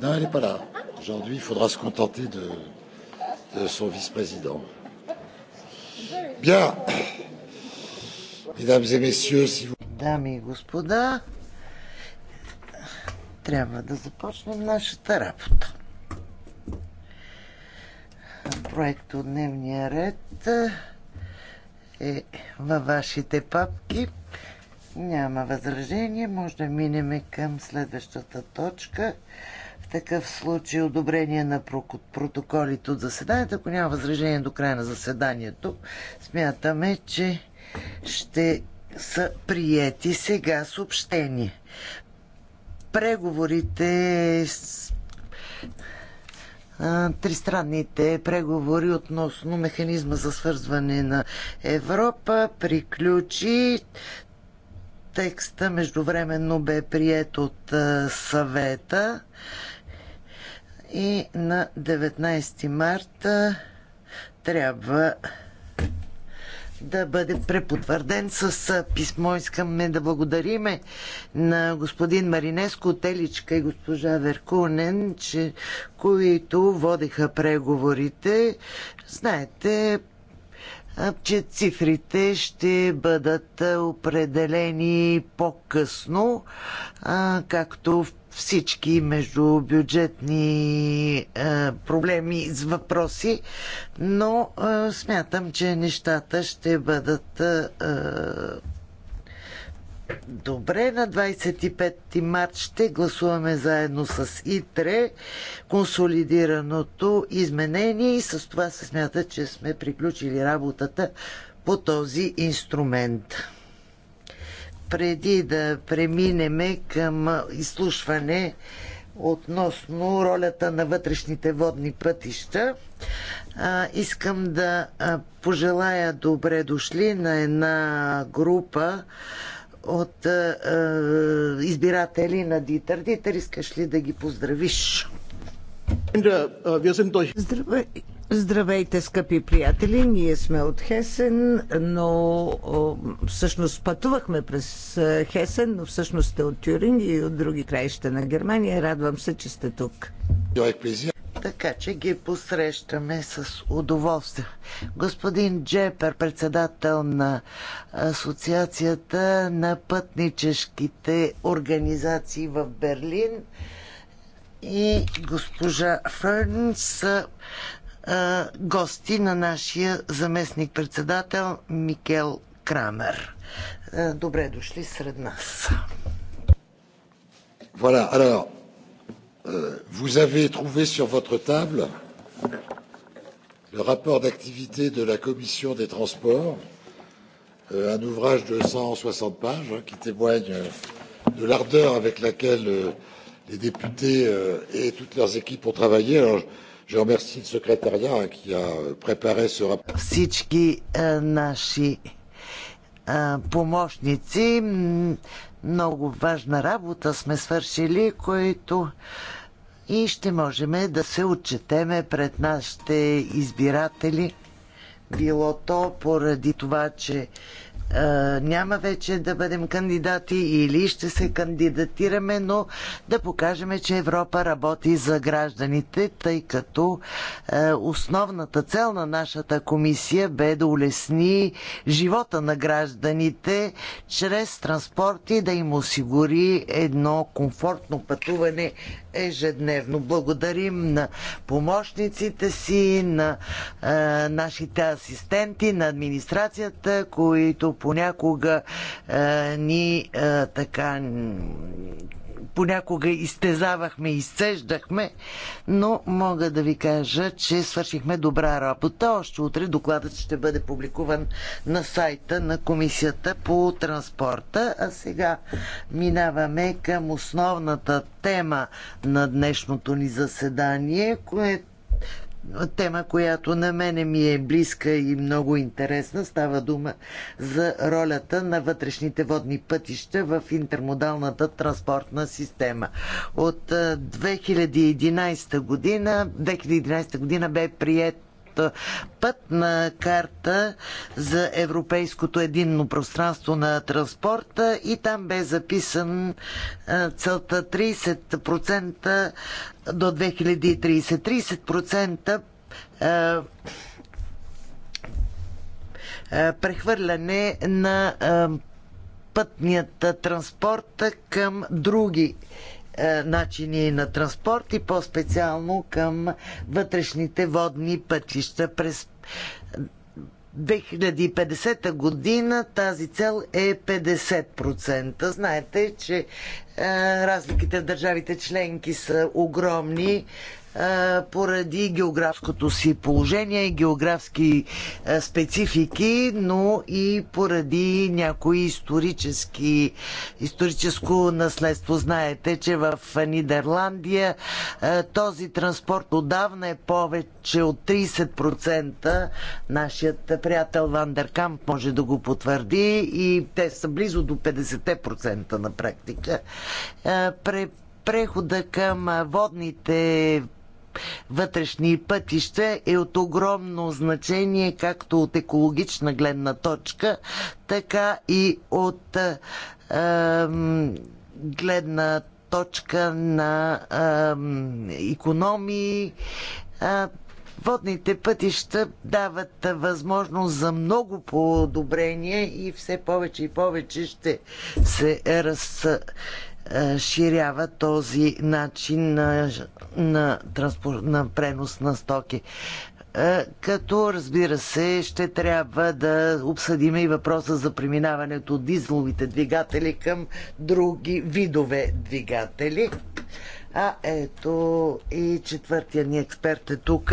Non, elle n'est pas là. Aujourd'hui, il faudra se contenter de, de son vice-président. Bien. Mesdames et messieurs, si vous... Dames et господа, трябва да започнем нашата работа. Проект от дневния ред е във вашите папки. Няма възражение. Може да минем към следващата точка. В такъв случай одобрение на протоколите от заседанието. Ако няма възражение до края на заседанието, смятаме, че ще са приети сега съобщение. Преговорите с тристранните преговори относно механизма за свързване на Европа приключи. Текста междувременно бе прият от съвета и на 19 марта трябва да бъде препотвърден с писмо. Искаме да благодариме на господин Маринеско, Теличка и госпожа Веркунен, че, които водеха преговорите. Знаете, че цифрите ще бъдат определени по-късно, както всички междубюджетни проблеми с въпроси, но смятам, че нещата ще бъдат Добре, на 25 март ще гласуваме заедно с ИТРЕ консолидираното изменение и с това се смята, че сме приключили работата по този инструмент. Преди да преминеме към изслушване относно ролята на вътрешните водни пътища, искам да пожелая добре дошли на една група от е, е, избиратели на Дитър. Дитър, искаш ли да ги поздравиш? Здравей, здравейте, скъпи приятели! Ние сме от Хесен, но всъщност пътувахме през е, Хесен, но всъщност сте от Тюринг и от други краища на Германия. Радвам се, че сте тук. Е, така че ги посрещаме с удоволствие. Господин Джепер, председател на Асоциацията на пътническите организации в Берлин и госпожа Фърн са гости на нашия заместник-председател Микел Крамер. Добре дошли сред нас. Voilà, alors, vous avez trouvé sur votre table le rapport d'activité de la commission des transports, un ouvrage de cent soixante pages qui témoigne de l'ardeur avec laquelle les députés et toutes leurs équipes ont travaillé. Alors, je remercie le secrétariat qui a préparé ce rapport много важна работа сме свършили, които и ще можем да се отчетеме пред нашите избиратели. Било то поради това, че е, няма вече да бъдем кандидати или ще се кандидатираме, но да покажем, че Европа работи за гражданите, тъй като е, основната цел на нашата комисия бе да улесни живота на гражданите чрез транспорт и да им осигури едно комфортно пътуване ежедневно. Благодарим на помощниците си, на е, нашите асистенти, на администрацията, които понякога а, е, ни а, е, така понякога изтезавахме, изцеждахме, но мога да ви кажа, че свършихме добра работа. Още утре докладът ще бъде публикуван на сайта на Комисията по транспорта. А сега минаваме към основната тема на днешното ни заседание, което тема, която на мене ми е близка и много интересна. Става дума за ролята на вътрешните водни пътища в интермодалната транспортна система. От 2011 година, 2011 година бе прият общата пътна карта за Европейското единно пространство на транспорта и там бе записан целта 30% до 2030. 30% прехвърляне на пътният транспорт към други е, начини на транспорт и по-специално към вътрешните водни пътища. През 2050 година тази цел е 50%. Знаете, че е, разликите в държавите членки са огромни. Е, поради географското си положение и географски е, специфики, но и поради някои исторически, историческо наследство. Знаете, че в Нидерландия е, този транспорт отдавна е повече от 30%. Нашият приятел Вандеркамп може да го потвърди и те са близо до 50% на практика. Прехода към водните вътрешни пътища е от огромно значение както от екологична гледна точка, така и от е, гледна точка на е, економии. Е, Водните пътища дават възможност за много подобрение и все повече и повече ще се разширява този начин на на, транспор... на пренос на стоки. Е, като, разбира се, ще трябва да обсъдим и въпроса за преминаването от дизеловите двигатели към други видове двигатели. А ето и четвъртия ни експерт е тук.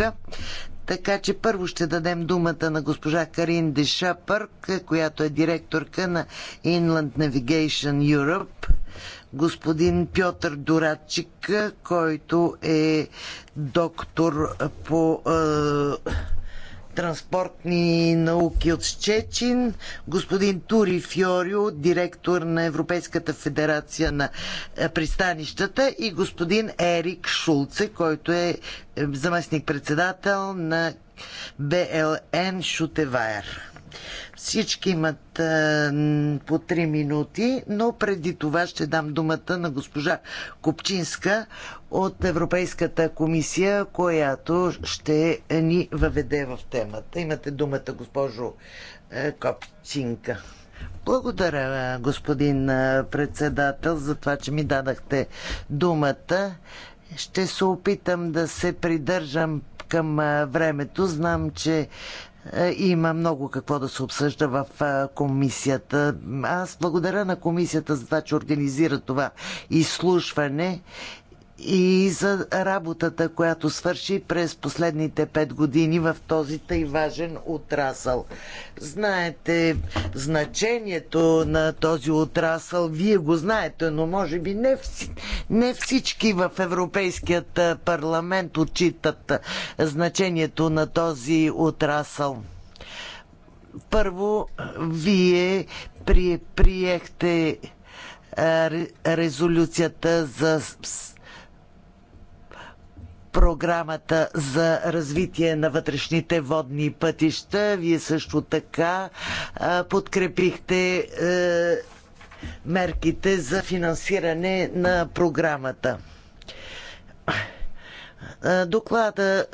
Така че първо ще дадем думата на госпожа Карин Дешапърк, която е директорка на Inland Navigation Europe господин Пьотър Дорадчик, който е доктор по е, транспортни науки от Щечин, господин Тури Фьорио, директор на Европейската федерация на пристанищата и господин Ерик Шулце, който е, е заместник-председател на БЛН Шутевайер. Всички имат а, е, по 3 минути, но преди това ще дам думата на госпожа Копчинска от Европейската комисия, която ще ни въведе в темата. Имате думата, госпожо е, Копчинка. Благодаря, господин е, председател, за това, че ми дадахте думата. Ще се опитам да се придържам към времето. Знам, че е, има много какво да се обсъжда в е, комисията. Аз благодаря на комисията за това, че организира това изслушване и за работата, която свърши през последните пет години в този тъй важен отрасъл. Знаете значението на този отрасъл, вие го знаете, но може би не, вс... не всички в Европейският парламент отчитат значението на този отрасъл. Първо, вие при... приехте резолюцията за програмата за развитие на вътрешните водни пътища. Вие също така подкрепихте е, мерките за финансиране на програмата. Доклада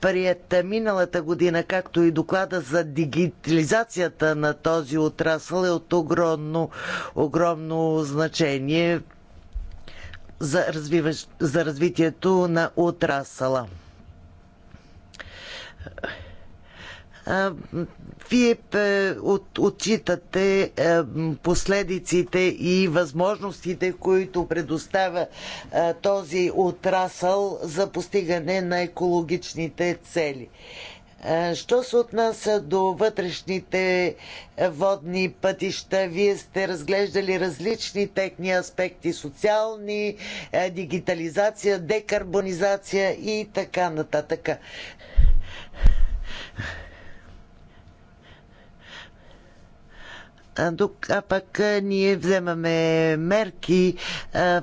прият миналата година, както и доклада за дигитализацията на този отрасъл е от огромно, огромно значение за, развиваш, за развитието на отрасала. Вие е, отчитате е, последиците и възможностите, които предоставя е, този отрасъл за постигане на екологичните цели. Е, що се отнася до вътрешните е, водни пътища, вие сте разглеждали различни техни аспекти социални, е, дигитализация, декарбонизация и така нататък. а пък ние вземаме мерки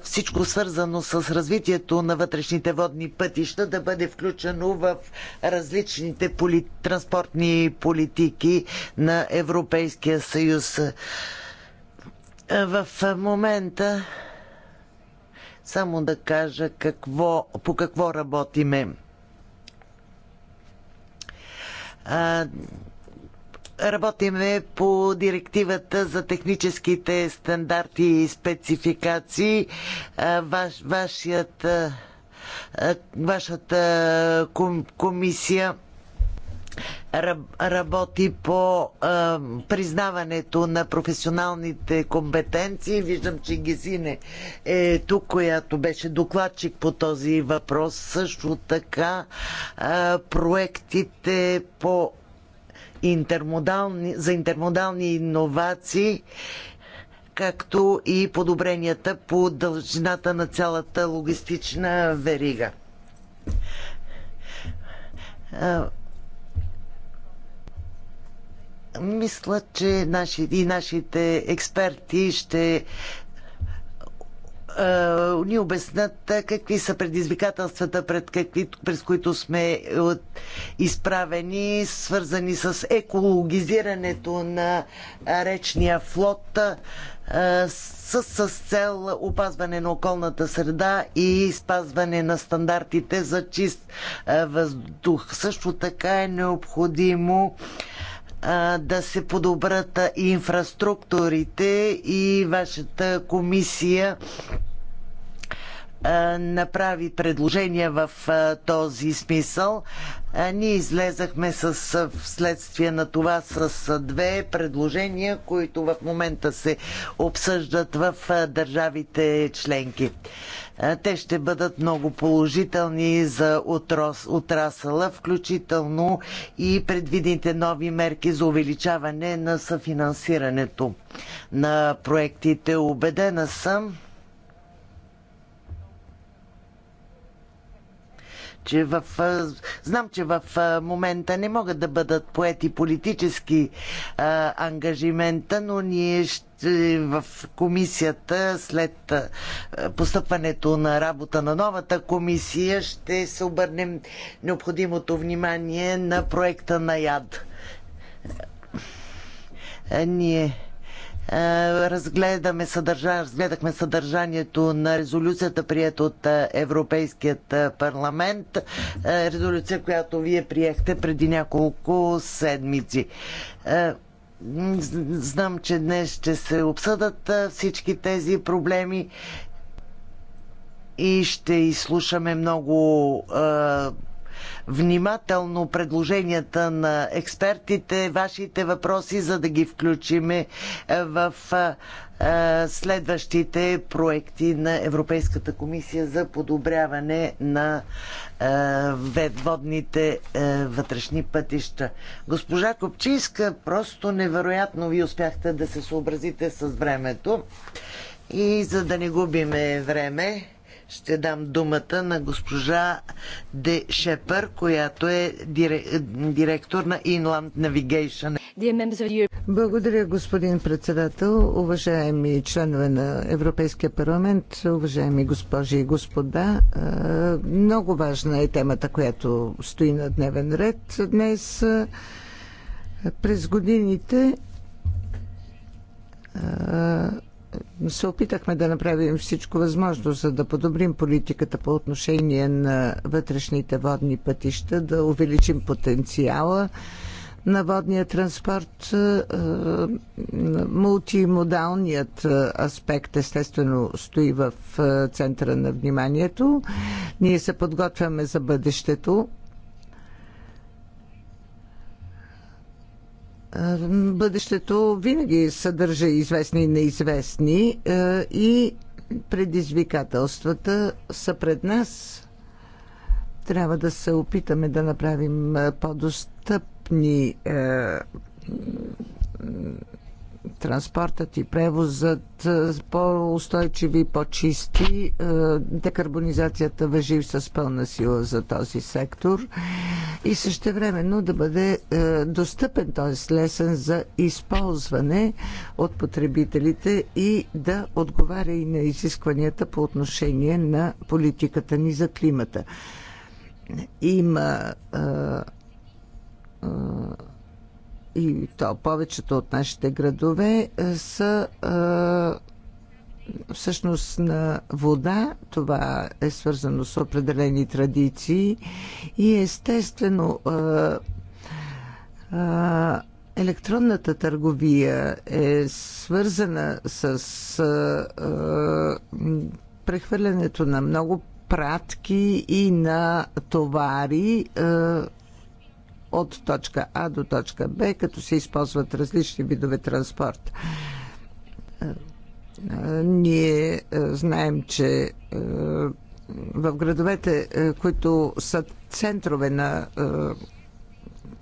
всичко свързано с развитието на вътрешните водни пътища да бъде включено в различните поли... транспортни политики на Европейския съюз. В момента само да кажа какво, по какво работиме. Работиме по директивата за техническите стандарти и спецификации. Ваш, вашият, вашата комисия работи по а, признаването на професионалните компетенции. Виждам, че Гезине е тук, която беше докладчик по този въпрос. Също така а, проектите по интермодални, за интермодални иновации, както и подобренията по дължината на цялата логистична верига. Мисля, че наши, и нашите експерти ще е, ни обяснат е, какви са предизвикателствата, пред какви, през които сме е, изправени, свързани с екологизирането на речния флот с, с цел опазване на околната среда и спазване на стандартите за чист въздух. Също така е необходимо да се подобрат инфраструктурите и вашата комисия направи предложения в този смисъл. Ние излезахме с, вследствие на това с две предложения, които в момента се обсъждат в държавите членки. Е, те ще бъдат много положителни за отрос, отрасъла, включително и предвидените нови мерки за увеличаване на съфинансирането на проектите. Обедена съм, че в, знам, че в момента не могат да бъдат поети политически а, ангажимента, но ние ще в комисията след постъпването на работа на новата комисия ще се обърнем необходимото внимание на проекта на ЯД. Е, ние е, разгледаме съдържа, разгледахме съдържанието на резолюцията, прията от е, Европейският е, парламент. Резолюция, която вие приехте преди няколко седмици. Знам, че днес ще се обсъдат всички тези проблеми и ще изслушаме много внимателно предложенията на експертите, вашите въпроси, за да ги включим е, в е, следващите проекти на Европейската комисия за подобряване на е, водните вътрешни пътища. Госпожа Копчийска, просто невероятно ви успяхте да се съобразите с времето. И за да не губиме време, ще дам думата на госпожа Де Шепър, която е директор на Inland Navigation. Благодаря, господин председател, уважаеми членове на Европейския парламент, уважаеми госпожи и господа. Много важна е темата, която стои на дневен ред днес. През годините се опитахме да направим всичко възможно, за да подобрим политиката по отношение на вътрешните водни пътища, да увеличим потенциала на водния транспорт. Е, мултимодалният е, аспект естествено стои в е, центъра на вниманието. Ние се подготвяме за бъдещето Е, бъдещето винаги съдържа известни и неизвестни е, и предизвикателствата са пред нас. Трябва да се опитаме да направим е, по-достъпни транспортът и превозът е, по-устойчиви, по-чисти. Е, декарбонизацията въжи с пълна сила за този сектор и също времено да бъде е, достъпен, т.е. лесен за използване от потребителите и да отговаря и на изискванията по отношение на политиката ни за климата. Има и то повечето от нашите градове е, са е, всъщност на вода. Това е свързано с определени традиции и естествено е, електронната търговия е свързана с прехвърлянето на много пратки и на товари от точка А до точка Б, като се използват различни видове транспорт. Е, е, ние е, знаем, че в градовете, които са центрове на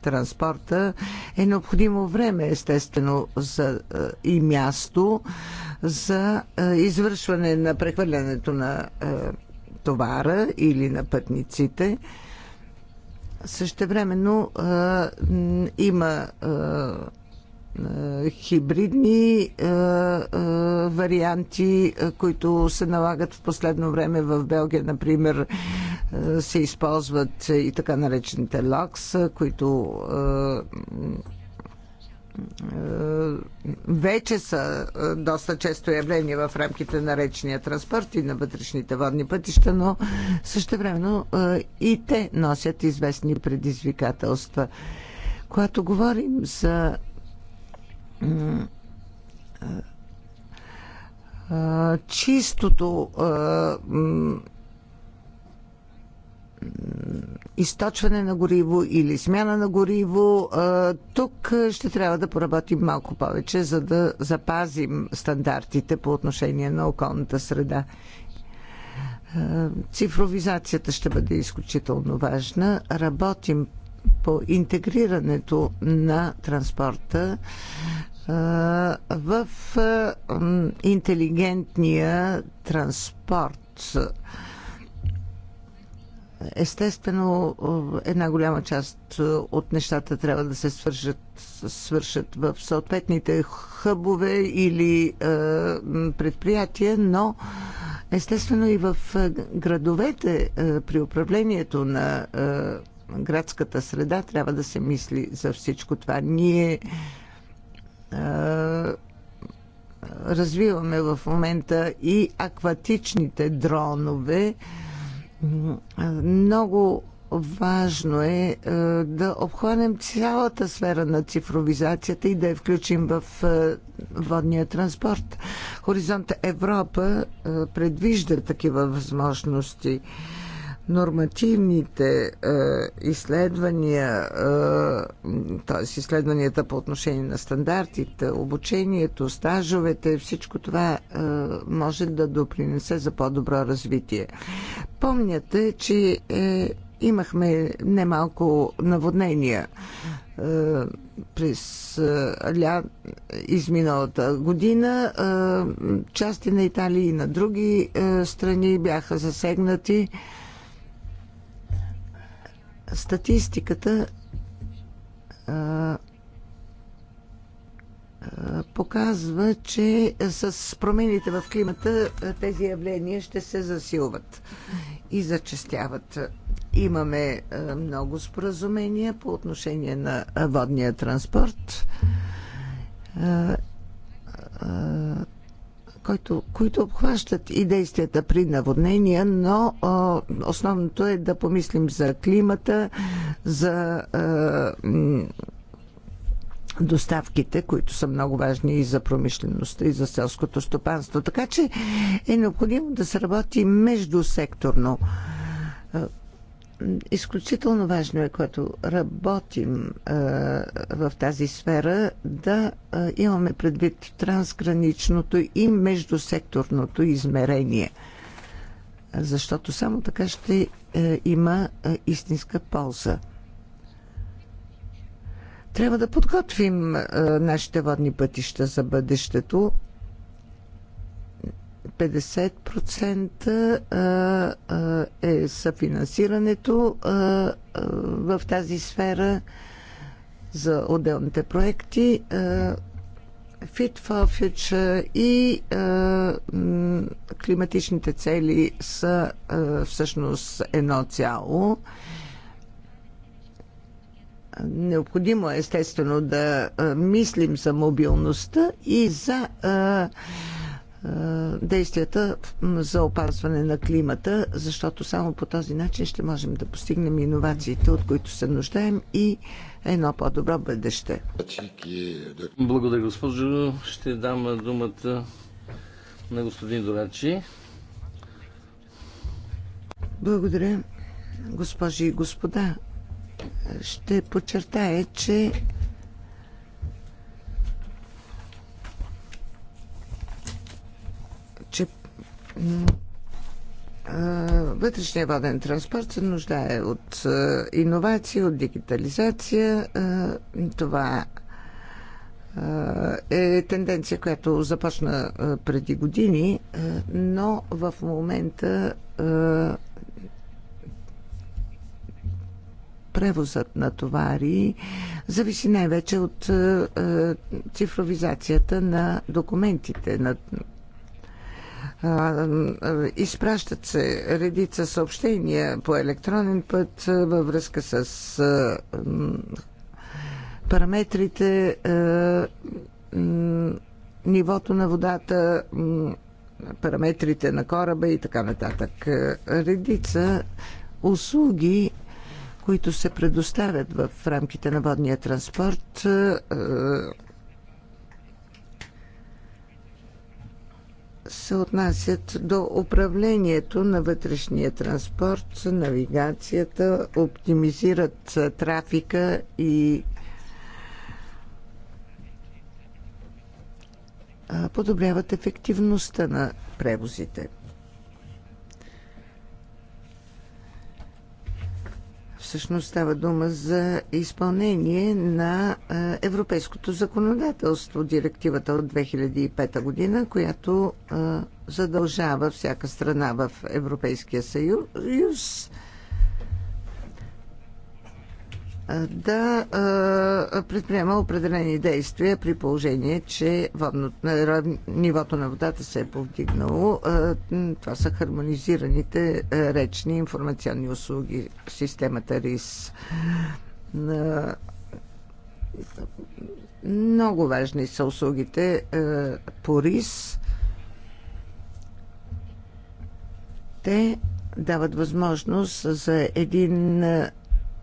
транспорта, е необходимо време, естествено, за, и място за извършване на прехвърлянето на товара или на пътниците. Същевременно а, има а, хибридни а, а, варианти, а, които се налагат в последно време в Белгия, например, а, се използват и така наречените лакс, които а, вече са е, доста често явление в рамките на речния транспорт и на вътрешните водни пътища, но също времено е, и те носят известни предизвикателства. Когато говорим за е, чистото източване на гориво или смяна на гориво. Тук ще трябва да поработим малко повече, за да запазим стандартите по отношение на околната среда. Цифровизацията ще бъде изключително важна. Работим по интегрирането на транспорта в интелигентния транспорт. Естествено, една голяма част е, от нещата трябва да се свършат, свършат в съответните хъбове или е, предприятия, но естествено и в е, градовете е, при управлението на е, градската среда трябва да се мисли за всичко това. Ние е, развиваме в момента и акватичните дронове. Е, много важно е, е да обхванем цялата сфера на цифровизацията и да я включим в е, водния транспорт. Хоризонт Европа е, предвижда такива възможности нормативните е, изследвания, е, т.е. изследванията по отношение на стандартите, обучението, стажовете, всичко това е, може да допринесе за по-добро развитие. Помняте, че е, имахме немалко наводнения е, през е, ля, изминалата година. Е, части на Италия и на други е, страни бяха засегнати статистиката показва, че с промените в климата тези явления ще се засилват и зачестяват. Имаме много споразумения по отношение на водния транспорт който, които обхващат и действията при наводнения, но а, основното е да помислим за климата, за а, доставките, които са много важни и за промишлеността, и за селското стопанство. Така че е необходимо да се работи междусекторно изключително важно е, когато работим а, е, в тази сфера, да а, е, имаме предвид трансграничното и междусекторното измерение. Защото само така ще а, е, има а, истинска полза. Трябва да подготвим а, нашите водни пътища за бъдещето 50% е съфинансирането в тази сфера за отделните проекти. Fit for Future и климатичните цели са всъщност едно цяло. Необходимо е естествено да мислим за мобилността и за действията за опазване на климата, защото само по този начин ще можем да постигнем иновациите, от които се нуждаем и едно по-добро бъдеще. Благодаря, госпожо. Ще дам думата на господин Дорачи. Благодаря, госпожи и господа. Ще подчертая, че вътрешния воден транспорт се нуждае от иновации, от дигитализация. Това е тенденция, която започна преди години, но в момента превозът на товари зависи най-вече от цифровизацията на документите, на Изпращат се редица съобщения по електронен път във връзка с параметрите, нивото на водата, параметрите на кораба и така нататък. Редица услуги, които се предоставят в рамките на водния транспорт, се отнасят до управлението на вътрешния транспорт, навигацията, оптимизират трафика и подобряват ефективността на превозите. Всъщност става дума за изпълнение на европейското законодателство, директивата от 2005 година, която задължава всяка страна в Европейския съюз да предприема определени действия при положение, че водно, нивото на водата се е повдигнало. Това са хармонизираните речни информационни услуги, системата РИС. Много важни са услугите по РИС. Те дават възможност за един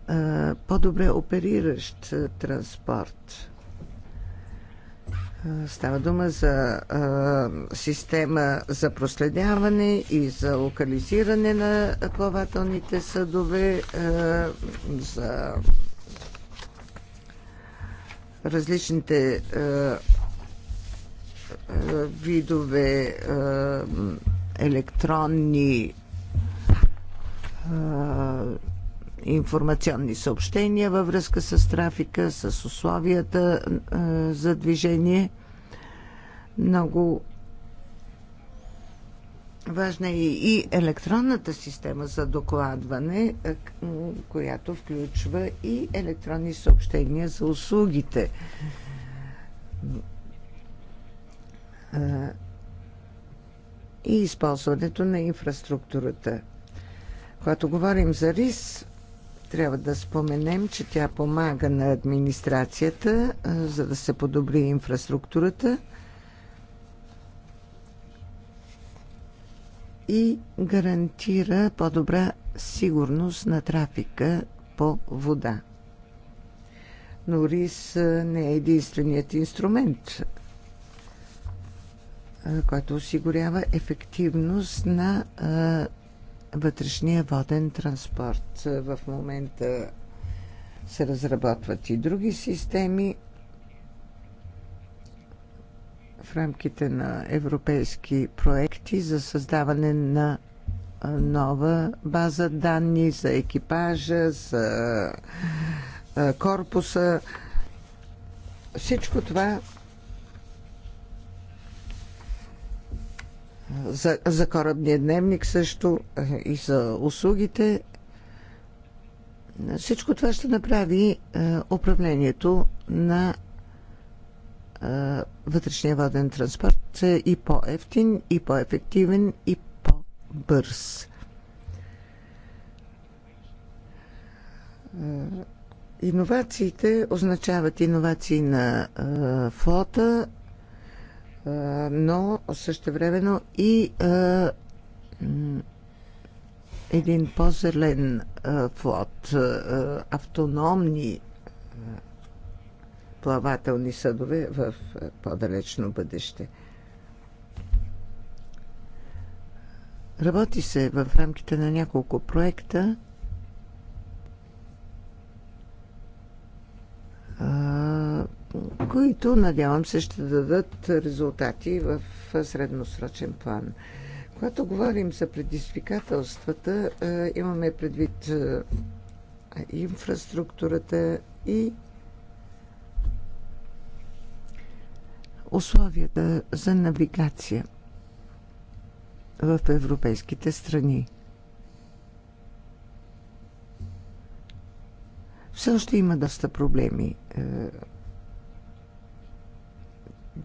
е, по-добре опериращ е, транспорт. Е, става дума за а, система за проследяване и за локализиране на плавателните съдове, а, за различните а, видове а, електронни а, информационни съобщения във връзка с трафика, с условията за движение. Много важна е и електронната система за докладване, която включва и електронни съобщения за услугите. И използването на инфраструктурата. Когато говорим за рис, трябва да споменем, че тя помага на администрацията, за да се подобри инфраструктурата и гарантира по-добра сигурност на трафика по вода. Но РИС не е единственият инструмент, който осигурява ефективност на вътрешния воден транспорт. В момента се разработват и други системи в рамките на европейски проекти за създаване на нова база данни за екипажа, за корпуса. Всичко това за, за корабния дневник също е, и за услугите. Всичко това ще направи е, управлението на е, вътрешния воден транспорт и по-ефтин, и по-ефективен, и по-бърз. Иновациите означават иновации на флота, но времено и един по-зелен флот, автономни плавателни съдове в по-далечно бъдеще. Работи се в рамките на няколко проекта които, надявам се, ще дадат резултати в средносрочен план. Когато говорим за предизвикателствата, е, имаме предвид е, инфраструктурата и условията за навигация в европейските страни. Все още има доста проблеми е,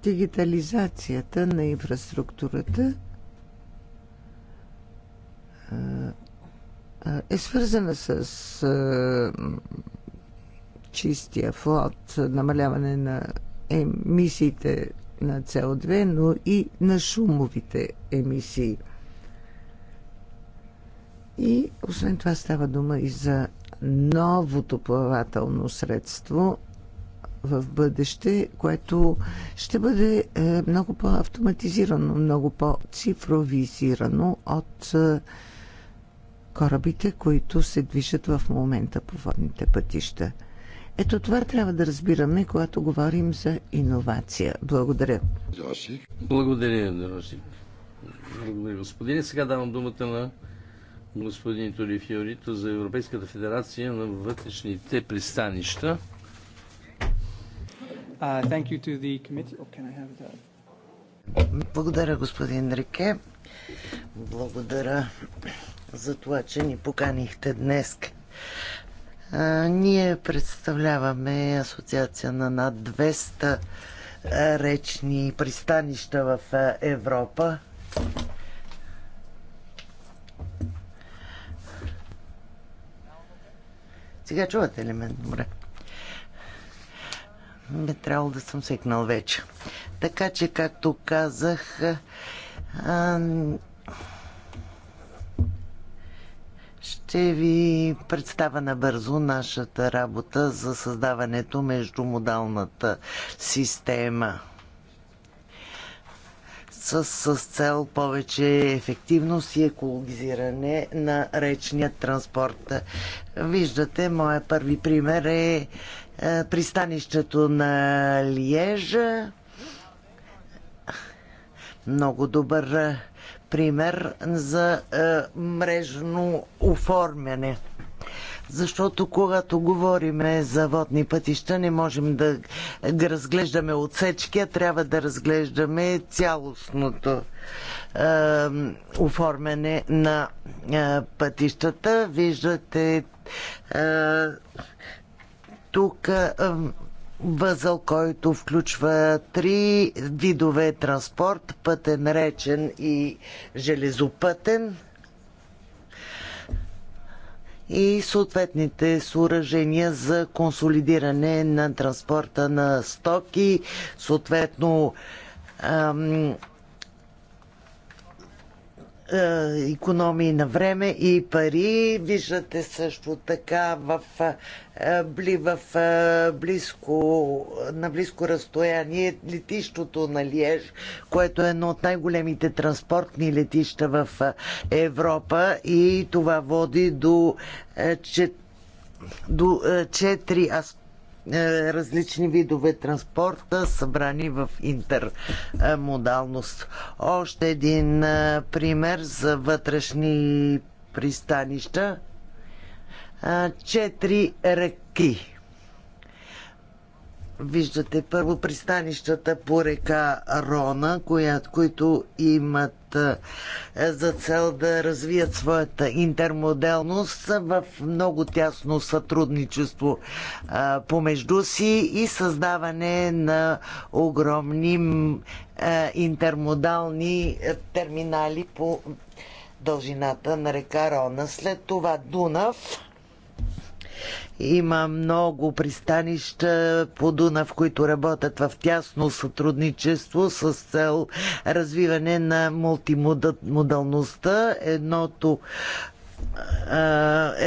дигитализацията на инфраструктурата е свързана с чистия флот, намаляване на емисиите на CO2, но и на шумовите емисии. И освен това става дума и за новото плавателно средство – в бъдеще, което ще бъде е, много по-автоматизирано, много по-цифровизирано от е, корабите, които се движат в момента по водните пътища. Ето това трябва да разбираме, когато говорим за иновация. Благодаря. Благодаря, Дороси. Благодаря, господин. Сега давам думата на господин Фиорито за Европейската федерация на вътрешните пристанища. Uh, oh, Благодаря, господин Рике. Благодаря за това, че ни поканихте днес. А, ние представляваме асоциация на над 200 речни пристанища в Европа. Сега чувате ли мен? Добре не трябва да съм свикнал вече. Така че, както казах, а, ще ви представя набързо нашата работа за създаването междумодалната система с, с цел повече ефективност и екологизиране на речния транспорт. Виждате, моя първи пример е е, пристанището на Лиежа. Много добър е, пример за е, мрежно оформяне. Защото когато говорим за водни пътища, не можем да разглеждаме отсечки, а трябва да разглеждаме цялостното е, оформяне на е, пътищата. Виждате е, тук е, възъл, който включва три видове транспорт пътен, речен и железопътен и съответните съоръжения за консолидиране на транспорта на стоки, съответно економии на време и пари. Виждате също така в, е, бли, в е, близко, на близко разстояние летището на Лиеж, което е едно от най-големите транспортни летища в е, Европа и това води до, че, до 4 аспекта е, различни видове транспорта, събрани в интермодалност. Още един е, пример за вътрешни пристанища. Е, четири реки Виждате първо пристанищата по река Рона, коя, които имат е, за цел да развият своята интермоделност в много тясно сътрудничество е, помежду си и създаване на огромни е, интермодални терминали по дължината на река Рона. След това Дунав има много пристанища по Дунав, които работят в тясно сътрудничество с цел развиване на мултимодалността. Едното е,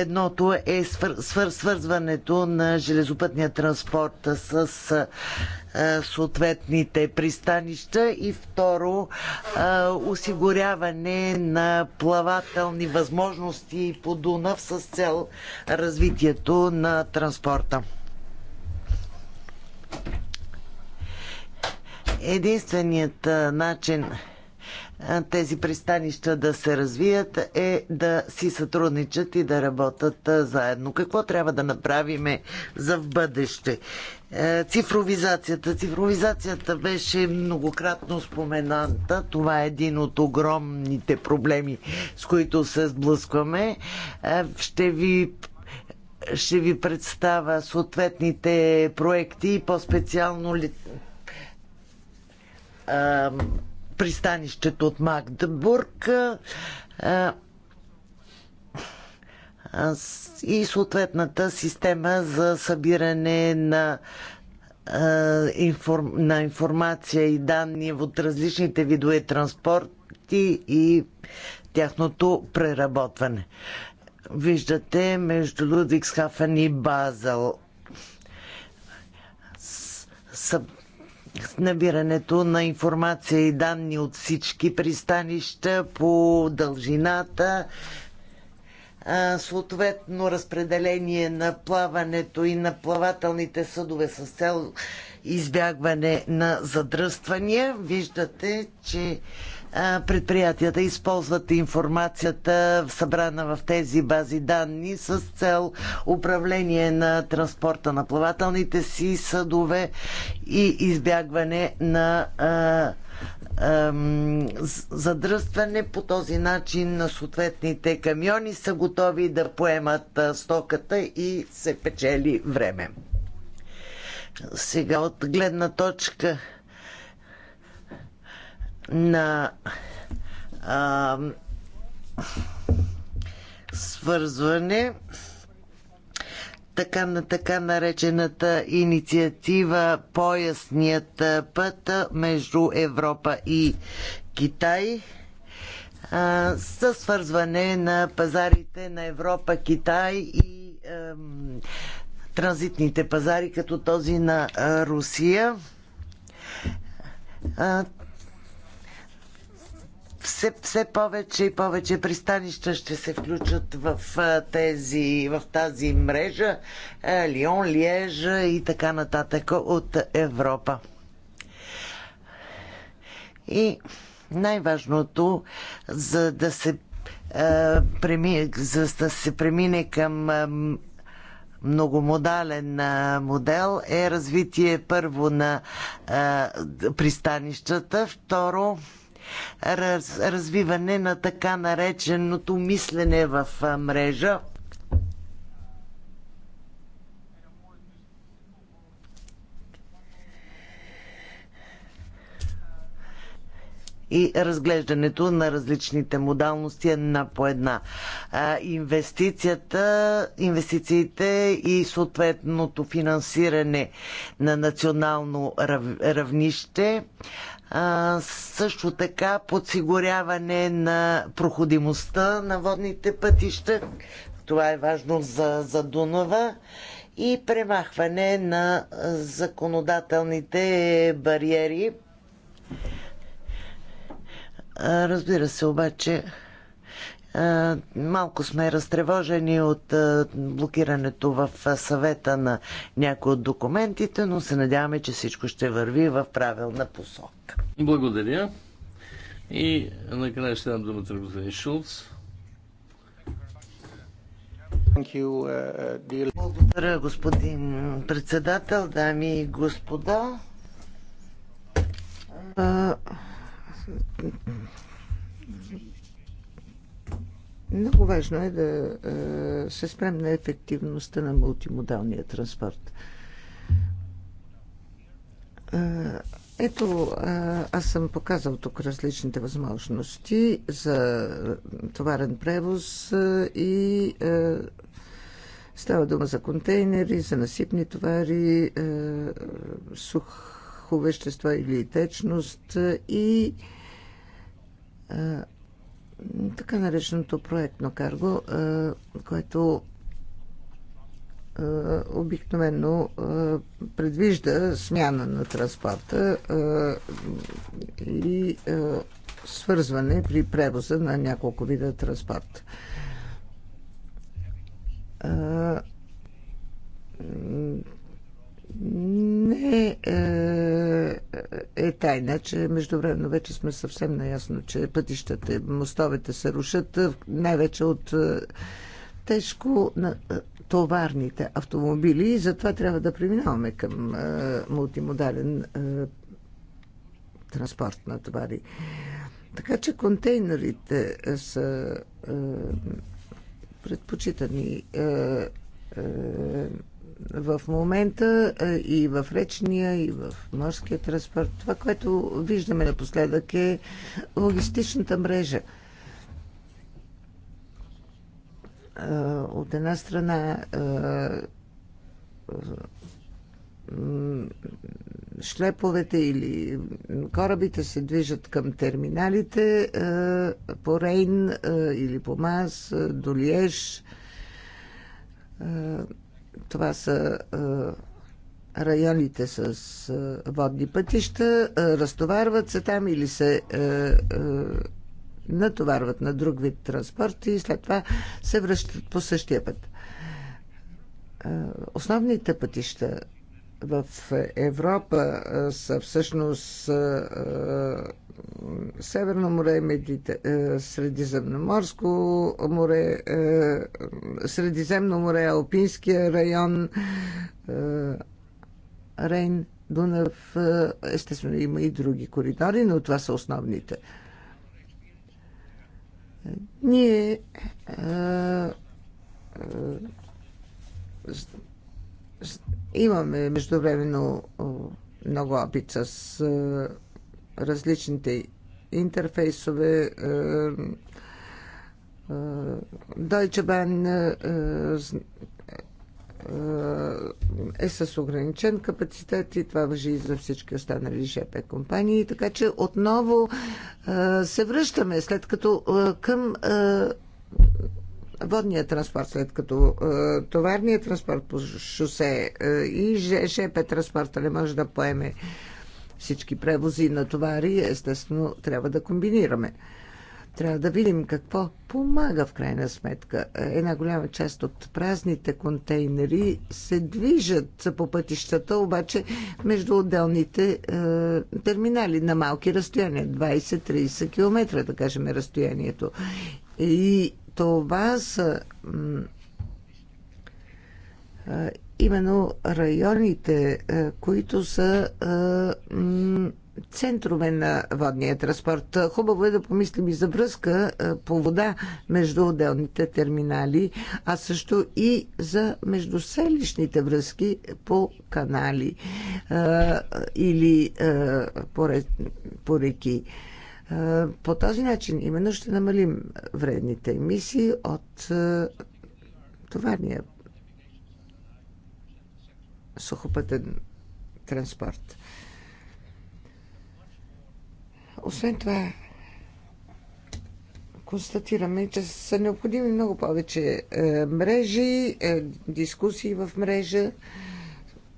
едното е свър, свър, свързването на железопътния транспорт с е, съответните пристанища и второ е, осигуряване на плавателни възможности по Дунав с цел развитието на транспорта. Единственият начин тези пристанища да се развият е да си сътрудничат и да работят заедно. Какво трябва да направиме за в бъдеще? Е, цифровизацията. Цифровизацията беше многократно спомената. Това е един от огромните проблеми, с които се сблъскваме. Е, ще ви ще ви представя съответните проекти и по-специално ли, пристанището от Магдебург и съответната система за събиране на на информация и данни от различните видове транспорти и тяхното преработване. Виждате между Лудвигсхафен и Базел. Съб набирането на информация и данни от всички пристанища по дължината, съответно разпределение на плаването и на плавателните съдове с цел избягване на задръствания. Виждате, че предприятията използват информацията събрана в тези бази данни с цел управление на транспорта на плавателните си съдове и избягване на задръстване. По този начин на съответните камиони са готови да поемат стоката и се печели време. Сега от гледна точка на а, свързване така на така наречената инициатива Поясният път между Европа и Китай Със свързване на пазарите на Европа, Китай и е, транзитните пазари, като този на Русия все, все повече и повече пристанища ще се включат в, тези, в тази мрежа Лион, Лиежа и така нататък от Европа. И най-важното, за да се, е, за да се премине към е, многомодален модел е развитие първо на е, пристанищата, второ раз, развиване на така нареченото мислене в мрежа. и разглеждането на различните модалности е на по една. Инвестицията, инвестициите и съответното финансиране на национално равнище също така подсигуряване на проходимостта на водните пътища. Това е важно за, за Дунава и премахване на законодателните бариери. Разбира се, обаче, е, малко сме разтревожени от е, блокирането в е, съвета на някои от документите, но се надяваме, че всичко ще върви в правилна посока. Благодаря. И накрая ще дам думата на господин Шулц. Благодаря, господин председател, дами и господа. Много важно е да е, се спрем на ефективността на мултимодалния транспорт. Е, ето, е, аз съм показал тук различните възможности за товарен превоз и става дума за контейнери, за насипни товари, сухо вещество или течност и така нареченото проектно карго, е, което е, обикновено е, предвижда смяна на транспорта и свързване при превоза на няколко вида транспорт. Не е, е, е тайна, че междувременно вече сме съвсем наясно, че пътищата, мостовете се рушат е, най-вече от е, тежко на товарните автомобили и затова трябва да преминаваме към мултимодален транспорт на товари. Така че контейнерите са предпочитани в момента е, и в речния, и в морския транспорт. Това, което виждаме напоследък е логистичната мрежа. Е, от една страна е, шлеповете или корабите се движат към терминалите по Рейн или по мас, до Лиеж това са районите с водни пътища, разтоварват се там или се натоварват на друг вид транспорт и след това се връщат по същия път. Основните пътища в Европа са всъщност Северно море, Медите, е, Средиземноморско море, е, Средиземно море, Алпинския район, е, Рейн, Дунав, естествено има и други коридори, но това са основните. Ние имаме междувременно много опит с различните интерфейсове. Е, е, Deutsche Bahn е, е с ограничен капацитет и това въжи и за всички останали ЖП компании. Така че отново се връщаме след като към водния транспорт, след като товарният транспорт по шосе и ЖП транспорта не може да поеме всички превози на товари, естествено, трябва да комбинираме. Трябва да видим какво помага в крайна сметка. Една голяма част от празните контейнери се движат по пътищата, обаче между отделните е, терминали на малки разстояния, 20-30 км, да кажем, е разстоянието. И това са е, именно районите, е, които са е, центрове на водния транспорт. Хубаво е да помислим и за връзка е, по вода между отделните терминали, а също и за междуселищните връзки по канали или по реки. По този начин именно ще намалим вредните емисии от товарния сухопътен транспорт. Освен това, констатираме, че са необходими много повече е, мрежи, е, дискусии в мрежа,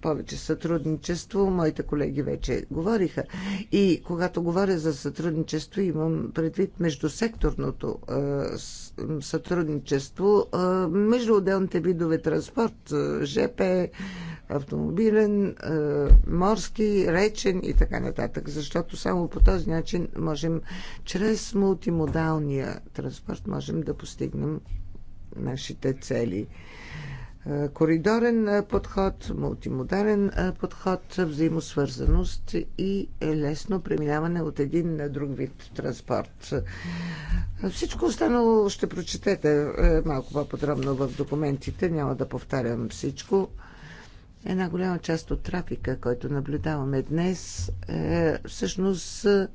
повече сътрудничество. Моите колеги вече говориха. И когато говоря за сътрудничество, имам предвид междусекторното е, сътрудничество между отделните видове транспорт, ЖП, автомобилен, е, морски, речен и така нататък. Защото само по този начин можем, чрез мултимодалния транспорт, можем да постигнем нашите цели. Е, коридорен е, подход, мултимодален подход, взаимосвързаност и лесно преминаване от един на друг вид транспорт. Всичко останало ще прочетете малко по-подробно в документите, няма да повтарям всичко. Една голяма част от трафика, който наблюдаваме днес, е, всъщност е,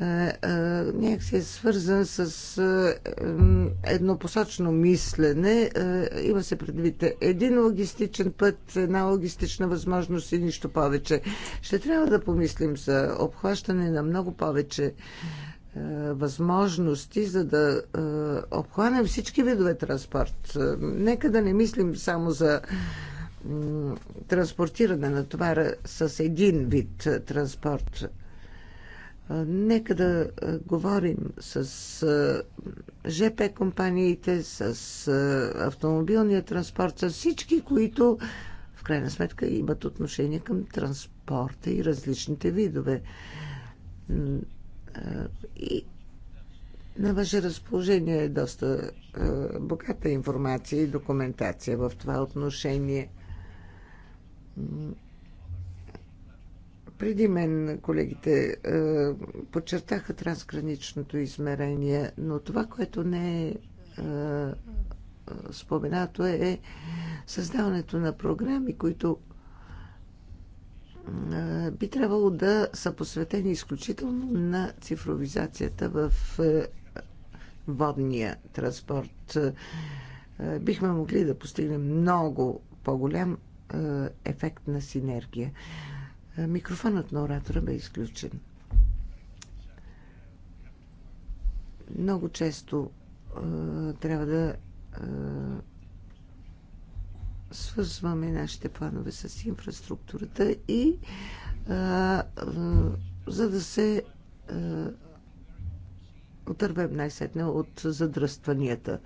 е, е някакси е свързан с е, еднопосочно мислене. Е, има се предвид един логистичен път, една логистична възможност и нищо повече. Ще трябва да помислим за обхващане на много повече е, възможности, за да е, обхванем всички видове транспорт. Нека да не мислим само за транспортиране на товара с един вид транспорт. Нека да говорим с ЖП компаниите, с автомобилния транспорт, с всички, които в крайна сметка имат отношение към транспорта и различните видове. И на ваше разположение е доста богата информация и документация в това отношение – преди мен колегите е, подчертаха трансграничното измерение, но това, което не е, е споменато е, е създаването на програми, които е, би трябвало да са посветени изключително на цифровизацията в е, водния транспорт. Е, бихме могли да постигнем много по-голям е, ефект на синергия. Е, микрофонът на оратора бе изключен. Много често е, трябва да свързваме нашите планове с инфраструктурата и а, а, за да се а, отървем най-сетне от задръстванията.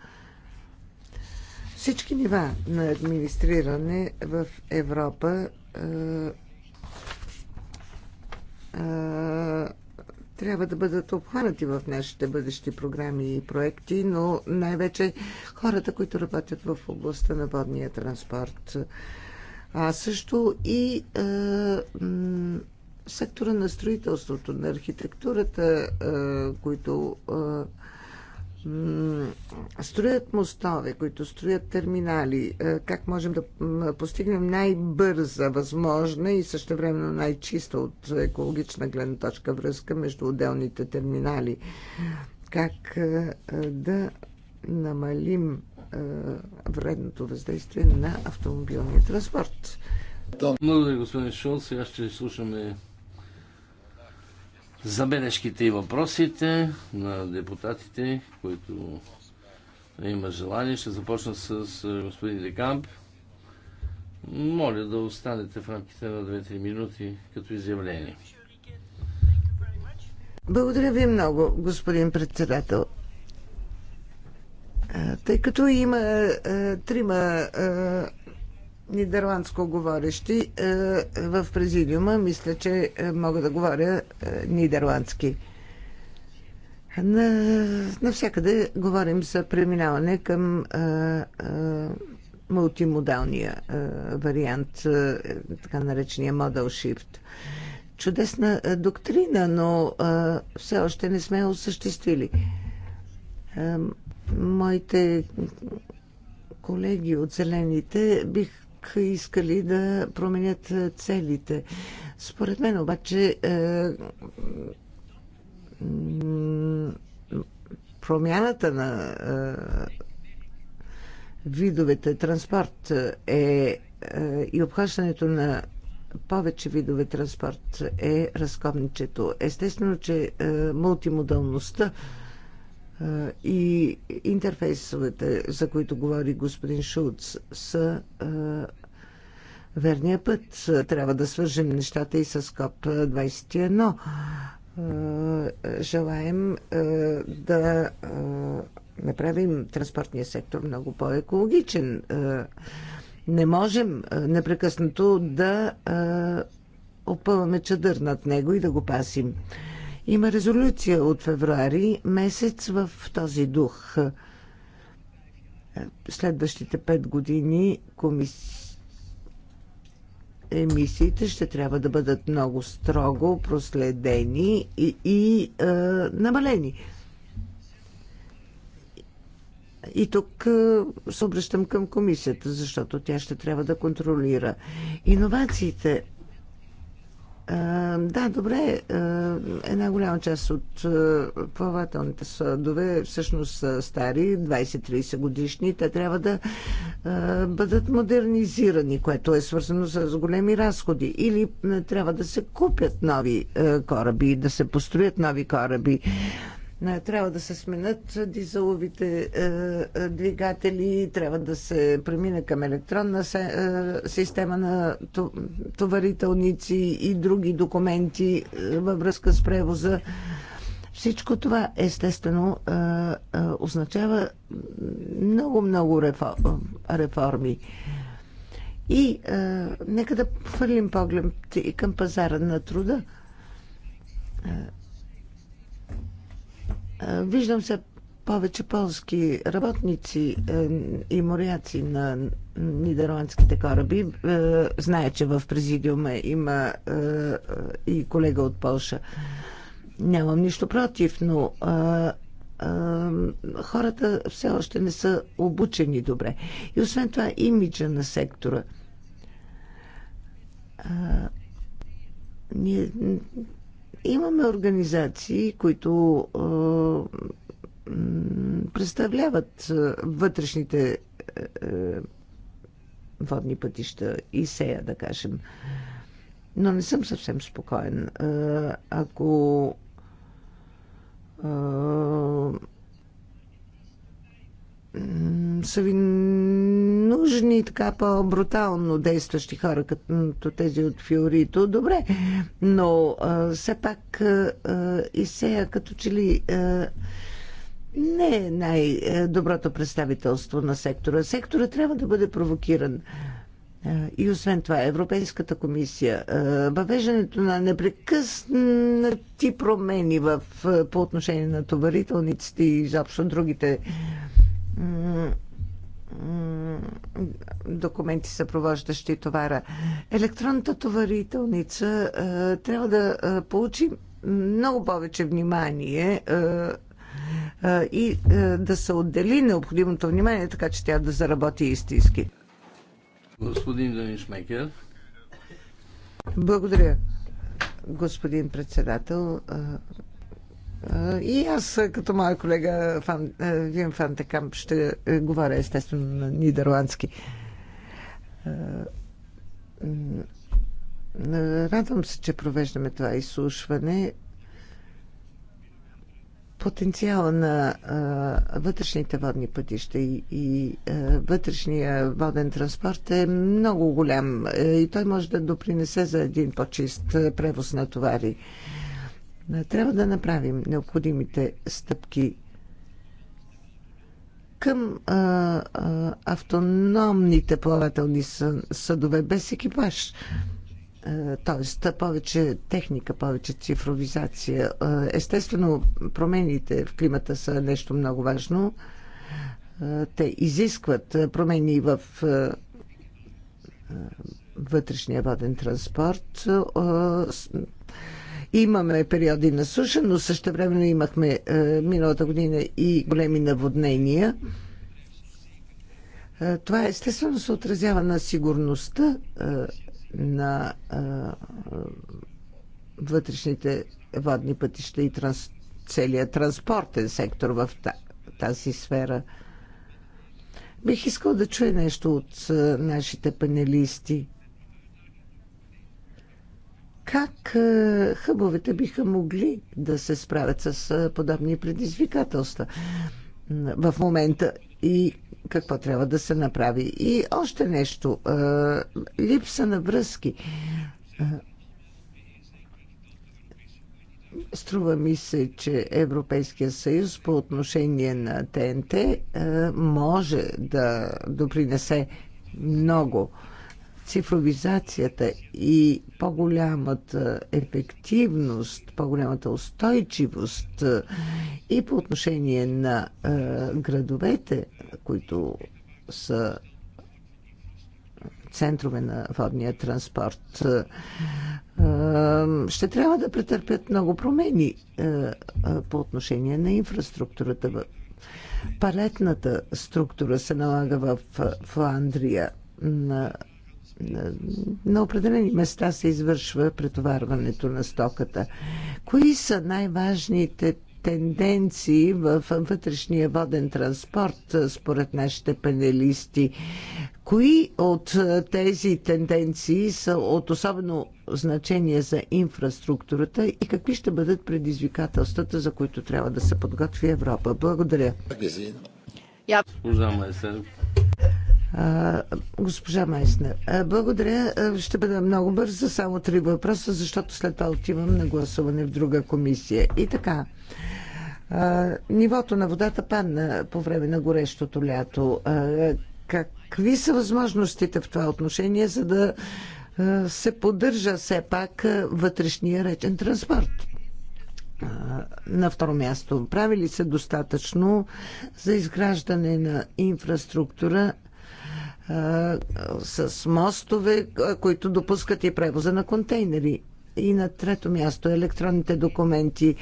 Всички нива на администриране в Европа е, е, трябва да бъдат обхванати в нашите бъдещи програми и проекти, но най-вече хората, които работят в областта на водния транспорт. А също и е, сектора на строителството, на архитектурата, които строят мостове, които строят терминали, е, как можем да постигнем най-бърза, възможна и същевременно най-чиста от екологична гледна точка връзка между отделните терминали. Как е, е, да намалим вредното въздействие на автомобилния транспорт. Благодаря, господин Шол. Сега ще слушаме забележките и въпросите на депутатите, които има желание. Ще започна с е, господин Декамп. Моля да останете в рамките на 2-3 минути като изявление. Благодаря ви много, господин председател. Е, тъй като има е, трима нидерландско говорещи е, в президиума. Мисля, че е, мога да говоря е, нидерландски. Навсякъде говорим за преминаване към мултимодалния вариант, така наречения Model Shift. Чудесна доктрина, но все още не сме осъществили. Моите колеги от Зелените бих пък искали да променят целите. Според мен обаче промяната на видовете транспорт е, и обхващането на повече видове транспорт е разковничето. Естествено, че мултимодалността и интерфейсовете, за които говори господин Шулц, са верния път. Трябва да свържем нещата и с КОП-21. Желаем да направим транспортния сектор много по-екологичен. Не можем непрекъснато да опъваме чадър над него и да го пасим. Има резолюция от февруари месец в този дух. Следващите пет години емисиите ще трябва да бъдат много строго проследени и, и е, намалени. И тук е, се обръщам към комисията, защото тя ще трябва да контролира иновациите да, добре. Една голяма част от плавателните съдове всъщност са стари, 20-30 годишни. Те трябва да бъдат модернизирани, което е свързано с големи разходи. Или трябва да се купят нови кораби, да се построят нови кораби. Е, трябва да се сменят дизеловите е, е, двигатели, трябва да се премине към електронна система на товарителници и други документи във връзка с превоза. Всичко това, естествено, означава много-много реформи. И е, нека да хвърлим поглед и към пазара на труда. Е, виждам се повече полски работници е, и моряци на нидерландските кораби. Е, зная, че в президиума има и колега от Полша. Нямам нищо против, но хората все още не са обучени добре. И освен това, имиджа на сектора. ние Имаме организации, които представляват вътрешните водни пътища и сея, да кажем. Но не съм съвсем спокоен. Ако са ви нужни така по-брутално действащи хора, като тези от Фиорито, добре. Но а, все пак а, Исея като че ли а, не е най-доброто представителство на сектора. Сектора трябва да бъде провокиран. И освен това, Европейската комисия, въвеждането на непрекъснати промени в, по отношение на товарителниците и изобщо другите документи, съпровождащи товара. Електронната товарителница е, трябва да е, получи много повече внимание е, и да се отдели необходимото внимание, така че тя да заработи истински. Господин Данишмекер. Благодаря, господин председател. И аз, като моя колега Фан, Вим Фантекамп, ще е, говоря естествено на нидерландски. Радвам се, че провеждаме това изслушване. Потенциала на а, вътрешните водни пътища и, и а, вътрешния воден транспорт е много голям е, и той може да допринесе за един по-чист превоз на товари. А, трябва да направим необходимите стъпки към а, а, автономните плавателни съдове без екипаж. Тоест, повече техника, повече цифровизация. Естествено, промените в климата са нещо много важно. Те изискват промени в вътрешния воден транспорт Имаме периоди на суша, но също времено имахме е, миналата година и големи наводнения. Е, това естествено се отразява на сигурността е, на вътрешните водни пътища и транс, целият транспортен сектор в тази сфера. Бих искал да чуя нещо от нашите панелисти. Как е, хъбовете биха могли да се справят с е, подобни предизвикателства в момента и какво трябва да се направи? И още нещо. Е, липса на връзки. Струва ми се, че Европейския съюз по отношение на ТНТ може да допринесе много цифровизацията и по-голямата ефективност, по-голямата устойчивост е, и по отношение на е, градовете, които са центрове на водния транспорт, е, ще трябва да претърпят много промени по отношение на инфраструктурата. Палетната структура се налага в Фландрия на определени места се извършва претоварването на стоката. Кои са най-важните тенденции в вътрешния воден транспорт, според нашите панелисти? Кои от тези тенденции са от особено значение за инфраструктурата и какви ще бъдат предизвикателствата, за които трябва да се подготви Европа? Благодаря. Госпожа Майснер, благодаря. Ще бъда много бърза, само три въпроса, защото след това отивам на гласуване в друга комисия. И така, нивото на водата падна по време на горещото лято. Какви са възможностите в това отношение, за да се поддържа все пак вътрешния речен транспорт? На второ място, прави ли се достатъчно за изграждане на инфраструктура с мостове, които допускат и превоза на контейнери. И на трето място е електронните документи.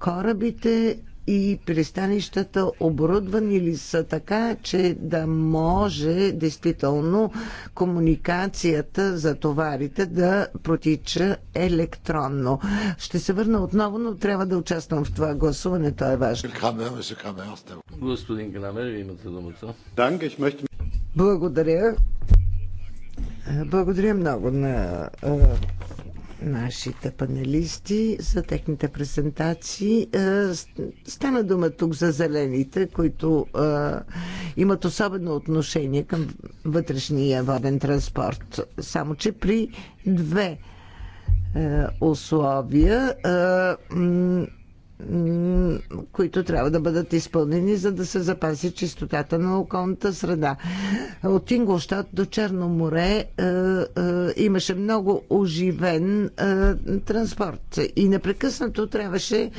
Корабите и пристанищата оборудвани ли са така, че да може действително комуникацията за товарите да протича електронно. Ще се върна отново, но трябва да участвам в това гласуване. То е важно. Господин Крамер, имате думата. Благодаря. Благодаря много на нашите панелисти за техните презентации. Стана дума тук за зелените, които имат особено отношение към вътрешния воден транспорт. Само, че при две условия които трябва да бъдат изпълнени, за да се запази чистотата на околната среда. От Инголштад до Черно море е, е, имаше много оживен е, транспорт и непрекъснато трябваше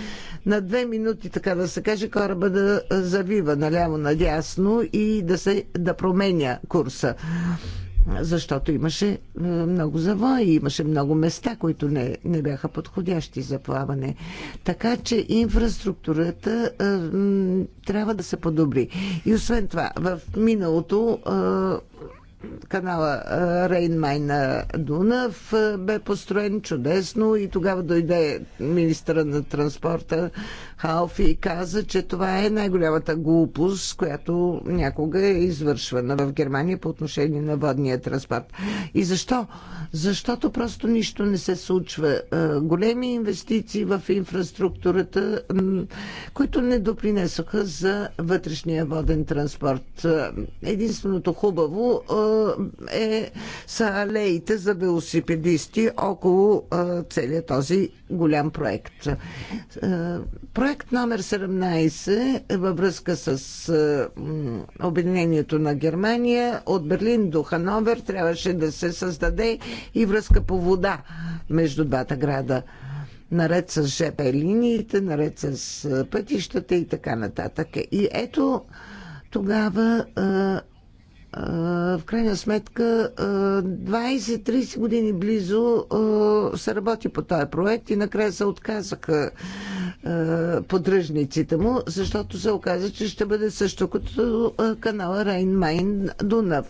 на две минути, така да се каже, кораба да завива наляво-надясно и да, се, да променя курса защото имаше е, много завои, имаше много места, които не, не бяха подходящи за плаване. Така че инфраструктурата а, е, трябва да се подобри. И освен това, в миналото а, е, канала Рейнмайна Дунав бе построен чудесно и тогава дойде министра на транспорта Халфи каза, че това е най-голямата глупост, която някога е извършвана в Германия по отношение на водния транспорт. И защо? Защото просто нищо не се случва. Е, големи инвестиции в инфраструктурата, които не допринесоха за вътрешния воден транспорт. Е, единственото хубаво е, е са алеите за велосипедисти около целият този голям проект. Е, проект номер 17 във връзка с е, Обединението на Германия от Берлин до Хановер трябваше да се създаде и връзка по вода между двата града. Наред с ЖП линиите, наред с е, пътищата и така нататък. И ето тогава в крайна сметка 20-30 години близо се работи по този проект и накрая се отказаха поддръжниците му, защото се оказа, че ще бъде също като канала Рейн-Майн-Дунав.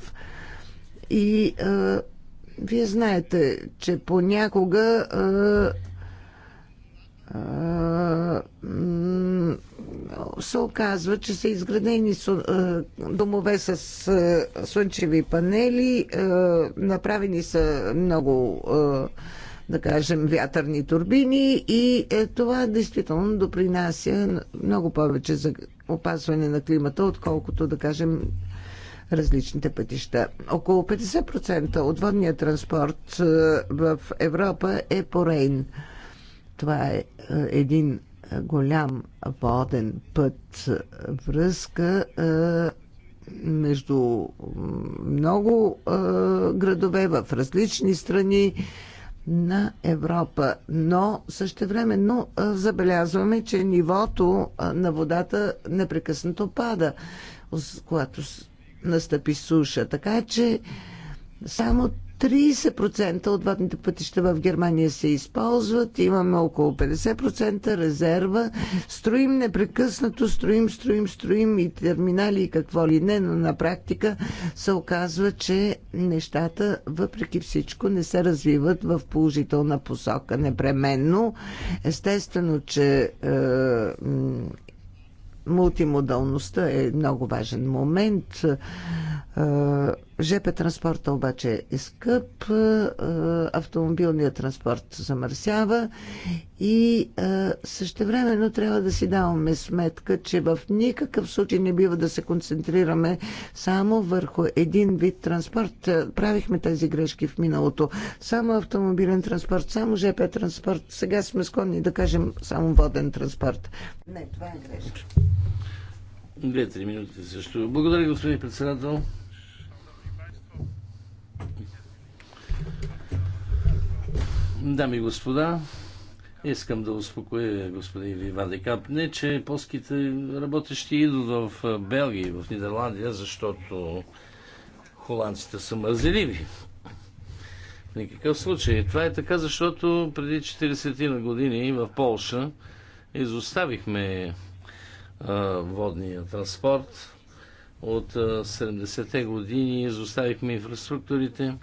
И вие знаете, че понякога се оказва, че са изградени е, домове с е, слънчеви панели, е, направени са много да кажем, вятърни турбини и е, това действително допринася много повече за опазване на климата, отколкото, да кажем, различните пътища. Около 50% от водния транспорт в Европа е по Рейн. Това е един голям воден път връзка между много градове в различни страни на Европа. Но същевременно забелязваме, че нивото на водата непрекъснато пада, когато настъпи суша. Така че само 30% от водните пътища в Германия се използват, имаме около 50% резерва, строим непрекъснато, строим, строим, строим и терминали и какво ли не, но на практика се оказва, че нещата въпреки всичко не се развиват в положителна посока непременно. Естествено, че е, мултимодалността е много важен момент. Е, ЖП транспорта обаче е скъп, е, е, автомобилният транспорт замърсява и е, същевременно трябва да си даваме сметка, че в никакъв случай не бива да се концентрираме само върху един вид транспорт. Правихме тези грешки в миналото. Само автомобилен транспорт, само ЖП транспорт. Сега сме склонни да кажем само воден транспорт. Не, това е грешка. Две-три минути също. Благодаря, господин председател. Дами и господа, искам да успокоя господин Виван Декап. Не, че полските работещи идват в Белгия и в Нидерландия, защото холандците са мързеливи. В никакъв случай. Това е така, защото преди 40 ти на години в Полша изоставихме водния транспорт. От 70-те години изоставихме инфраструктурите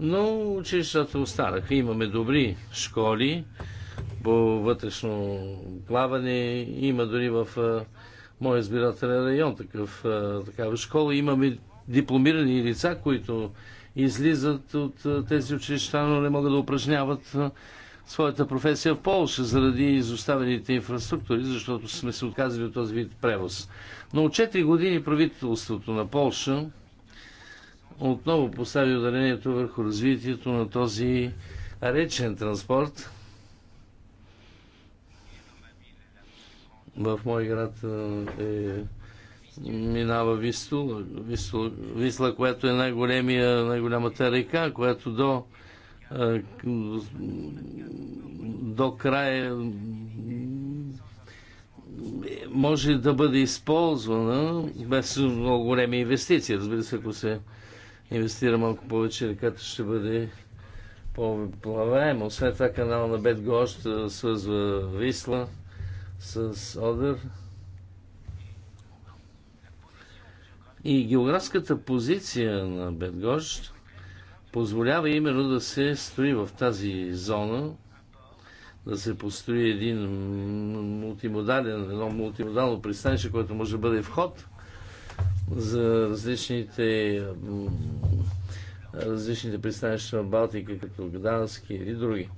но училищата останаха. Имаме добри школи по вътрешно плаване, има дори в моя избирателен район такъв, такава школа. Имаме дипломирани лица, които излизат от тези училища, но не могат да упражняват своята професия в Полша заради изоставените инфраструктури, защото сме се отказали от този вид превоз. Но от 4 години правителството на Полша отново постави ударението върху развитието на този речен транспорт. В мой град е, минава Вистула, Вистула, Висла, която е най-големия, най-голямата река, която до, до края е, може да бъде използвана без много големи инвестиции, разбира се, ако се инвестира малко повече, реката ще бъде по-плаваема. Освен това канал на Бетгощ свързва Висла с Одър. И географската позиция на Бетгощ позволява именно да се строи в тази зона, да се построи един мултимодален, едно мултимодално пристанище, което може да бъде вход за различните различните пристанища на Балтика, като Гдански или други.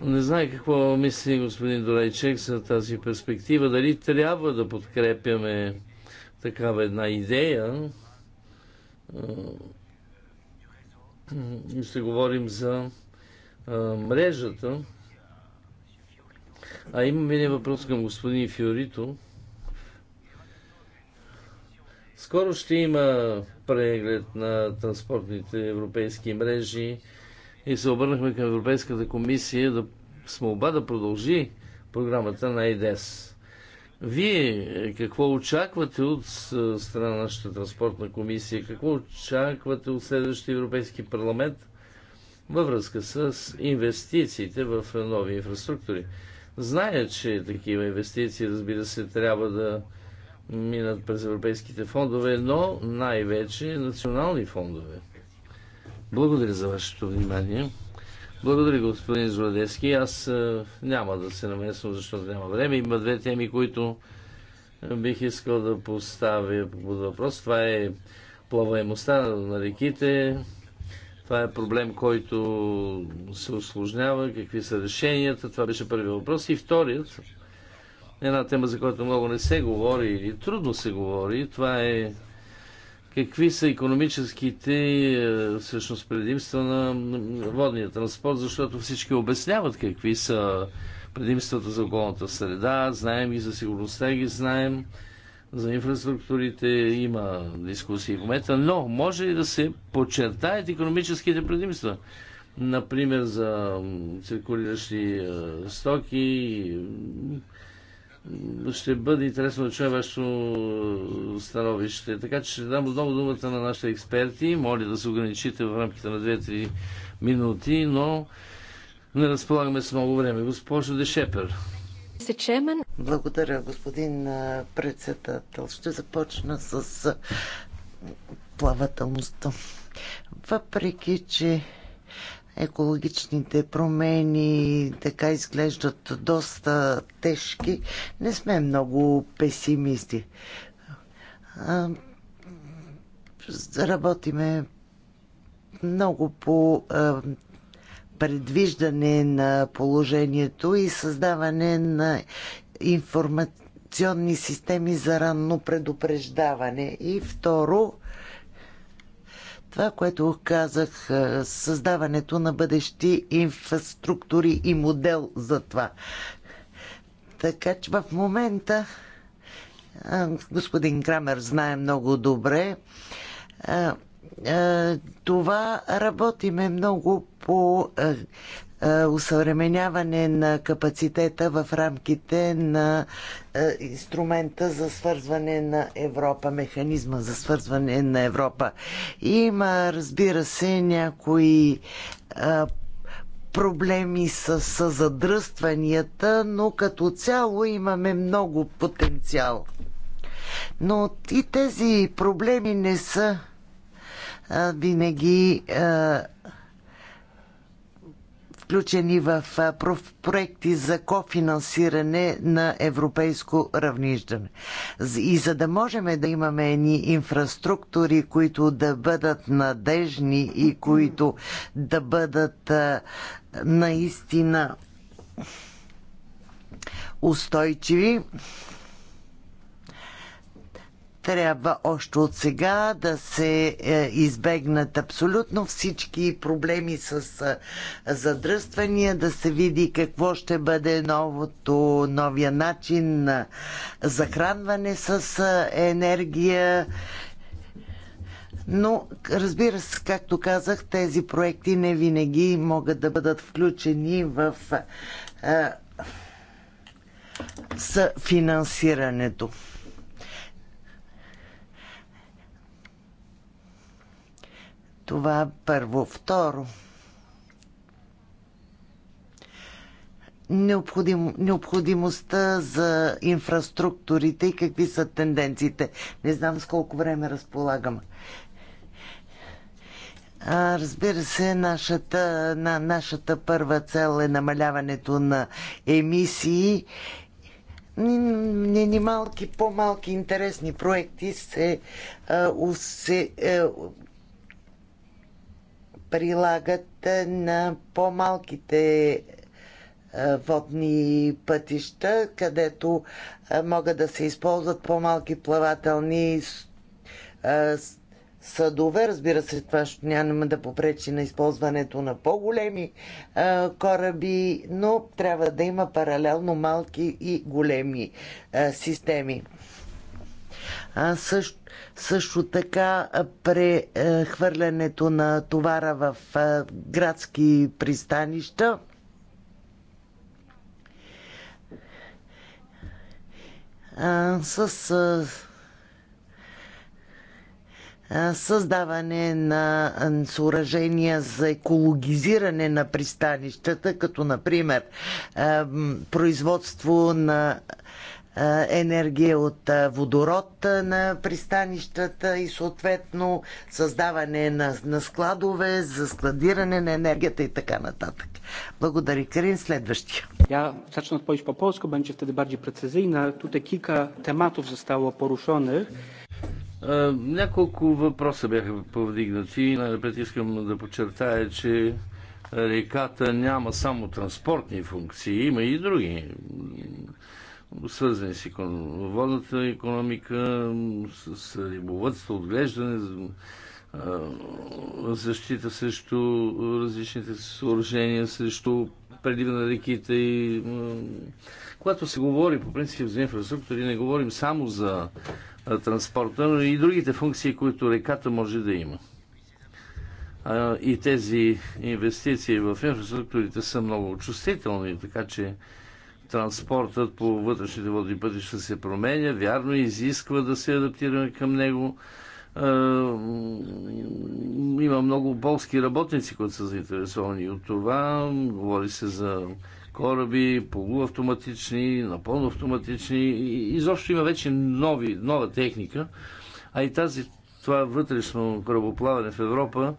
Не знае какво мисли господин Долейчек за тази перспектива. Дали трябва да подкрепяме такава една идея? Ще говорим за мрежата. А имаме един въпрос към господин Фиорито. Скоро ще има преглед на транспортните европейски мрежи и се обърнахме към Европейската комисия да, с молба да продължи програмата на ЕДЕС. Вие какво очаквате от страна на нашата транспортна комисия? Какво очаквате от следващия Европейски парламент във връзка с инвестициите в нови инфраструктури? Зная, че такива инвестиции, разбира се, трябва да минат през европейските фондове, но най-вече национални фондове. Благодаря за вашето внимание. Благодаря, господин Зладески. Аз е, няма да се намесвам, защото няма време. Има две теми, които е, бих искал да поставя под въпрос. Това е плаваемостта на реките. Това е проблем, който се осложнява. Какви са решенията? Това беше първият въпрос. И вторият Една тема, за която много не се говори или трудно се говори, това е какви са економическите е, всъщност предимства на водния транспорт, защото всички обясняват какви са предимствата за околната среда, знаем и за сигурността ги знаем, за инфраструктурите има дискусии в момента, но може ли да се подчертаят економическите предимства? Например, за циркулиращи е, стоки, ще бъде интересно да чуя вашето становище. Така че ще дам отново думата на нашите експерти. Моля да се ограничите в рамките на 2-3 минути, но не разполагаме с много време. Госпожо Дешепер. Благодаря, господин председател. Ще започна с плавателността. Въпреки, че екологичните промени така изглеждат доста тежки, не сме много песимисти. Работиме много по предвиждане на положението и създаване на информационни системи за ранно предупреждаване. И второ, това, което казах, е, създаването на бъдещи инфраструктури и модел за това. Така че в момента е, господин Крамер знае много добре. Е, това работиме много по е, усъвременяване на капацитета в рамките на е, инструмента за свързване на Европа, механизма за свързване на Европа. Има, разбира се, някои е, проблеми с, задръстванията, но като цяло имаме много потенциал. Но и тези проблеми не са винаги включени в проекти за кофинансиране на европейско равниждане. И за да можем да имаме едни инфраструктури, които да бъдат надежни и които да бъдат наистина устойчиви, трябва още от сега да се е, избегнат абсолютно всички проблеми с е, задръствания, да се види какво ще бъде новото, новия начин на захранване с е, енергия. Но, разбира се, както казах, тези проекти не винаги могат да бъдат включени в съфинансирането. Това първо. Второ. необходим, необходимостта за инфраструктурите и какви са тенденциите. Не знам с колко време разполагам. А, разбира се, нашата, на, нашата първа цел е намаляването на емисии. Ни, ни малки, по-малки интересни проекти се, а, усе, е, прилагат е, на по-малките е, водни пътища, където е, могат да се използват по-малки плавателни съдове. Разбира се, това ще няма да попречи на използването на по-големи кораби, но трябва да има паралелно малки и големи системи а също, също така прехвърлянето на товара в градски пристанища. с създаване на съоръжения за екологизиране на пристанищата, като например производство на енергия от водород на пристанищата и съответно създаване на, на складове за складиране на енергията и така нататък. Благодаря, Карин. Следващия. Ja zacznę odpowiedź po бъде, będzie wtedy bardziej precyzyjna. Tutaj kilka tematów zostało poruszonych. E, няколко въпроса бяха повдигнати. Най-напред искам да подчертая, че реката няма само транспортни функции, има и други свързани с водната економика, с, рибовътство, отглеждане, защита срещу различните съоръжения, срещу прелива на реките и когато се говори по принцип за инфраструктури, не говорим само за транспорта, но и другите функции, които реката може да има. И тези инвестиции в инфраструктурите са много чувствителни, така че транспортът по вътрешните водни пътища се променя, вярно изисква да се адаптираме към него. Има много полски работници, които са заинтересовани от това. Говори се за кораби, полуавтоматични, напълно автоматични. Изобщо има вече нови, нова техника. А и тази, това вътрешно корабоплаване в Европа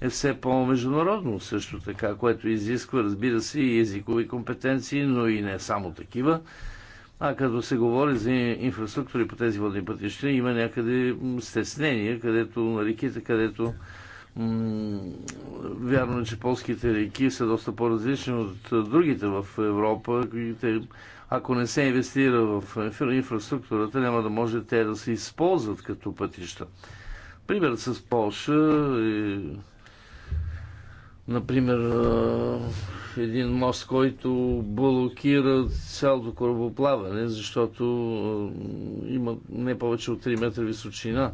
е все по-международно също така, което изисква, разбира се, и езикови компетенции, но и не само такива. А като се говори за инфраструктури по тези водни пътища, има някъде стеснения, където на нали, реките, където вярно, е, че полските реки са доста по-различни от другите в Европа. Те, ако не се инвестира в инфраструктурата, няма да може те да се използват като пътища. Пример с Польша е Например, един мост, който блокира цялото корабоплаване, защото има не повече от 3 метра височина.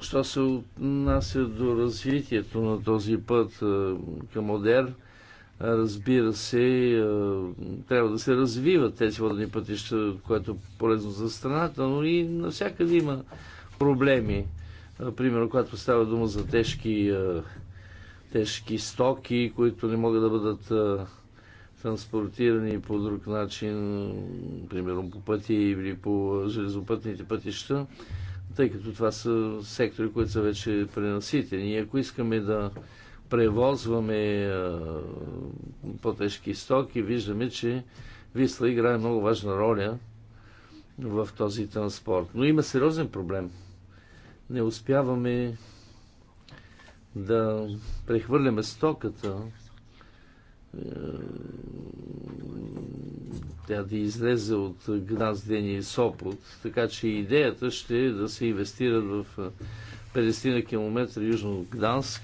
Що се отнася до развитието на този път към Одер, разбира се, трябва да се развиват тези водни пътища, което е полезно за страната, но и навсякъде има проблеми. Примерно, когато става дума за тежки, тежки стоки, които не могат да бъдат транспортирани по друг начин, примерно по пъти или по железопътните пътища, тъй като това са сектори, които са вече пренаситени. И ако искаме да превозваме по-тежки стоки, виждаме, че Висла играе много важна роля в този транспорт. Но има сериозен проблем – не успяваме да прехвърляме стоката, е, тя да излезе от гнездение и сопот. Така че идеята ще е да се инвестират в 50 е, на километра южно от Гданск,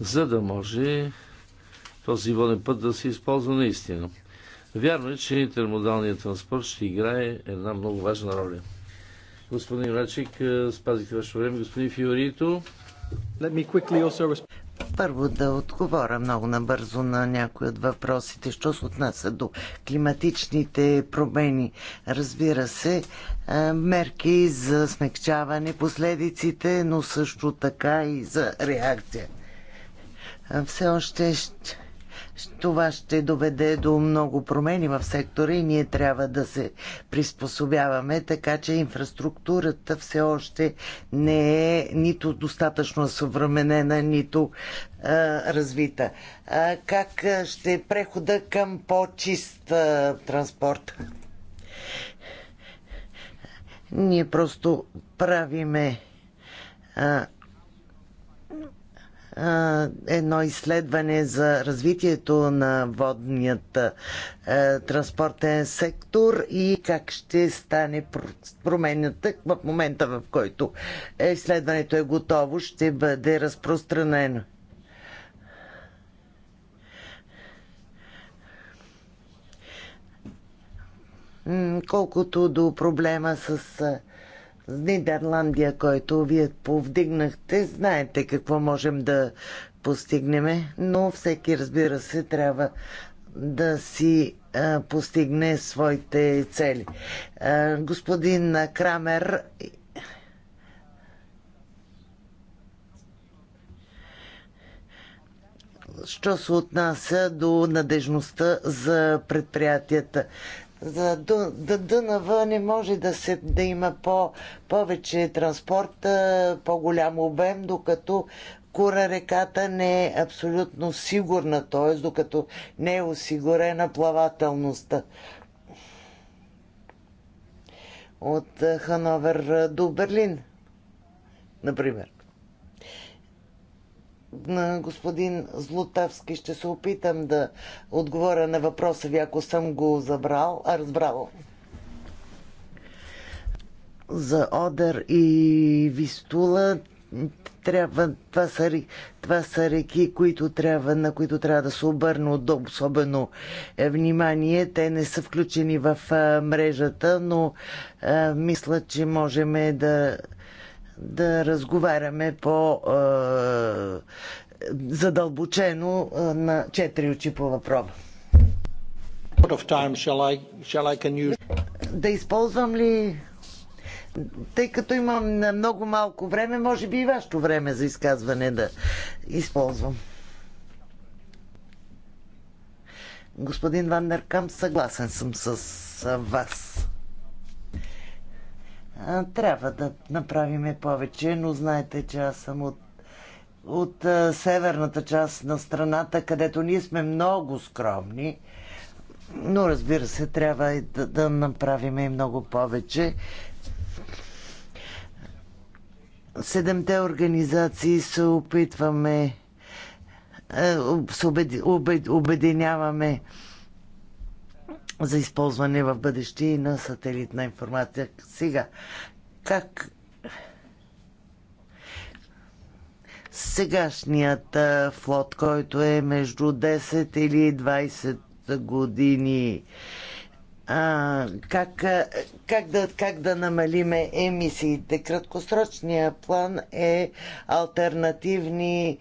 за да може този воден път да се използва наистина. Вярно е, че интермодалният транспорт ще играе една много важна роля. Господин Рачик, е, спазихте вашето време. Господин Фиорито. Also... Първо да отговоря много набързо на някои от въпросите, що се отнася до климатичните промени. Разбира се, е, мерки за смягчаване последиците, но също така и за реакция. Е, все още ще това ще доведе до много промени в сектора и ние трябва да се приспособяваме, така че инфраструктурата все още не е нито достатъчно съвременена, нито а, развита. А, как ще е прехода към по-чист транспорт? Ние просто правиме а, едно изследване за развитието на водният транспортен сектор и как ще стане промената в момента, в който изследването е готово, ще бъде разпространено. Колкото до проблема с Нидерландия, който вие повдигнахте, знаете какво можем да постигнем, но всеки, разбира се, трябва да си а, постигне своите цели. А, господин Крамер. Що се отнася до надежността за предприятията? за Дънава не може да, се, да има по, повече транспорт, по-голям обем, докато Кура реката не е абсолютно сигурна, т.е. докато не е осигурена плавателността. От Хановер до Берлин, например на господин Злотавски. Ще се опитам да отговоря на въпроса ви, ако съм го забрал, а разбрал. За одър и Вистула трябва, това са, това са реки, които трябва, на които трябва да се обърне особено е, внимание. Те не са включени в мрежата, но а, мисля, че можем да да разговаряме по задълбочено на четири очи по въпроса. Да използвам ли тъй като имам много малко време, може би и вашето време за изказване да използвам. Господин Вандеркам, съгласен съм с вас трябва да направим повече, но знаете, че аз съм от, от северната част на страната, където ние сме много скромни. Но разбира се, трябва и да, да направим и много повече. Седемте организации се опитваме, е, се обединяваме за използване в бъдеще и на сателитна информация. Сега, как сегашният флот, който е между 10 или 20 години, а, как, как, да, как да намалиме емисиите. Краткосрочният план е альтернативни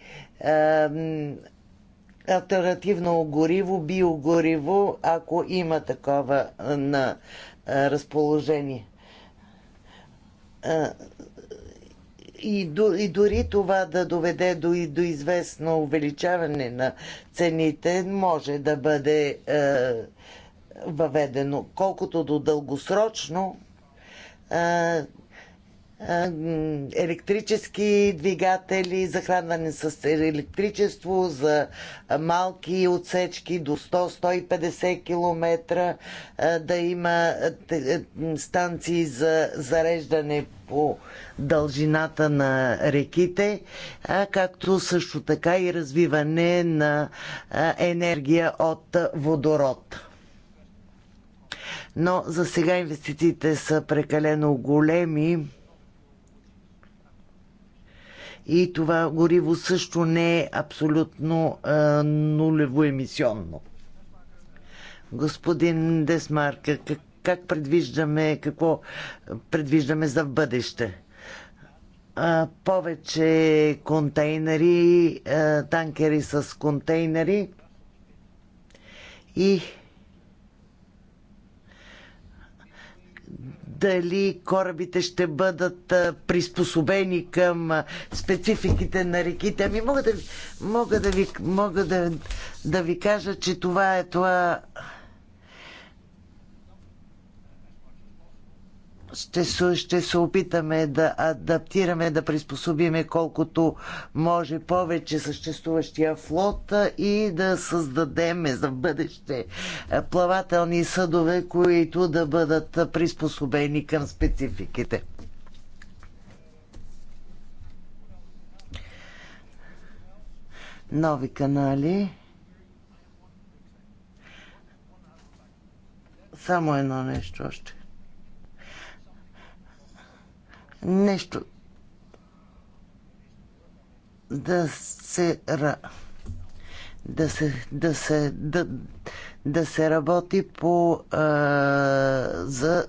альтернативно гориво, биогориво, ако има такова на разположение. И, до, и дори това да доведе до, и до известно увеличаване на цените, може да бъде е, въведено. Колкото до дългосрочно, е, електрически двигатели, захранване с електричество за малки отсечки до 100-150 км, да има станции за зареждане по дължината на реките, както също така и развиване на енергия от водород но за сега инвестициите са прекалено големи и това гориво също не е абсолютно а, нулево емисионно. Господин Десмарка, как, как предвиждаме, какво предвиждаме за бъдеще? А, повече контейнери, а, танкери с контейнери и дали корабите ще бъдат приспособени към спецификите на реките. Ами мога да, мога да, ви, мога да, да ви кажа, че това е това ще се, ще се опитаме да адаптираме, да приспособиме колкото може повече съществуващия флот и да създадем за бъдеще плавателни съдове, които да бъдат приспособени към спецификите. Нови канали. Само едно нещо още нещо да се да се, да се, да, да се работи по а, за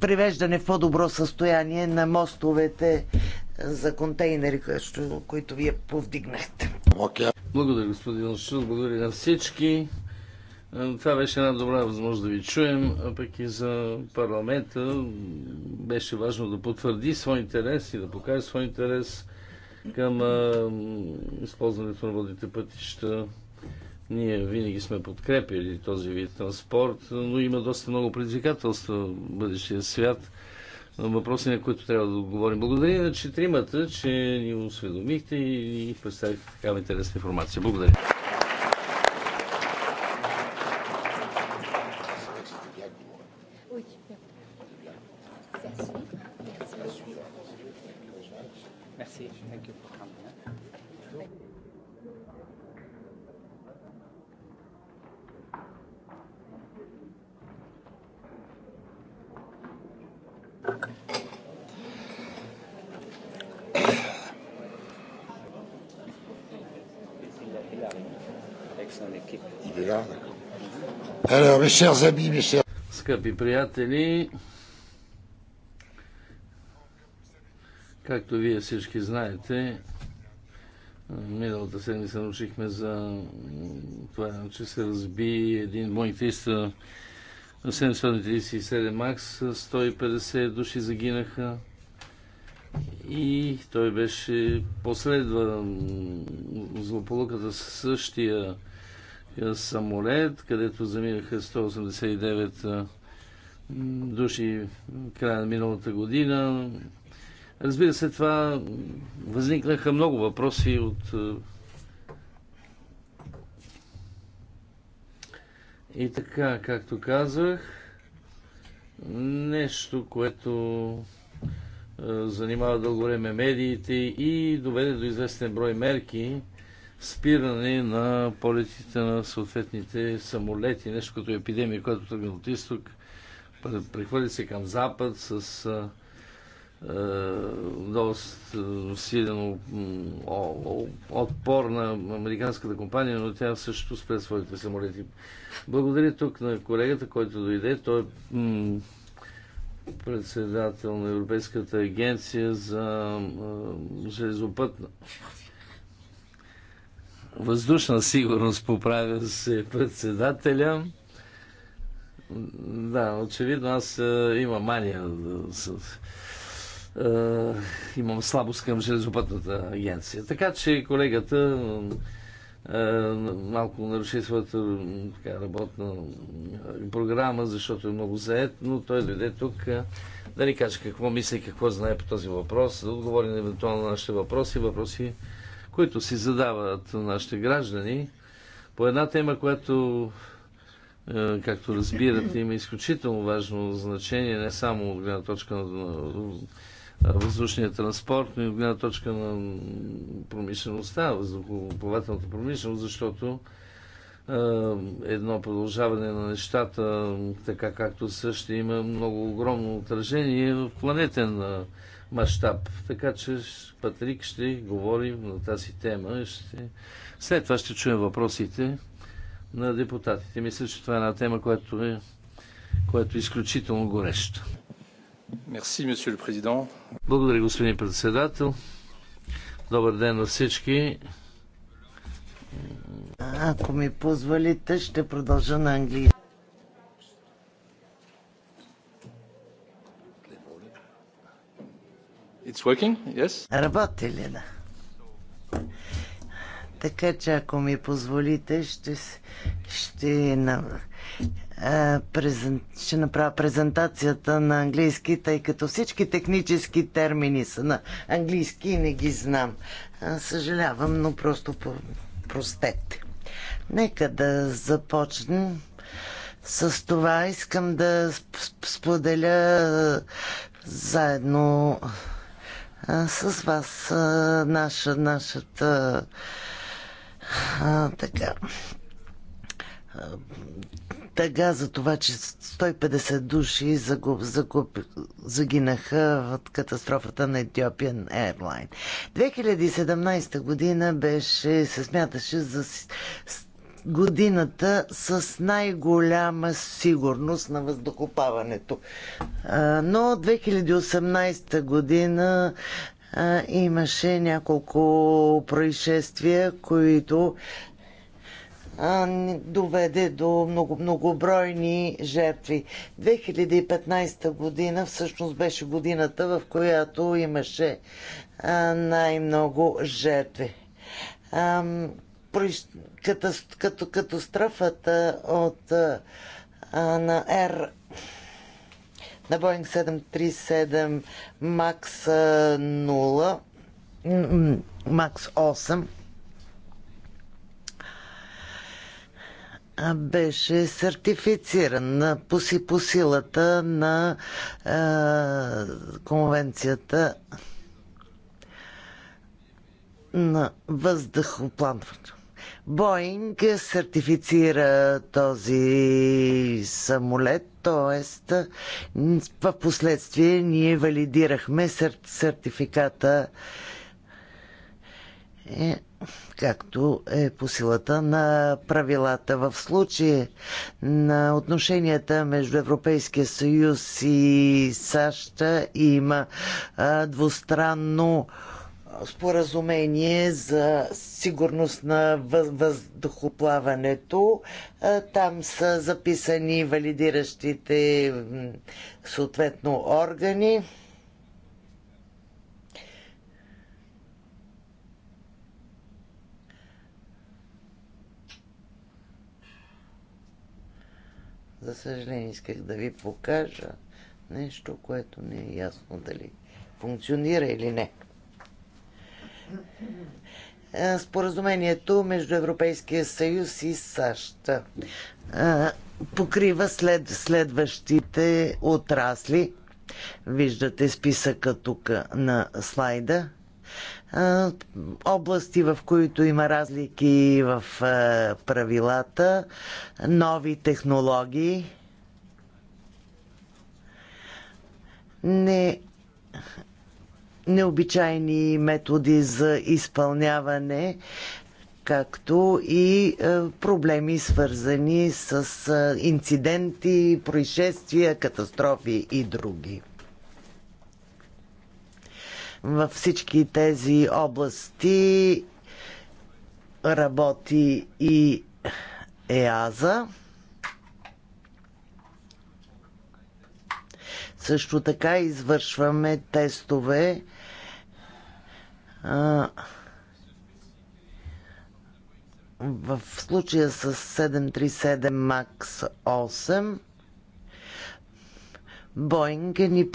привеждане в по-добро състояние на мостовете за контейнери, които, които вие повдигнахте. Okay. Благодаря, господин Шил, благодаря на всички. Това беше една добра възможност да ви чуем, а пък и за парламента беше важно да потвърди свой интерес и да покаже свой интерес към а, използването на водните пътища. Ние винаги сме подкрепили този вид транспорт, но има доста много предизвикателства в бъдещия свят. Въпроси, на които трябва да отговорим. Благодаря на четримата, че ни осведомихте и представихте такава интересна информация. Благодаря. Скъпи приятели, както вие всички знаете, миналата седмица научихме за това, че се разби един Боинг 737 Макс, 150 души загинаха и той беше последва злополуката същия е, самолет, където заминаха 189 е, души края на миналата година. Разбира се, това възникнаха много въпроси от е, И така, както казах, нещо, което занимава дълго време медиите и доведе до известен брой мерки, спиране на полетите на съответните самолети, нещо като епидемия, която тръгна от изток, прехвърли се към запад с а, доста силен отпор на американската компания, но тя също спре своите самолети. Благодаря тук на колегата, който дойде. Той е председател на Европейската агенция за железопътна въздушна сигурност, поправя се председателя. Да, очевидно аз а, е, имам мания. А, е, е, имам слабост към железопътната агенция. Така че колегата малко наруши своята така, работна програма, защото е много заед, но той дойде тук да ни каже какво мисли, какво знае по този въпрос, да отговори на евентуално нашите въпроси, въпроси, които си задават нашите граждани по една тема, която е, както разбирате, има изключително важно значение, не само от гледна точка на въздушния транспорт, но и от гледна точка на промишлеността, въздухоплавателната промишленост, защото е, едно продължаване на нещата, така както също има много огромно отражение в планетен е, мащаб. Така че Патрик ще говорим на тази тема. Ще... След това ще чуем въпросите на депутатите. Мисля, че това е една тема, която е, която е изключително гореща. Merci, Благодаря, господин председател. Добър ден на всички. Ако ми позволите, ще продължа на английски. It's working, yes? Работи ли, да. Така че, ако ми позволите, ще, ще, на, а, презен, ще направя презентацията на английски, тъй като всички технически термини са на английски и не ги знам. А, съжалявам, но просто по, простете. Нека да започнем. С това искам да споделя заедно с вас наша, нашата а, така тъга за това, че 150 души загуб, загуб, загинаха от катастрофата на Ethiopian Airline. 2017 година беше, се смяташе за годината с най-голяма сигурност на въздухопаването. Но 2018 година имаше няколко происшествия, които доведе до много, многобройни жертви. 2015 година всъщност беше годината, в която имаше най-много жертви като, катастрофата от а, на Р на Боинг 737 Макс 0 Макс 8 беше сертифициран по, си, по силата на а, конвенцията на въздухоплантването. Боинг сертифицира този самолет, т.е. в последствие ние валидирахме сертификата е, както е по силата на правилата. В случая на отношенията между Европейския съюз и САЩ има двустранно споразумение за сигурност на въздухоплаването. Там са записани валидиращите съответно органи. За съжаление, исках да ви покажа нещо, което не е ясно дали функционира или не. Е, споразумението между Европейския съюз и САЩ е, покрива след следващите отрасли. Виждате списъка тук на слайда. Е, области, в които има разлики в правилата, нови технологии, не необичайни методи за изпълняване, както и е, проблеми свързани с е, инциденти, происшествия, катастрофи и други. Във всички тези области работи и ЕАЗа. Също така извършваме тестове в случая с 737 MAX 8 Боинг е ни,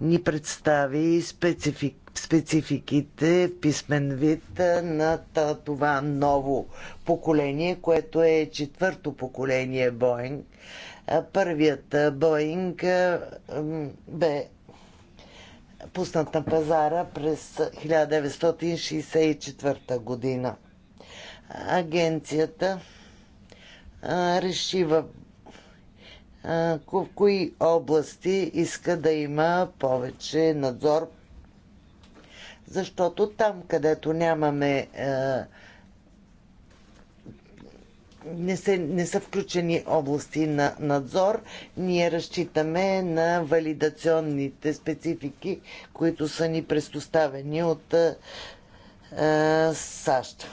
ни представи специфик, спецификите в писмен вид на това ново поколение, което е четвърто поколение Боинг. Първият Боинг бе пуснат на пазара през 1964 година. Агенцията реши в кои области иска да има повече надзор, защото там, където нямаме не, се, не са включени области на надзор. Ние разчитаме на валидационните специфики, които са ни предоставени от е, САЩ.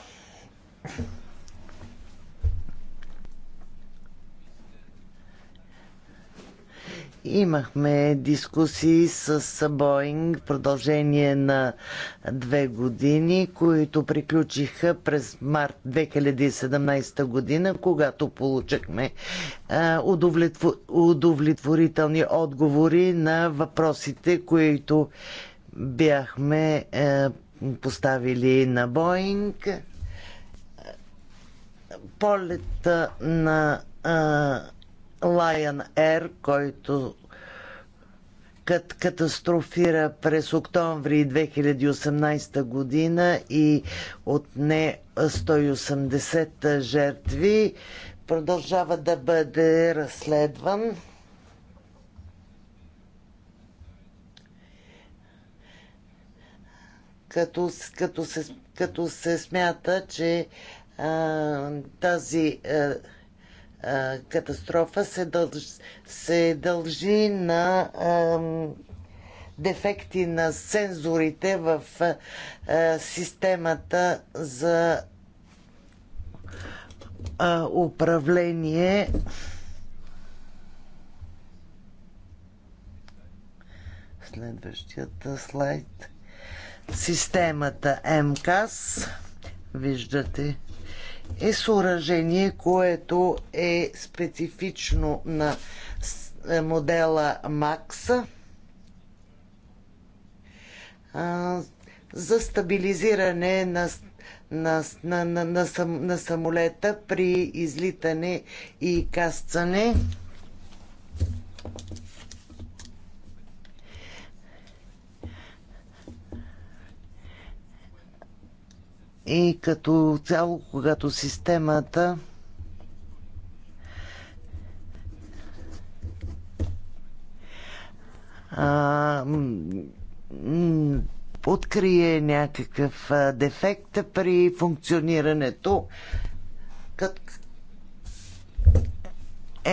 Имахме дискусии с Боинг в продължение на две години, които приключиха през март 2017 година, когато получихме удовлетворителни отговори на въпросите, които бяхме поставили на Боинг. Полета на Lion Air, който кът катастрофира през октомври 2018 година и отне 180 жертви, продължава да бъде разследван. Като, като, се, като се смята, че а, тази а, катастрофа се дължи, се дължи на дефекти на сензорите в системата за управление следващият слайд. Системата МКАС. Виждате е съоръжение, което е специфично на е, модела Макса за стабилизиране на, на, на, на, на, сам, на самолета при излитане и кацане. И като цяло, когато системата а, открие някакъв дефект при функционирането, като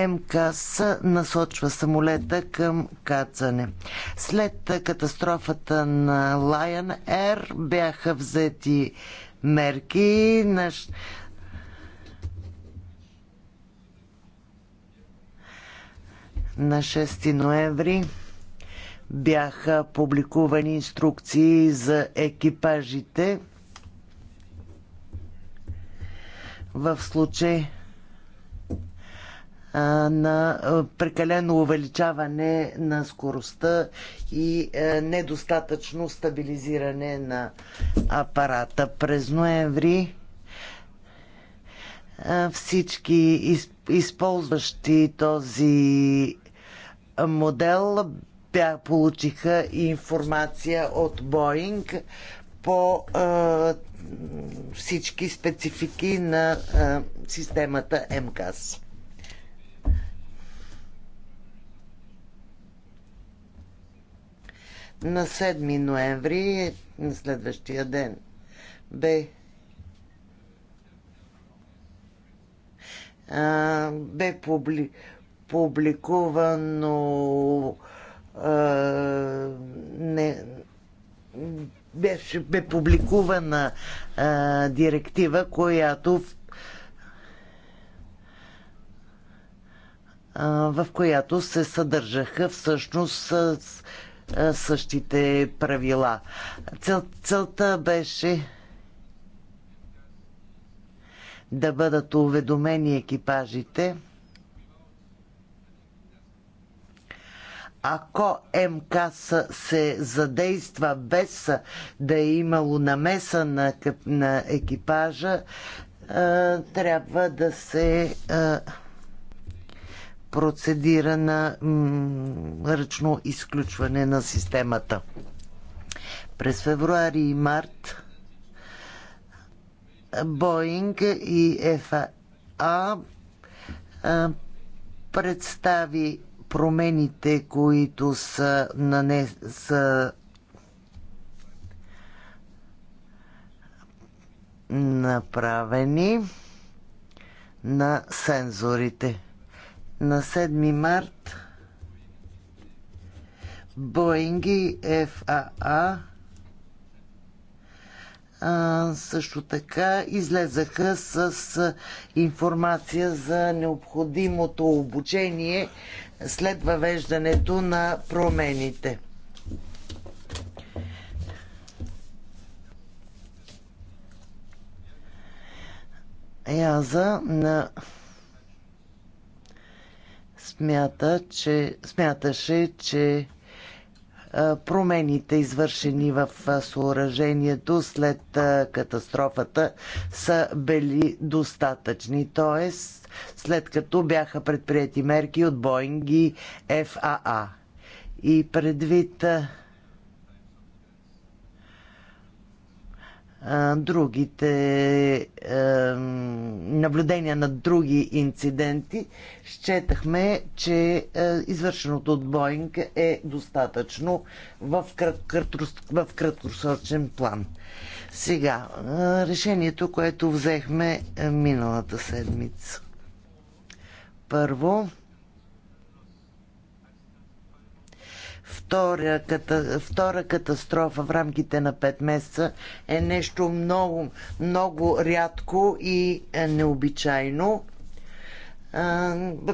МКС насочва самолета към кацане. След катастрофата на Lion Air бяха взети мерки. на... На 6 ноември бяха публикувани инструкции за екипажите. В случай на прекалено увеличаване на скоростта и недостатъчно стабилизиране на апарата. През ноември всички използващи този модел получиха информация от Боинг по а, всички специфики на а, системата МКАС. На 7 ноември, на следващия ден, бе а, бе публи, публикувано а, не, беше бе публикувана а, директива, която в, а, в която се съдържаха всъщност с, същите правила. Цел, целта беше да бъдат уведомени екипажите, ако МК се задейства без да е имало намеса на, на екипажа, трябва да се а, процедира на ръчно изключване на системата. През февруари и март Боинг и ФА представи промените, които са, нанес, са направени на сензорите на 7 март Боинги ФАА а, също така излезаха с информация за необходимото обучение след въвеждането на промените. Яза на смята, че, смяташе, че промените, извършени в съоръжението след катастрофата, са били достатъчни. т.е. след като бяха предприяти мерки от Боинги ФАА. И предвид другите е, наблюдения на други инциденти, счетахме, че е, извършеното от Боинг е достатъчно в, крат, в краткосрочен план. Сега, е, решението, което взехме миналата седмица. Първо, втора, ката, втора катастрофа в рамките на 5 месеца е нещо много, много рядко и е, необичайно.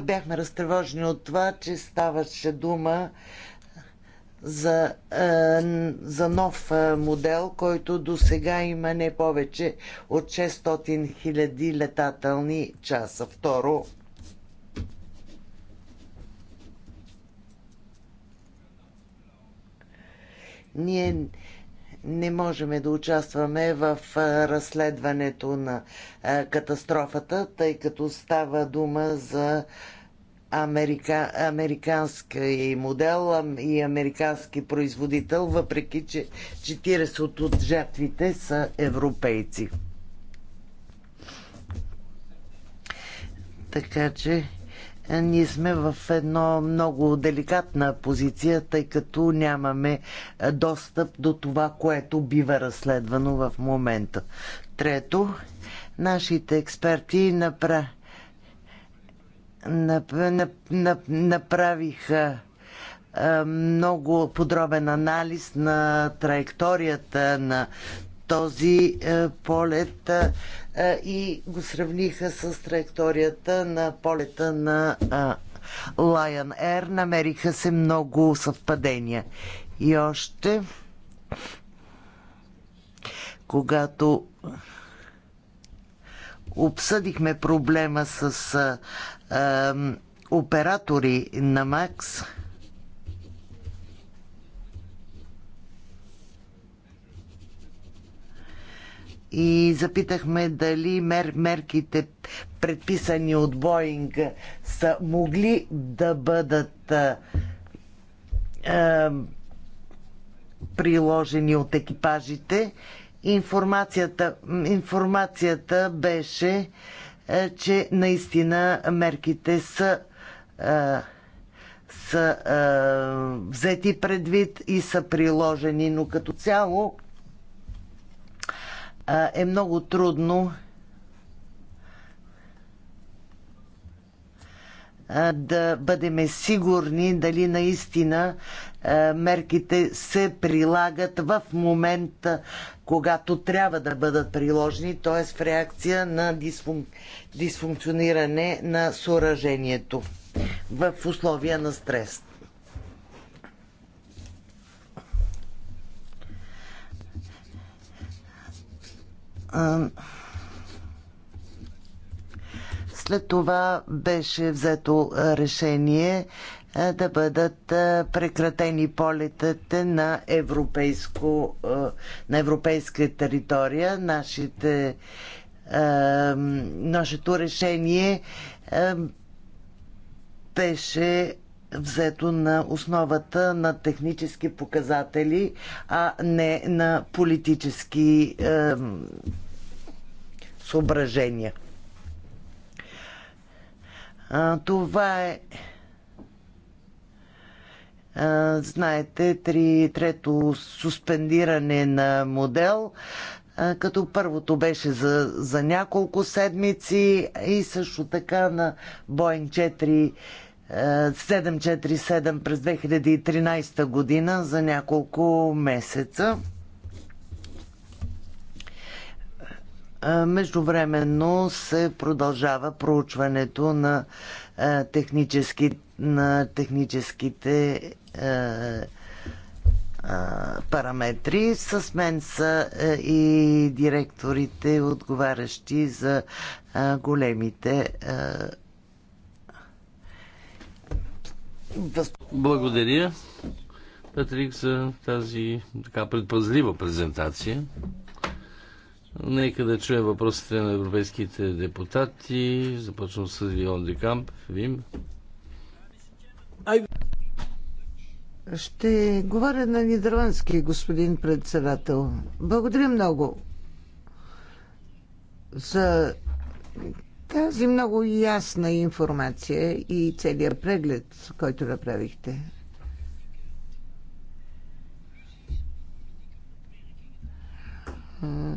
Бяхме разтревожени от това, че ставаше дума за, е, за нов е, модел, който до сега има не повече от 600 000 летателни часа. Второ, Ние не можем да участваме в разследването на катастрофата, тъй като става дума за америка, американски модел и американски производител, въпреки че 40 от жертвите са европейци. Така че ние сме в едно много деликатна позиция, тъй като нямаме е, достъп до това, което бива разследвано в момента. Трето, нашите експерти напра... нап... Нап... Нап... направиха е, много подробен анализ на траекторията на този е, полет е, е, и го сравниха с траекторията на полета на Lion Air. Намериха се много съвпадения. И още, когато обсъдихме проблема с оператори на МАКС, и запитахме дали мер, мерките предписани от Боинг са могли да бъдат е, приложени от екипажите. Информацията, информацията беше, е, че наистина мерките са е, са а, е, взети предвид и са приложени, но като цяло е много трудно да бъдем сигурни дали наистина мерките се прилагат в момента, когато трябва да бъдат приложени, т.е. в реакция на дисфун... дисфункциониране на съоръжението в условия на стрес. След това беше взето решение да бъдат прекратени полетите на, европейско, на европейска територия. Нашите, нашето решение беше взето на основата на технически показатели, а не на политически съображения. А, това е. А, знаете, три, трето суспендиране на модел, а, като първото беше за, за няколко седмици и също така на Боинг 4. 747 през 2013 година за няколко месеца. Междувременно се продължава проучването на, технически, на техническите параметри. С мен са и директорите, отговарящи за големите. Благодаря, Патрик, за тази така предпазлива презентация. Нека да чуем въпросите на европейските депутати. Започвам с Вион Декамп. Вим. Ще говоря на нидерландски, господин председател. Благодаря много за тази много ясна информация и целият преглед, който направихте. Да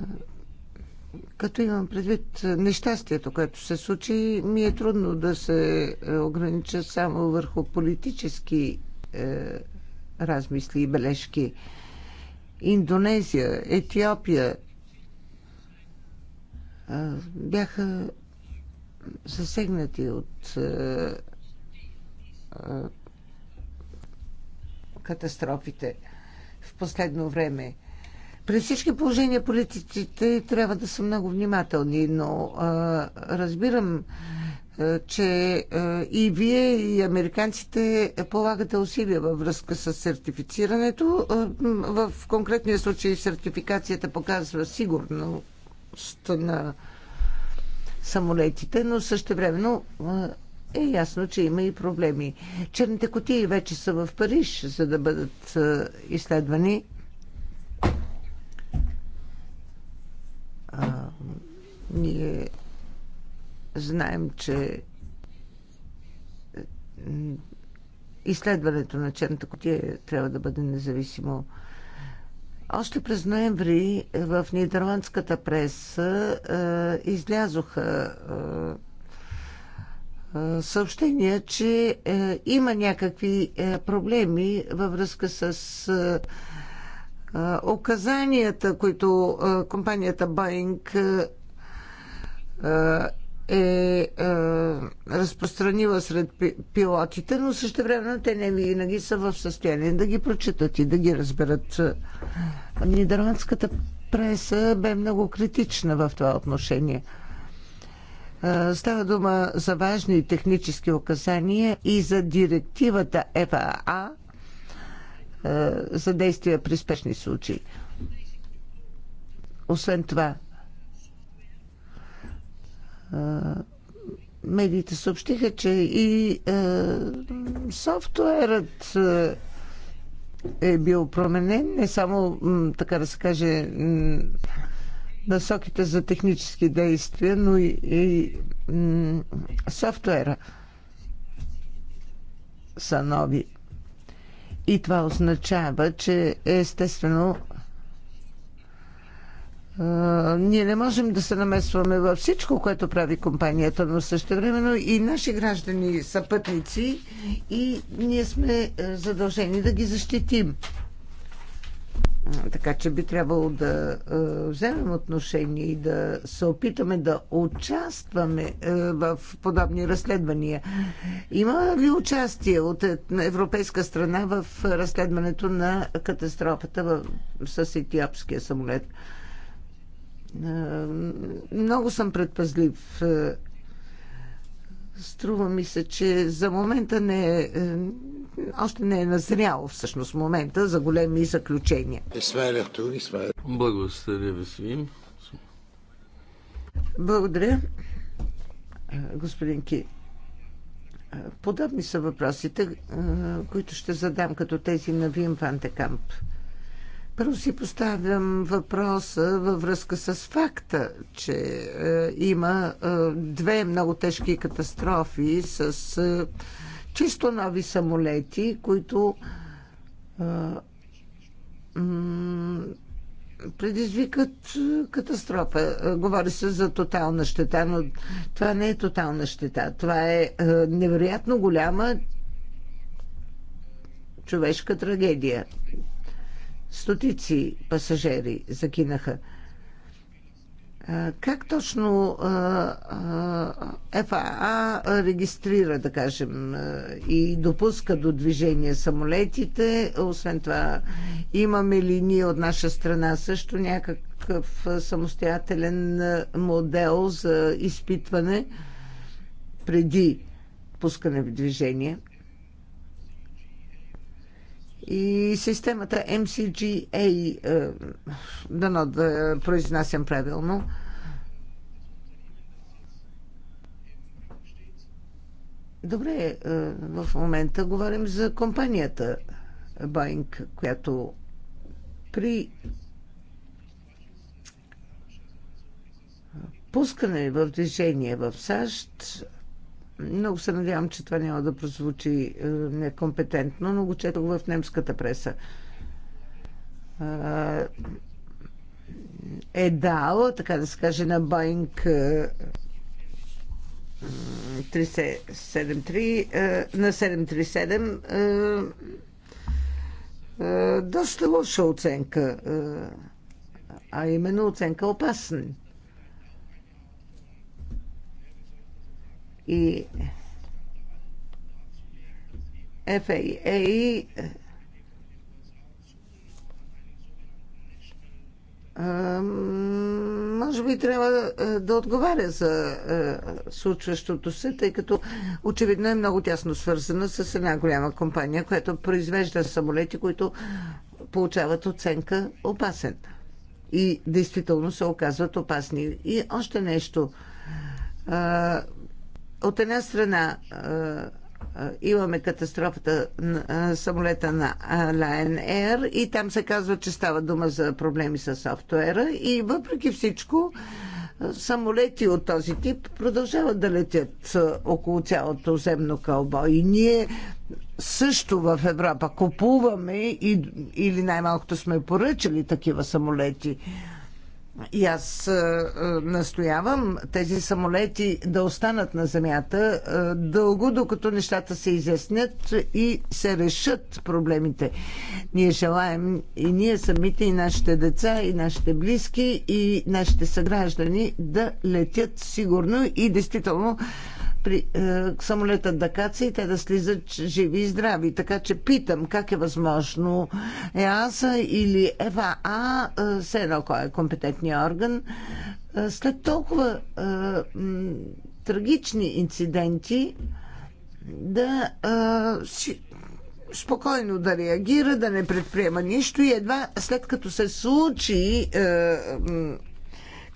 като имам предвид нещастието, което се случи, ми е трудно да се е, огранича само върху политически е, размисли и бележки. Индонезия, Етиопия е, бяха засегнати от е, е, катастрофите в последно време. При всички положения политиците трябва да са много внимателни, но а, разбирам, а, че а, и вие, и американците полагате усилия във връзка с сертифицирането. А, в конкретния случай сертификацията показва сигурност на самолетите, но също времено е ясно, че има и проблеми. Черните котии вече са в Париж, за да бъдат изследвани А, ние знаем, че изследването на черната котия трябва да бъде независимо. Още през ноември в нидерландската преса е, излязоха е, съобщения, че е, има някакви е, проблеми във връзка с. Е, Оказанията, които компанията Боинг е, разпространила сред пилотите, но също време те не винаги са в състояние да ги прочитат и да ги разберат. Нидерландската преса бе много критична в това отношение. Става дума за важни технически указания и за директивата ФАА е, за действия при спешни случаи. Освен това, е, медиите съобщиха, че и е, софтуерът е бил променен, не само, така да се каже, насоките за технически действия, но и, и софтуера са нови. И това означава, че естествено ние не можем да се намесваме във всичко, което прави компанията, но времено и наши граждани са пътници и ние сме задължени да ги защитим. Така че би трябвало да вземем отношение и да се опитаме да участваме в подобни разследвания. Има ли участие от европейска страна в разследването на катастрофата с етиопския самолет? Много съм предпазлив. Струва ми се, че за момента не е още не е назрял всъщност момента за големи заключения. Благодаря ви, Благодаря, господин Ки. Подобни са въпросите, които ще задам като тези на Вим Пантекамп. Първо си поставям въпроса във връзка с факта, че е, има е, две много тежки катастрофи с е, чисто нови самолети, които предизвикат катастрофа. Говори се за тотална щета, но това не е тотална щета. Това е невероятно голяма човешка трагедия. Стотици пасажери закинаха. Как точно ФАА регистрира, да кажем, и допуска до движение самолетите? Освен това, имаме ли ние от наша страна също някакъв самостоятелен модел за изпитване преди пускане в движение? И системата MCGA, е, дано да произнасям правилно, Добре, е, в момента говорим за компанията Boeing, която при пускане в движение в САЩ много се надявам, че това няма да прозвучи е, некомпетентно, но го четох в немската преса. Е, е дал, така да се каже, на Боинг е, 373, на 737 доста лоша оценка, а именно оценка опасна. и FAA може би трябва е, да отговаря за е, случващото се, тъй като очевидно е много тясно свързана с една голяма компания, която произвежда самолети, които получават оценка опасен. И действително се оказват опасни. И още нещо. От една страна имаме катастрофата на самолета на Lion Air и там се казва, че става дума за проблеми с софтуера и въпреки всичко самолети от този тип продължават да летят около цялото земно кълбо. И ние също в Европа купуваме и, или най-малкото сме поръчали такива самолети. И аз е, е, настоявам тези самолети да останат на земята е, дълго, докато нещата се изяснят и се решат проблемите. Ние желаем и ние самите, и нашите деца, и нашите близки, и нашите съграждани да летят сигурно и действително при, е, самолетът да каца и те да слизат живи и здрави. Така че питам как е възможно ЕАСА или ЕВАА, е, все едно кой е компетентният орган, е, след толкова е, м, трагични инциденти да е, си, спокойно да реагира, да не предприема нищо и едва след като се случи е, м,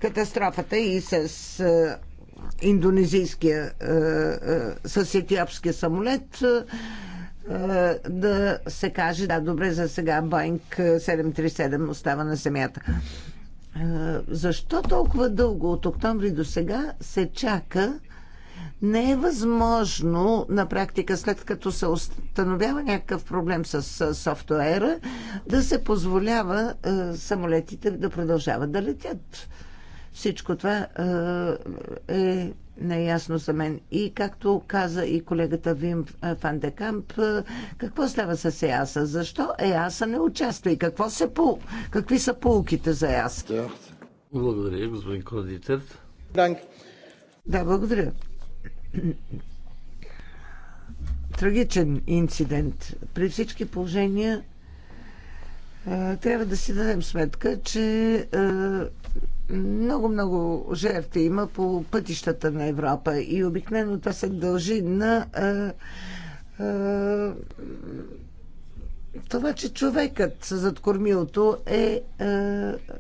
катастрофата и с. Е, индонезийския, с е, етиопския самолет е, да се каже, да, добре, за сега Боинг 737 остава на земята. Е, защо толкова дълго от октомври до сега се чака? Не е възможно на практика, след като се установява някакъв проблем с софтуера, да се позволява самолетите да продължават да летят. Всичко това е неясно за мен. И както каза и колегата Вим Фан де Камп, какво става с ЕАСА? Защо ЕАСА не участва и какво се, по... какви са полуките за ЕАСА? Благодаря, господин Кодитет. Да, благодаря. Трагичен инцидент. При всички положения трябва да си дадем сметка, че много-много жертви има по пътищата на Европа и обикновено това се дължи на е, е, това, че човекът зад кормилото е, е,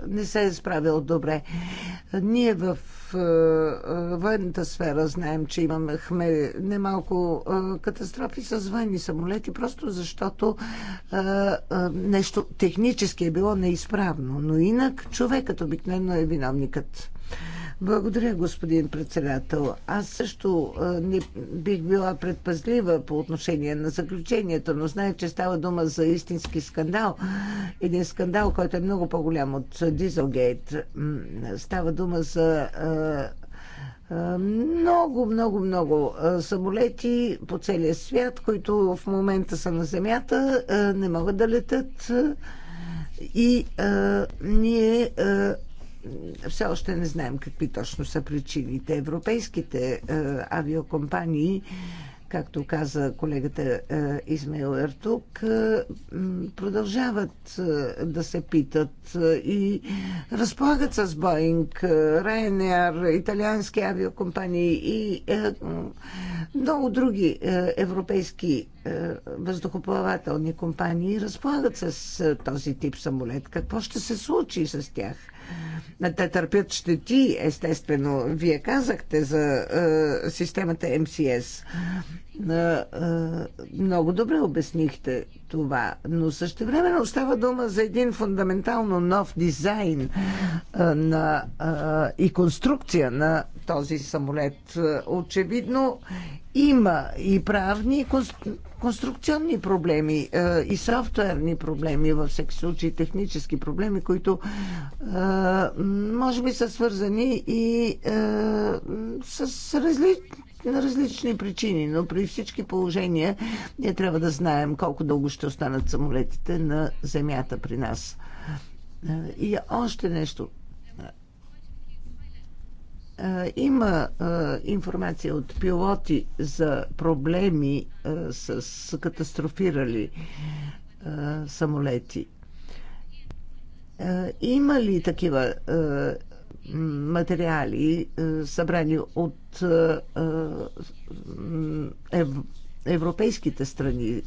не се е справил добре. Ние в е, е, военната сфера знаем, че имахме немалко е, катастрофи с военни самолети, просто защото е, е, нещо технически е било неизправно. Но инак човекът обикновено е виновникът. Благодаря, господин председател. Аз също не бих била предпазлива по отношение на заключението, но знае, че става дума за истински скандал. Един скандал, който е много по-голям от Дизелгейт. Става дума за много, много, много самолети по целия свят, които в момента са на земята, не могат да летат. И а, ние а, все още не знаем какви точно са причините. Европейските е, авиокомпании както каза колегата е, Измейл Ертук, е, продължават да се питат и разполагат с Боинг, Ryanair, италиански авиокомпании и много други европейски въздухоплавателни компании разполагат с този тип самолет. Какво ще се случи с тях? Те търпят щети, естествено. Вие казахте за е, системата МСС. Е, е, много добре обяснихте това, но също време остава дума за един фундаментално нов дизайн е, на, и конструкция на този самолет. Очевидно има и правни конструкционни проблеми е, и софтуерни проблеми, във всеки случай технически проблеми, които е, може би са свързани и е, с разли, на различни причини, но при всички положения ние трябва да знаем колко дълго ще останат самолетите на земята при нас. Е, и още нещо. Има информация от пилоти за проблеми с катастрофирали самолети. Има ли такива материали, събрани от европейските страни,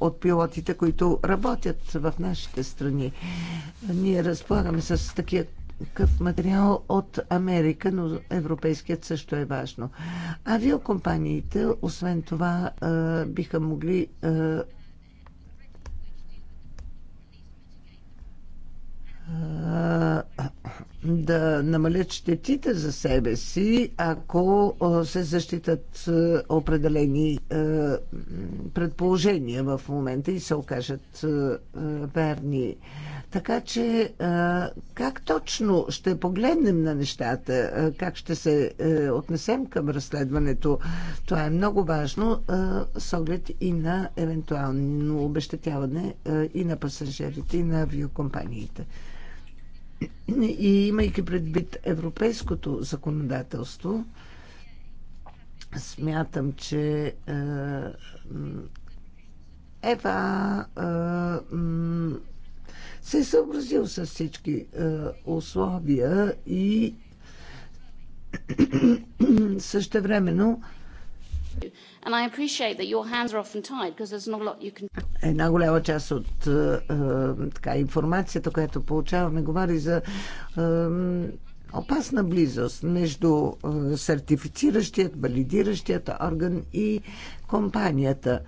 от пилотите, които работят в нашите страни. Ние разполагаме с такива такъв материал от Америка, но европейският също е важно. Авиокомпаниите, освен това, биха могли да намалят щетите за себе си, ако се защитат определени предположения в момента и се окажат верни. Така че как точно ще погледнем на нещата, как ще се отнесем към разследването, това е много важно с оглед и на евентуално обещетяване и на пасажирите, и на авиокомпаниите. И имайки предвид европейското законодателство, смятам, че е, Ева е, се е съобразил с всички е, условия и същевременно времено And I appreciate that your hands are often tied because there's not a lot you can една голяма част от е, е, така, информацията, която получаваме, говори за е, опасна близост между е, сертифициращият, валидиращият орган и компанията.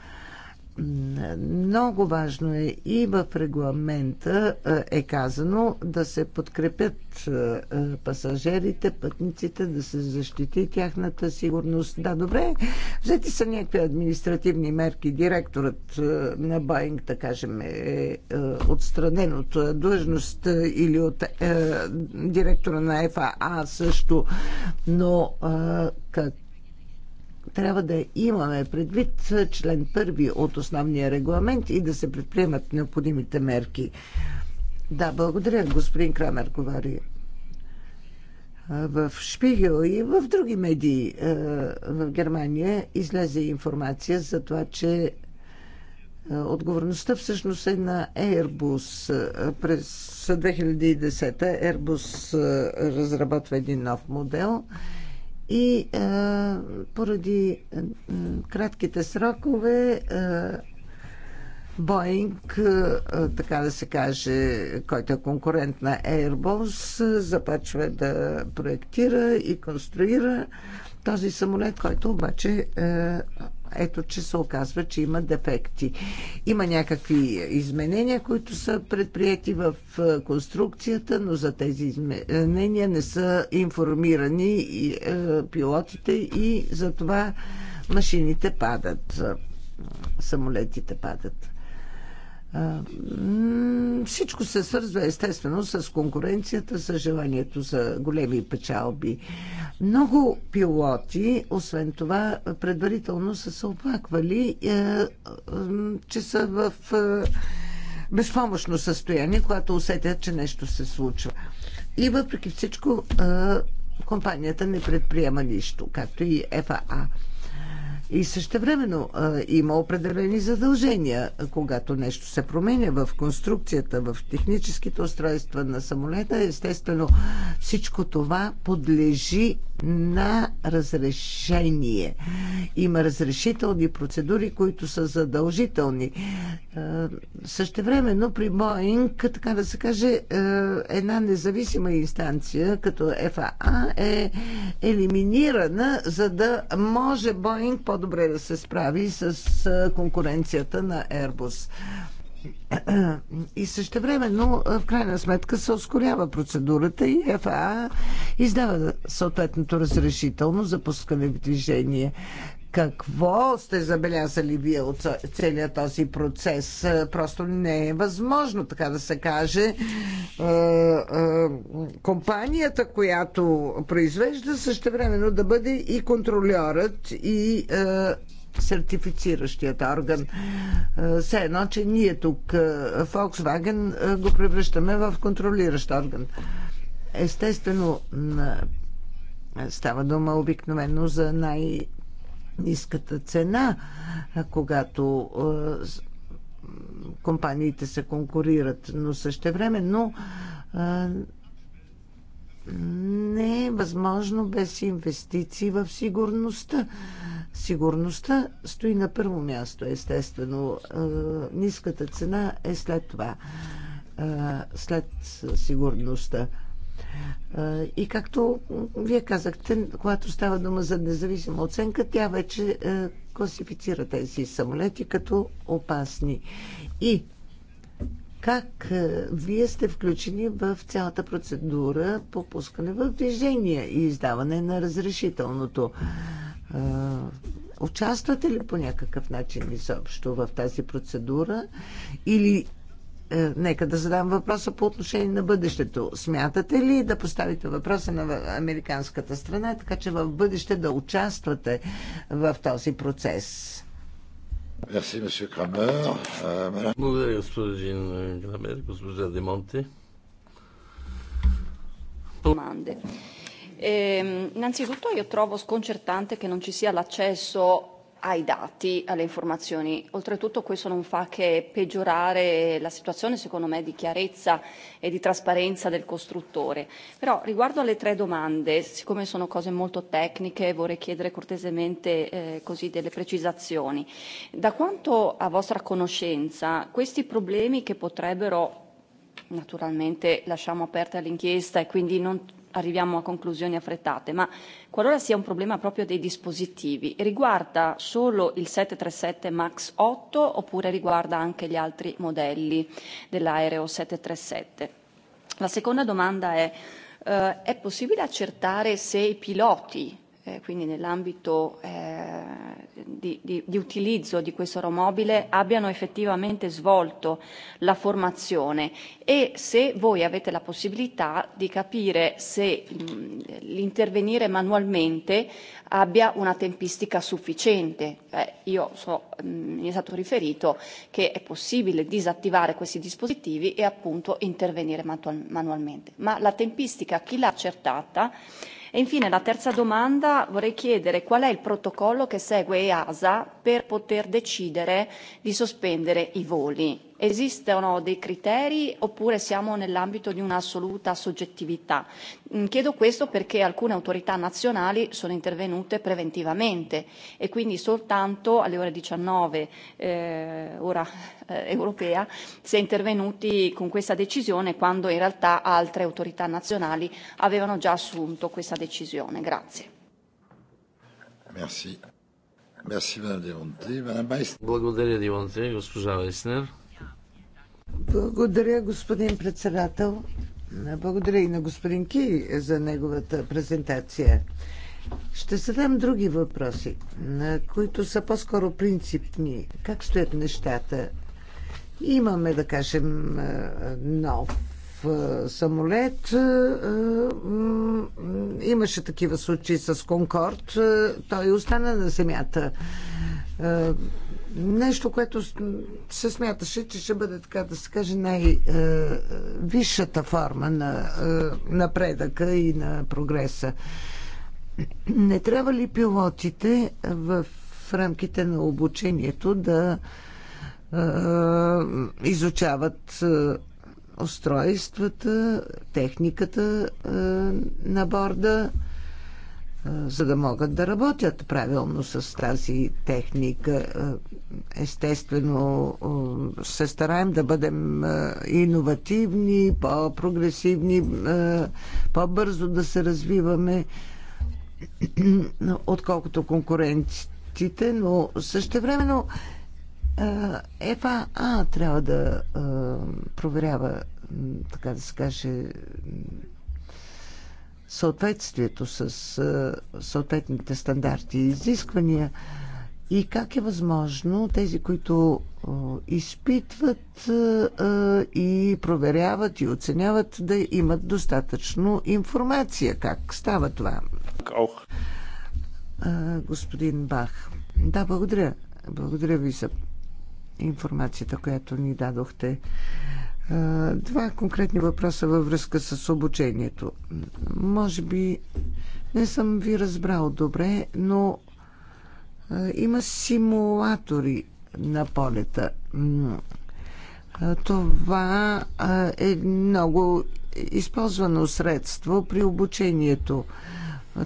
Много важно е и в регламента е, е казано да се подкрепят е, е, пасажирите, пътниците, да се защити тяхната сигурност. Да, добре, взети са някакви административни мерки. Директорът на Боинг, да кажем, е отстранен от длъжност или от директора на ФАА също. Но как трябва да имаме предвид член първи от основния регламент и да се предприемат необходимите мерки. Да, благодаря. Господин Крамер говори в Шпигел и в други медии е, в Германия излезе информация за това, че е, отговорността всъщност е на Airbus. През 2010 Airbus е, разработва един нов модел – и а, е, поради а, е, кратките срокове, а, е, Боинг, а, така да се каже, който е конкурент на Airbus, започва да проектира и конструира този самолет, който обаче а, ето, че се оказва, че има дефекти. Има някакви изменения, които са предприяти в е, конструкцията, но за тези изменения не са информирани и, е, пилотите и затова машините падат, е, самолетите падат. Всичко се свързва естествено с конкуренцията, с желанието за големи печалби. Много пилоти, освен това, предварително са се оплаквали, е, е, че са в е, безпомощно състояние, когато усетят, че нещо се случва. И въпреки всичко, компанията не предприема нищо, както и ФАА. И същевременно има определени задължения, когато нещо се променя в конструкцията, в техническите устройства на самолета. Естествено, всичко това подлежи на разрешение. Има разрешителни процедури, които са задължителни. Същевременно при Боинг, така да се каже, една независима инстанция, като ФАА, е елиминирана, за да може Боинг по по-добре да се справи с конкуренцията на Airbus. И също време, но в крайна сметка се ускорява процедурата и ФАА издава съответното разрешително за пускане в движение. Какво сте забелязали вие от целият този процес? Е, просто не е възможно, така да се каже. Е, е, компанията, която произвежда, времено да бъде и контролерът, и сертифициращият орган. Все едно, че ние тук Volkswagen го превръщаме в контролиращ орган. Естествено, става дума обикновено за най- ниската цена, когато компаниите се конкурират, но същевременно не е възможно без инвестиции в сигурността. Сигурността стои на първо място, естествено. Ниската цена е след това. След сигурността. И както вие казахте, когато става дума за независима оценка, тя вече е, класифицира тези самолети като опасни. И как е, вие сте включени в цялата процедура по пускане в движение и издаване на разрешителното? Е, участвате ли по някакъв начин изобщо в тази процедура или е, нека да задам въпроса по отношение на бъдещето. Смятате ли да поставите въпроса на американската страна, така че в бъдеще да участвате в този процес? Е, Благодаря, господин Грамер, госпожа Демонте. Domande. Eh, innanzitutto io trovo sconcertante che non ci sia l'accesso ai dati, alle informazioni. Oltretutto questo non fa che peggiorare la situazione, secondo me, di chiarezza e di trasparenza del costruttore. Però riguardo alle tre domande, siccome sono cose molto tecniche, vorrei chiedere cortesemente eh, così delle precisazioni. Da quanto a vostra conoscenza, questi problemi che potrebbero naturalmente lasciamo aperta l'inchiesta e quindi non arriviamo a conclusioni affrettate, ma qualora sia un problema proprio dei dispositivi, riguarda solo il 737 MAX 8 oppure riguarda anche gli altri modelli dell'aereo 737? La seconda domanda è, eh, è possibile accertare se i piloti eh, quindi nell'ambito eh, di, di, di utilizzo di questo aeromobile abbiano effettivamente svolto la formazione e se voi avete la possibilità di capire se l'intervenire manualmente abbia una tempistica sufficiente. Eh, io so, mh, mi è stato riferito che è possibile disattivare questi dispositivi e appunto intervenire manualmente, ma la tempistica chi l'ha accertata? E infine la terza domanda vorrei chiedere qual è il protocollo che segue EASA per poter decidere di sospendere i voli esistono dei criteri oppure siamo nell'ambito di un'assoluta soggettività? Chiedo questo perché alcune autorità nazionali sono intervenute preventivamente e quindi soltanto alle ore 19 eh, ora eh, europea si è intervenuti con questa decisione quando in realtà altre autorità nazionali avevano già assunto questa decisione. Grazie. Merci. Merci, Madame Дивонтри. Madame Майснер. Благодаря, Дивонтри. Госпожа Леснер. Благодаря, господин председател. Благодаря и на господин Ки за неговата презентация. Ще задам други въпроси, които са по-скоро принципни. Как стоят нещата? Имаме, да кажем, нов самолет. Имаше такива случаи с Конкорд. Той остана на земята нещо, което се смяташе, че ще бъде, така да се каже, най-висшата форма на е, напредъка и на прогреса. Не трябва ли пилотите в рамките на обучението да е, изучават е, устройствата, техниката на борда, за да могат да работят правилно с тази техника. Естествено, се стараем да бъдем иновативни, по-прогресивни, по-бързо да се развиваме, отколкото конкурентите, но същевременно ФАА трябва да проверява, така да се каже, съответствието с съответните стандарти и изисквания и как е възможно тези, които изпитват и проверяват и оценяват да имат достатъчно информация? Как става това? Господин Бах. Да, благодаря. Благодаря ви за информацията, която ни дадохте. Два конкретни въпроса във връзка с обучението. Може би не съм ви разбрал добре, но има симулатори на полета. Това е много използвано средство при обучението,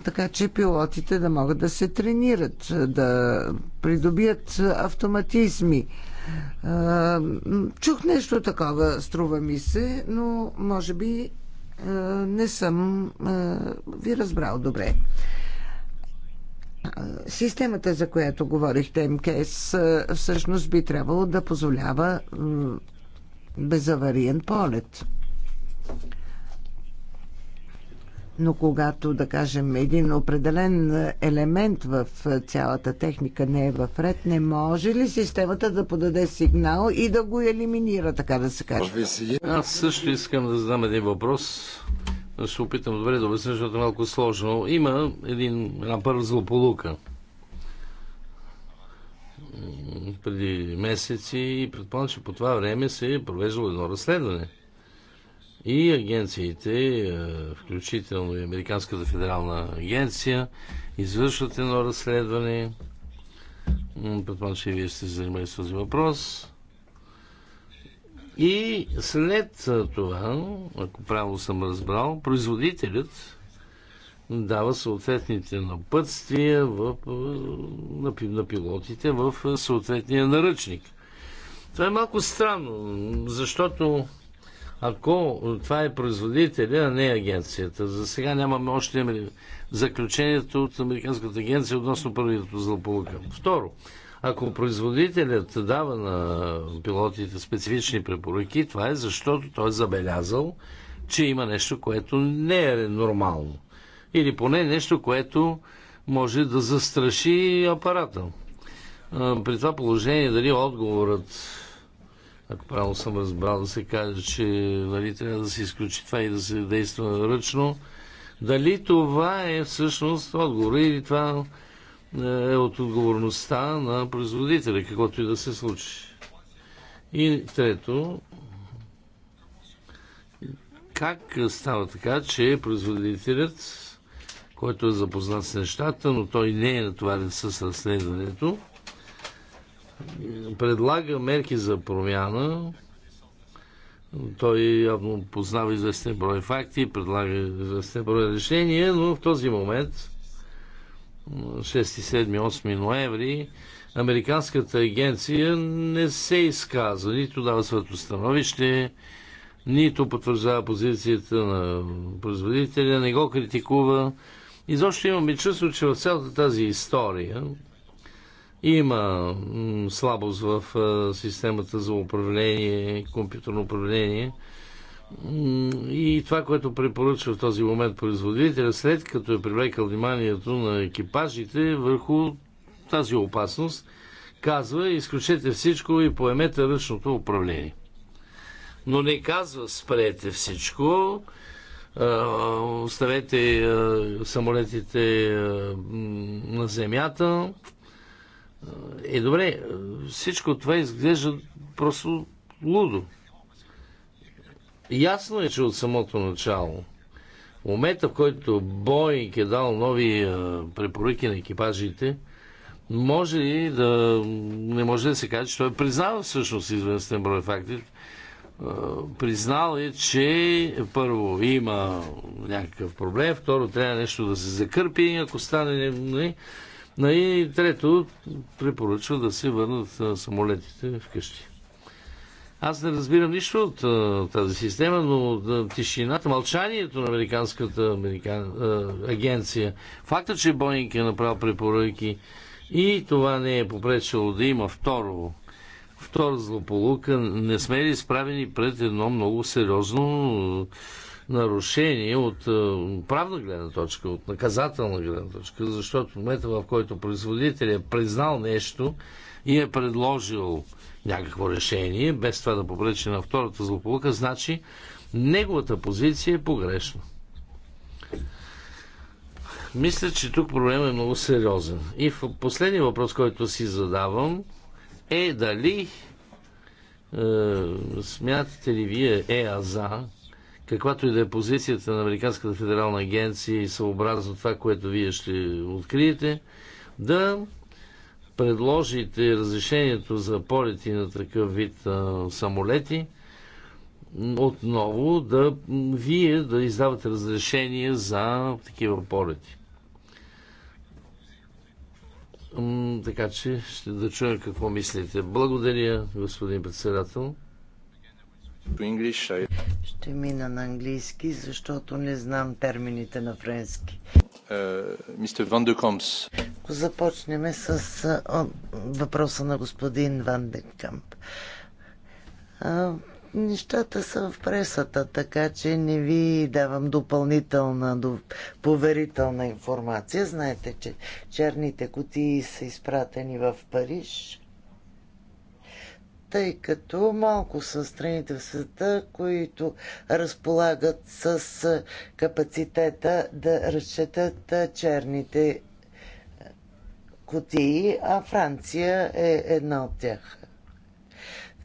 така че пилотите да могат да се тренират, да придобият автоматизми Чух нещо такова, струва ми се, но може би не съм ви разбрал добре. Системата, за която говорихте, МКС, всъщност би трябвало да позволява безавариен полет но когато, да кажем, един определен елемент в цялата техника не е в ред, не може ли системата да подаде сигнал и да го елиминира, така да се каже? Аз също искам да задам един въпрос. Ще опитам добре да обясня, защото е малко сложно. Има един, една първа злополука преди месеци и предполагам, че по това време се е провеждало едно разследване – и агенциите, включително и Американската федерална агенция, извършват едно разследване. Предполагам, че вие сте занимали с този въпрос. И след това, ако правилно съм разбрал, производителят дава съответните напътствия в, на, на пилотите в съответния наръчник. Това е малко странно, защото ако това е производителя, а не агенцията. За сега нямаме още заключението от Американската агенция относно първото злополука. Второ, ако производителят дава на пилотите специфични препоръки, това е защото той е забелязал, че има нещо, което не е нормално. Или поне нещо, което може да застраши апарата. При това положение дали отговорът ако правилно съм разбрал, да се каже, че нали, трябва да се изключи това и да се действа ръчно. Дали това е всъщност отговор или това е, е от отговорността на производителя, каквото и да се случи. И трето, как става така, че производителят, който е запознат с нещата, но той не е натоварен с разследването, предлага мерки за промяна. Той явно познава известен брой факти, предлага известен брой решения, но в този момент, 6, 7, 8 ноември, Американската агенция не се изказва, нито дава своето становище, нито потвърждава позицията на производителя, не го критикува. Изобщо имаме чувство, че в цялата тази история, има слабост в системата за управление, компютърно управление. И това, което препоръчва в този момент производителя, след като е привлекал вниманието на екипажите върху тази опасност, казва изключете всичко и поемете ръчното управление. Но не казва спрете всичко, оставете самолетите на земята, е, добре, всичко това изглежда просто лудо. Ясно е, че от самото начало, в момента в който Боинг е дал нови препоръки на екипажите, може ли да... не може да се каже, че той е признал всъщност известен брой факти. Признал е, че първо има някакъв проблем, второ трябва нещо да се закърпи, ако стане... Не, и трето, препоръчва да се върнат самолетите вкъщи. Аз не разбирам нищо от тази система, но тишината, мълчанието на Американската агенция, факта, че Боинг е направил препоръки и това не е попречило да има второ, втора злополука, не сме ли изправени пред едно много сериозно нарушение от е, правна гледна точка, от наказателна гледна точка, защото в момента, в който производителят е признал нещо и е предложил някакво решение, без това да попречи на втората злополука, значи неговата позиция е погрешна. Мисля, че тук проблемът е много сериозен. И в последния въпрос, който си задавам, е дали е, смятате ли вие ЕАЗА, каквато и да е позицията на Американската федерална агенция и съобразно това, което вие ще откриете, да предложите разрешението за полети на такъв вид а, самолети, отново да вие да издавате разрешение за такива полети. Така че ще да чуем какво мислите. Благодаря, господин председател. Ще мина на английски, защото не знам термините на френски. Е, мистер Ван де Ако започнем с uh, въпроса на господин Ван де Камп. нещата са в пресата, така че не ви давам допълнителна поверителна информация. Знаете, че черните кутии са изпратени в Париж тъй като малко са страните в света, които разполагат с капацитета да разчетат черните кутии, а Франция е една от тях.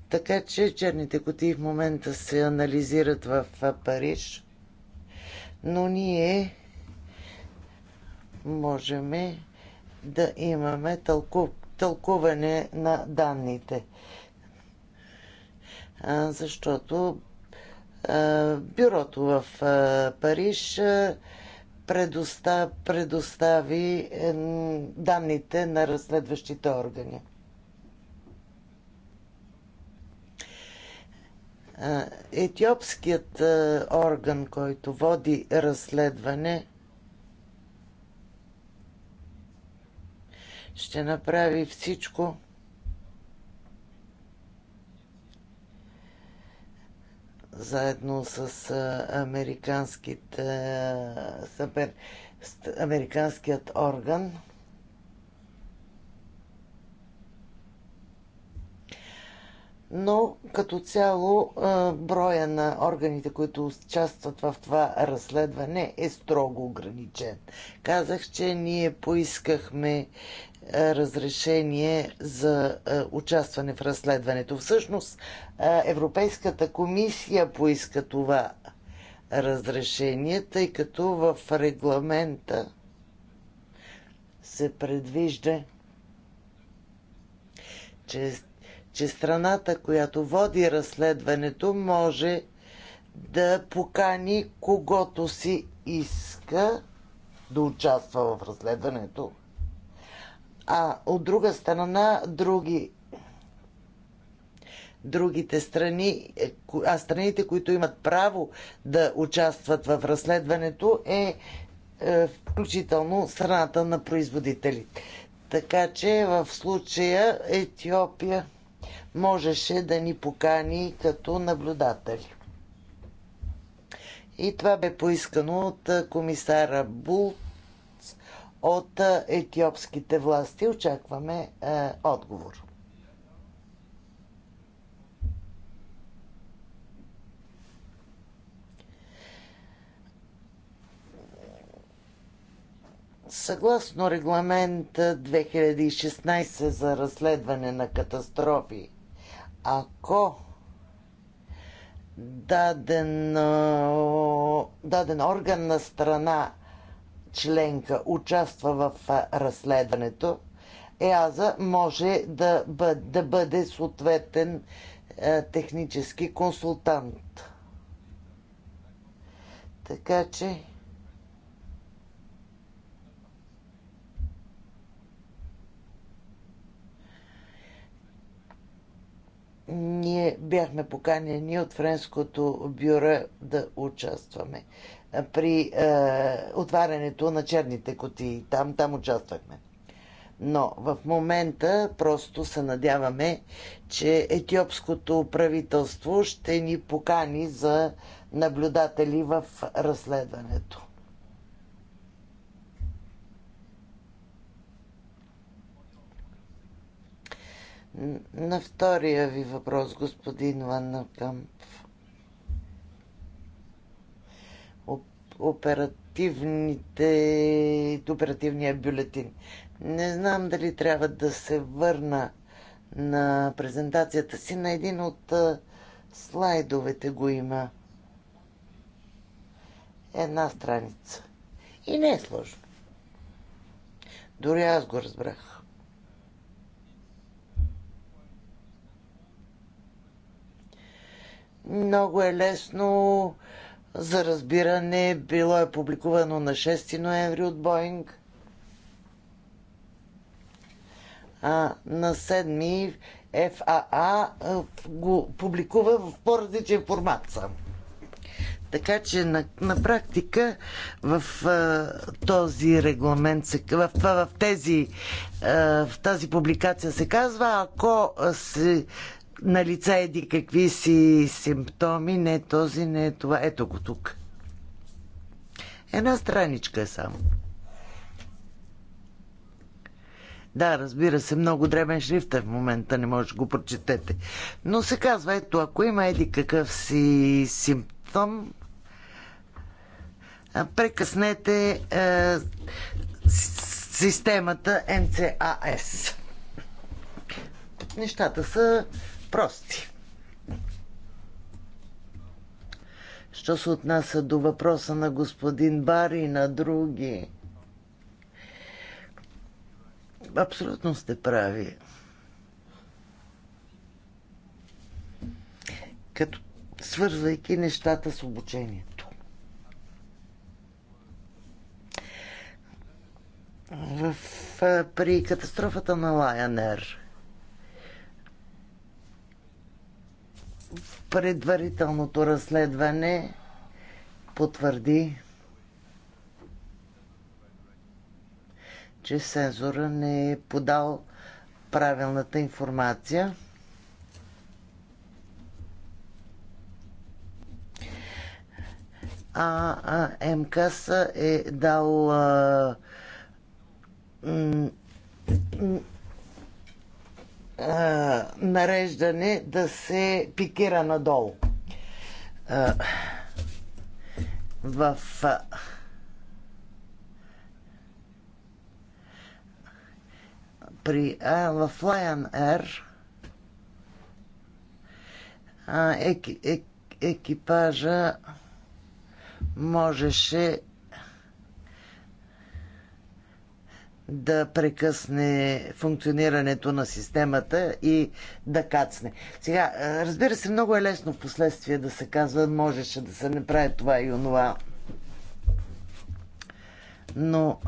Така че черните кутии в момента се анализират в Париж, но ние можем да имаме тълку, тълкуване на данните защото бюрото в Париж предостави данните на разследващите органи. Етиопският орган, който води разследване, ще направи всичко, заедно с американските, а, американският орган. Но като цяло броя на органите, които участват в това разследване е строго ограничен. Казах, че ние поискахме е, разрешение за е, участване в разследването. Всъщност е, Европейската комисия поиска това разрешение, тъй като в регламента се предвижда, че, че страната, която води разследването, може да покани когото си иска да участва в разследването а от друга страна други другите страни, е, а страните, които имат право да участват в разследването е, е включително страната на производителите. Така че в случая Етиопия можеше да ни покани като наблюдатели. И това бе поискано от комисара Булт от е, етиопските власти. Очакваме е, отговор. Съгласно регламент 2016 е, за разследване на катастрофи, ако даден, даден орган на страна членка участва в разследването, ЕАЗа може да бъде, да бъде съответен е, технически консултант. Така че. ние бяхме поканени от Френското бюро да участваме при е, отварянето на черните кутии, Там, там участвахме. Но в момента просто се надяваме, че етиопското правителство ще ни покани за наблюдатели в разследването. На втория ви въпрос, господин Ван оперативните, оперативния бюлетин. Не знам дали трябва да се върна на презентацията си. На един от слайдовете го има. Една страница. И не е сложно. Дори аз го разбрах. Много е лесно за разбиране било е публикувано на 6 ноември от Боинг. А на 7 ФАА го публикува в по-различен формат сам. Така че на, на практика в а, този регламент, се, в, в, в, тези, а, в тази публикация се казва, ако се на лица еди какви си симптоми, не този, не това. Ето го тук. Една страничка е само. Да, разбира се, много дребен шрифт е в момента, не може да го прочетете. Но се казва, ето, ако има еди какъв си симптом, прекъснете е, системата МЦАС. Нещата са прости. Що се отнася до въпроса на господин Бари и на други? Абсолютно сте прави. Като свързвайки нещата с обучението. В, при катастрофата на Лайонер предварителното разследване потвърди, че сензора не е подал правилната информация. А, а МКС е дал а, а, нареждане да се пикира надолу. А, в а, при а, в Lion Air а, ек, ек, екипажа можеше да прекъсне функционирането на системата и да кацне. Сега, разбира се, много е лесно в последствие да се казва, можеше да се направи това и онова. Но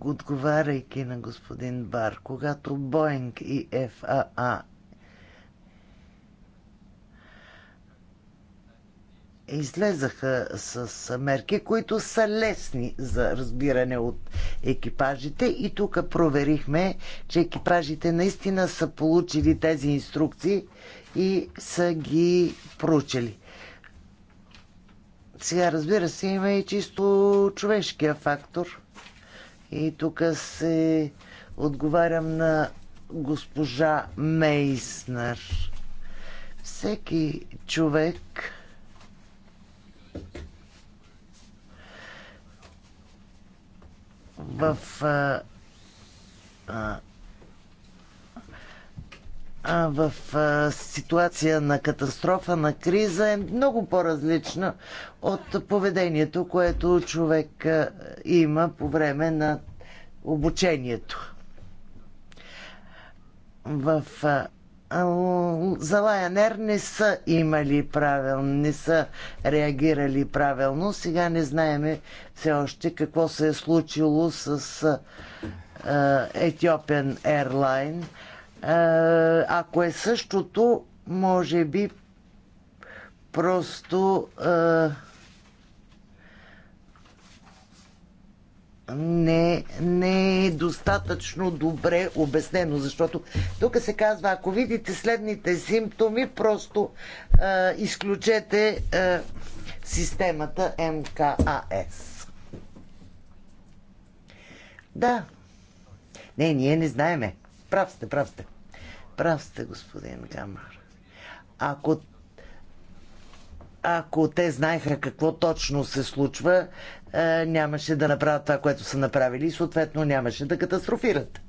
отговаряйки на господин Бар, когато Боинг и ФАА излезаха с мерки, които са лесни за разбиране от екипажите. И тук проверихме, че екипажите наистина са получили тези инструкции и са ги проучили. Сега, разбира се, има и чисто човешкия фактор. И тук се отговарям на госпожа Мейснер. Всеки човек в а, а, а в а, ситуация на катастрофа, на криза е много по-различна от поведението, което човек а, има по време на обучението. В а, за Лайонер не са имали правилно, не са реагирали правилно. Сега не знаеме все още какво се е случило с Етиопен Airline. Ако е същото, може би просто не, не е достатъчно добре обяснено, защото тук се казва, ако видите следните симптоми, просто а, изключете а, системата МКАС. Да. Не, ние не знаеме. Прав сте, прав сте. Прав сте, господин Гамар. Ако ако те знаеха какво точно се случва, е, нямаше да направят това, което са направили и съответно нямаше да катастрофират.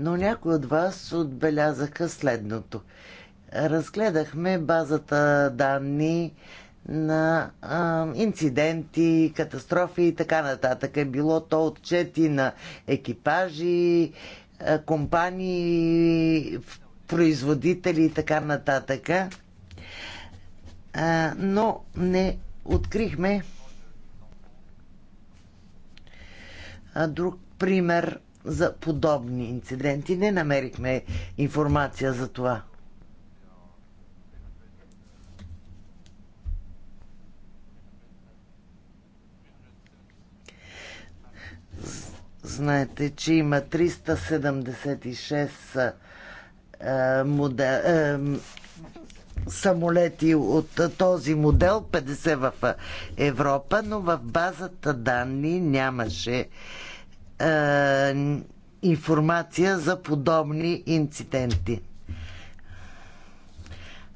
Но някои от вас отбелязаха следното. Разгледахме базата данни на а, инциденти, катастрофи и така нататък. Е било то отчети на екипажи, е, компании, производители и така нататък. А, но не открихме друг пример за подобни инциденти. Не намерихме информация за това. Знаете, че има 376 е, модел, е, самолети от този модел, 50 в Европа, но в базата данни нямаше е, информация за подобни инциденти.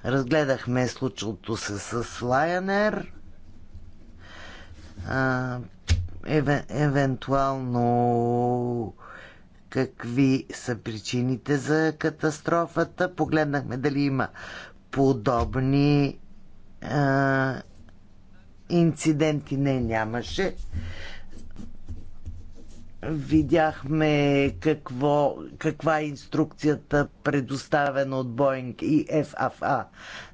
Разгледахме случилото се с Лайонер. евентуално какви са причините за катастрофата. Погледнахме дали има подобни а, инциденти. Не, нямаше. Видяхме какво, каква е инструкцията предоставена от Боинг и ФАФА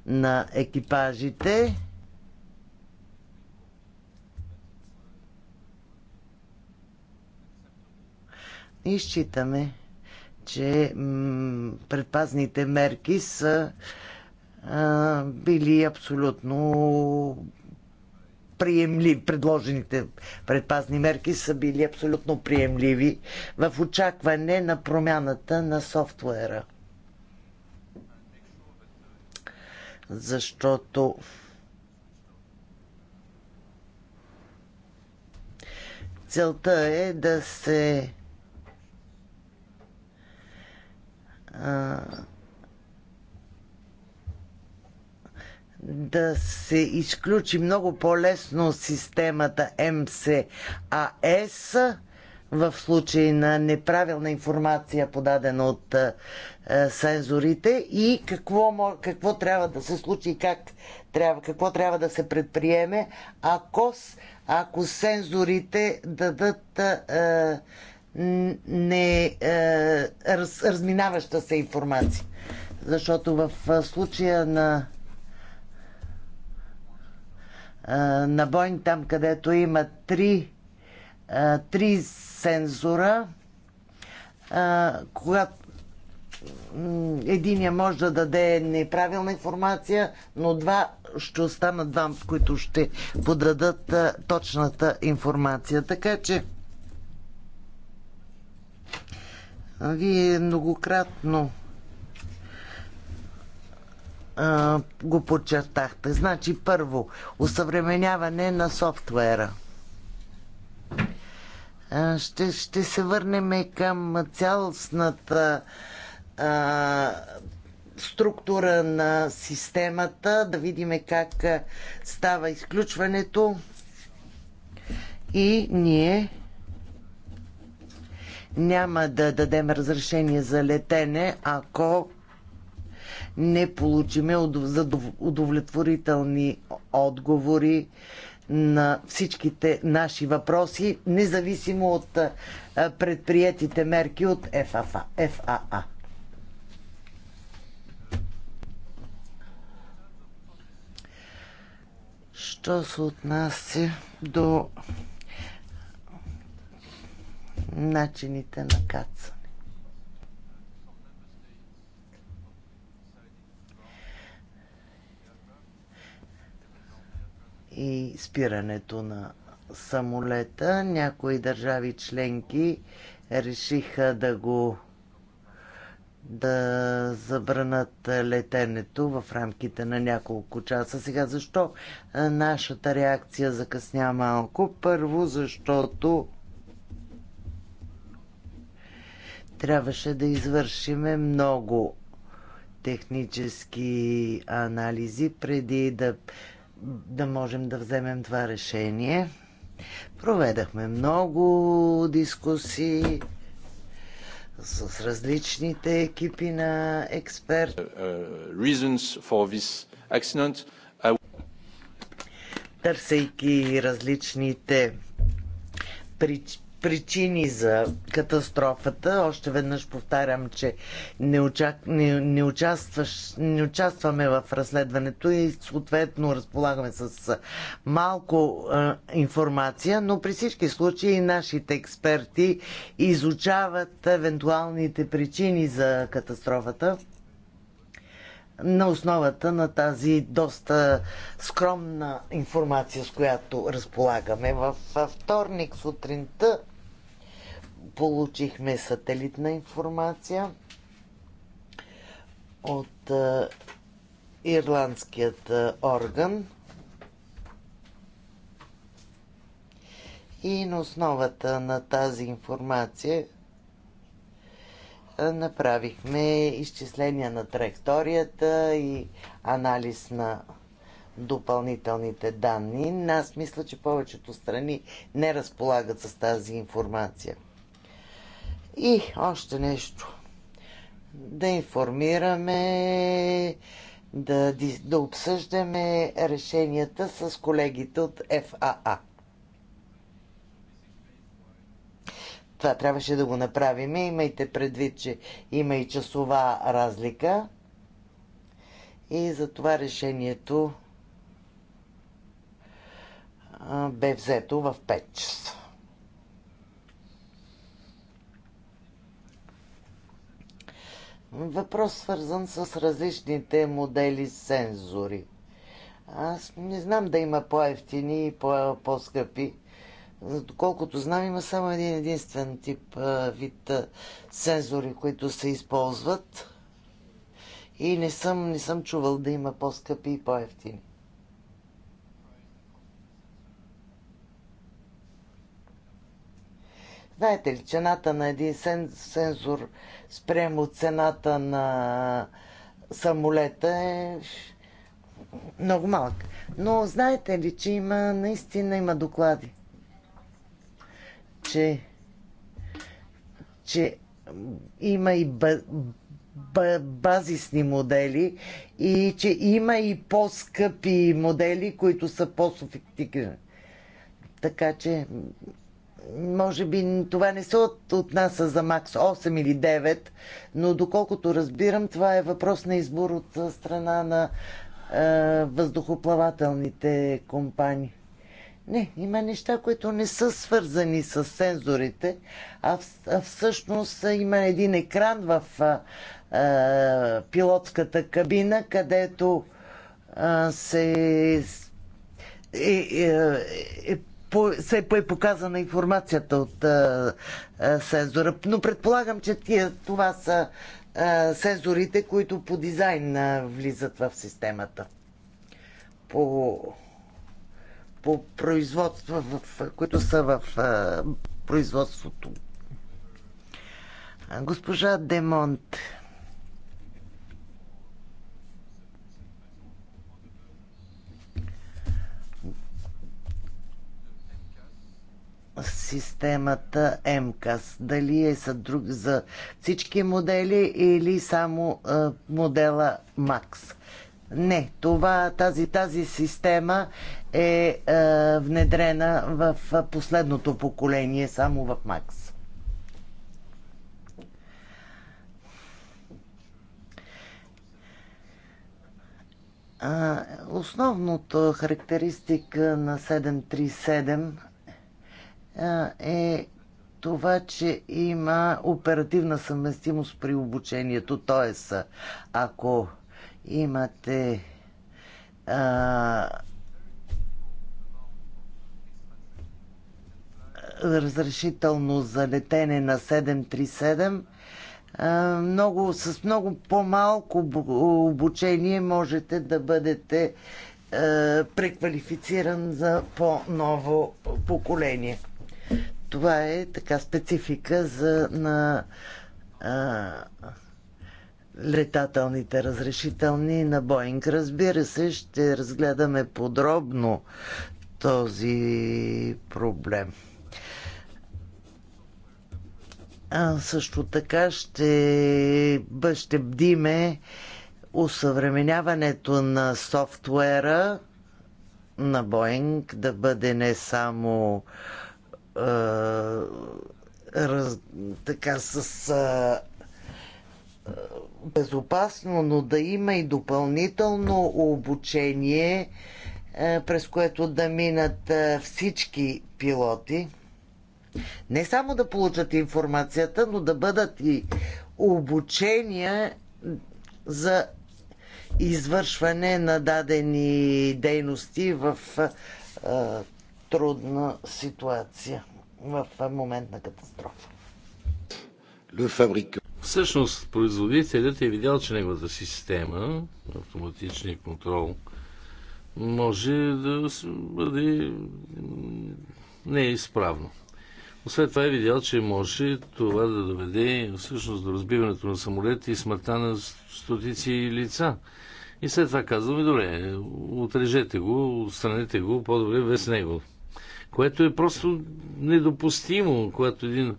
на екипажите. изчитаме, че предпазните мерки са а, били абсолютно приемливи, предложените предпазни мерки са били абсолютно приемливи в очакване на промяната на софтуера. Защото целта е да се да се изключи много по-лесно системата МСАС в случай на неправилна информация, подадена от сензорите и какво, какво трябва да се случи и как трябва, какво трябва да се предприеме, ако, ако сензорите дадат а, не е, раз, разминаваща се информация. Защото в е, случая на е, на Боинг, там където има три, е, три сензора, когато единия може да даде неправилна информация, но два ще останат два, които ще подадат точната информация. Така че Вие многократно а, го подчертахте. Значи първо, усъвременяване на софтуера. А, ще, ще се върнем към цялостната а, структура на системата, да видим как става изключването и ние няма да дадем разрешение за летене, ако не получиме удовлетворителни отговори на всичките наши въпроси, независимо от предприятите мерки от ФАА. Що се отнася до начините на кацане. И спирането на самолета. Някои държави членки решиха да го да забранат летенето в рамките на няколко часа. Сега защо нашата реакция закъсня малко? Първо, защото трябваше да извършиме много технически анализи преди да, да можем да вземем това решение. Проведахме много дискусии с различните екипи на експерти. Uh, uh, Търсейки различните прич причини за катастрофата. Още веднъж повтарям, че не, уча... не, не, участваш... не участваме в разследването и съответно разполагаме с малко а, информация, но при всички случаи нашите експерти изучават евентуалните причини за катастрофата на основата на тази доста скромна информация, с която разполагаме. Във вторник сутринта получихме сателитна информация от ирландският орган и на основата на тази информация направихме изчисления на траекторията и анализ на допълнителните данни. Аз мисля, че повечето страни не разполагат с тази информация. И още нещо. Да информираме, да, да обсъждаме решенията с колегите от ФАА. това трябваше да го направим. Имайте предвид, че има и часова разлика. И за това решението бе взето в 5 часа. Въпрос свързан с различните модели сензори. Аз не знам да има по-ефтини и по-скъпи. -по Доколкото знам, има само един единствен тип вид сензори, които се използват. И не съм, не съм чувал да има по-скъпи и по-ефтини. Знаете ли, цената на един сензор спрямо цената на самолета е много малък. Но знаете ли, че има, наистина има доклади че, че има и базисни модели и че има и по-скъпи модели, които са по-софистикирани. Така че, може би това не се от, отнася за макс 8 или 9, но доколкото разбирам, това е въпрос на избор от страна на е, въздухоплавателните компании. Не, има неща, които не са свързани с сензорите, а, а всъщност има един екран в а, а, пилотската кабина, където а, се е, е, е, по, се е показана информацията от а, а, сензора. Но предполагам, че тия, това са а, сензорите, които по дизайн а, влизат в системата. По по производства, в, които са в а, производството. Госпожа Демонт. системата МКАС? Дали е са друг, за всички модели или само а, модела МАКС? Не, това, тази, тази система е, е внедрена в последното поколение, само в Макс. А, основната характеристика на 737 е това, че има оперативна съвместимост при обучението. Т.е. ако имате а, разрешително за летене на 737, много, с много по-малко обучение можете да бъдете а, преквалифициран за по-ново поколение. Това е така специфика за, на а, летателните разрешителни на Боинг. Разбира се, ще разгледаме подробно този проблем. А също така ще, ще бдиме усъвременяването на софтуера на Боинг да бъде не само е, раз, така с безопасно, но да има и допълнително обучение, е, през което да минат е, всички пилоти. Не само да получат информацията, но да бъдат и обучения за извършване на дадени дейности в а, е, трудна ситуация, в момент на катастрофа. Le fabricant. Всъщност, производителят е видял, че неговата система, автоматичния контрол, може да бъде неизправно. Е Освен това е видял, че може това да доведе всъщност до разбиването на самолет и смъртта на стотици лица. И след това казваме, добре, отрежете го, отстранете го, по-добре без него. Което е просто недопустимо, когато един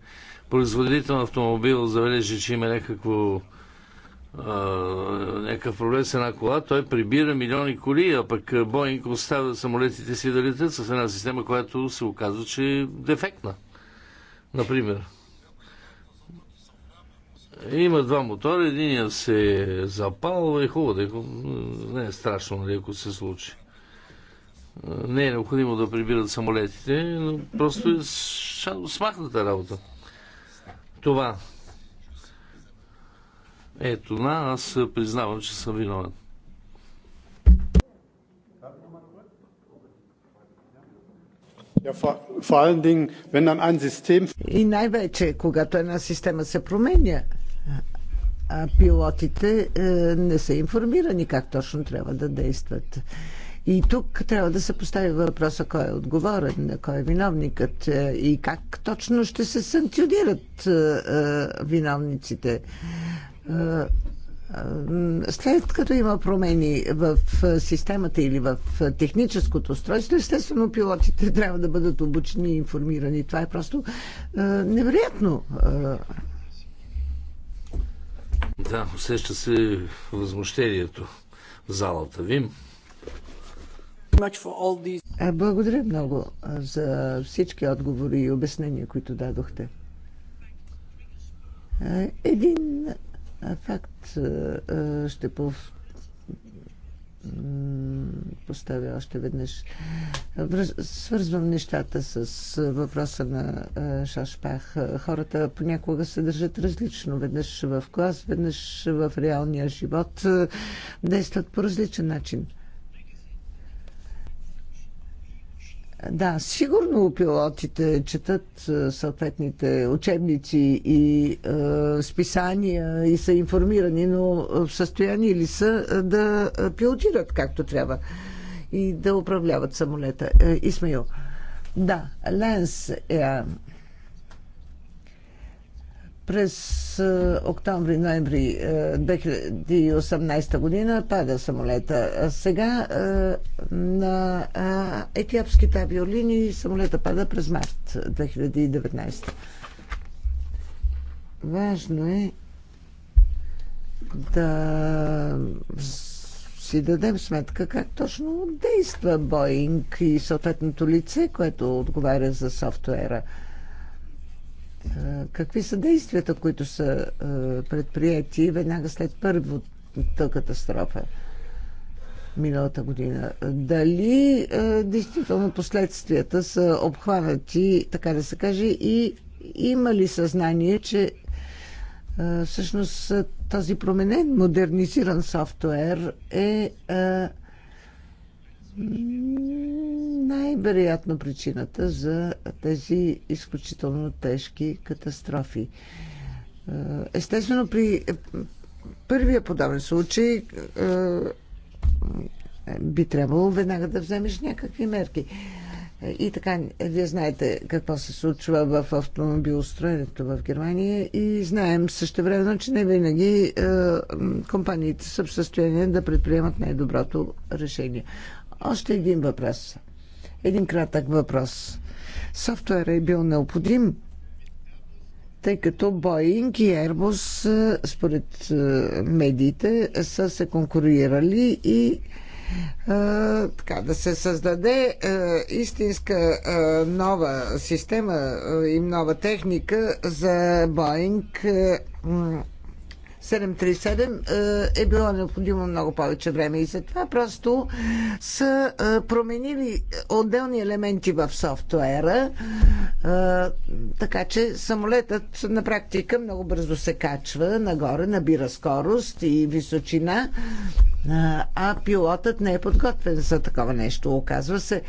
производител на автомобил забележи, че има някакво някакъв проблем с една кола, той прибира милиони коли, а пък Боинг оставя самолетите си да летят с една система, която се оказва, че е дефектна. Например. Има два мотора, единия се запалва и хубаво, е, не е страшно, нали, ако се случи. Не е необходимо да прибират самолетите, но просто е смахната работа. Това. Ето на, аз признавам, че съм виновен. И най-вече, когато една система се променя, а пилотите е, не са информирани как точно трябва да действат. И тук трябва да се постави въпроса кой е отговорен, кой е виновникът е, и как точно ще се санкционират е, е, виновниците. След като има промени в системата или в техническото устройство, естествено пилотите трябва да бъдат обучени и информирани. Това е просто невероятно. Да, усеща се възмущението в залата. Вим. Благодаря много за всички отговори и обяснения, които дадохте. Един факт ще поставя още веднъж. Свързвам нещата с въпроса на Шашпах. Хората понякога се държат различно. Веднъж в клас, веднъж в реалния живот. Действат по различен начин. Да, сигурно пилотите четат е, съответните учебници и е, списания и са информирани, но в състояние ли са е, да е, пилотират както трябва и да управляват самолета? Е, Исмаил. Да, Ленс е през е, октомври-ноември 2018 е, година пада самолета. Сега е, на етиопските авиолинии самолета пада през март 2019. Важно е да си дадем сметка как точно действа Боинг и съответното лице, което отговаря за софтуера – Какви са действията, които са предприяти веднага след първата катастрофа миналата година? Дали действително последствията са обхванати, така да се каже, и има ли съзнание, че всъщност този променен, модернизиран софтуер е, е най-вероятно причината за тези изключително тежки катастрофи. Естествено, при първия подобен случай е, би трябвало веднага да вземеш някакви мерки. И така, вие знаете какво се случва в автомобилостроенето в Германия и знаем също време, че не винаги е, компаниите са в състояние да предприемат най-доброто решение. Още един въпрос. Един кратък въпрос. Софтуерът е бил необходим, тъй като Боинг и Airbus, е, според е, медиите, са се конкурирали и е, така, да се създаде а, истинска а, нова система а, и нова техника за Боинг. А, 737 е, е било необходимо много повече време и затова просто са е, променили отделни елементи в софтуера, е, така че самолетът на практика много бързо се качва нагоре, набира скорост и височина, а пилотът не е подготвен за такова нещо. Оказва се,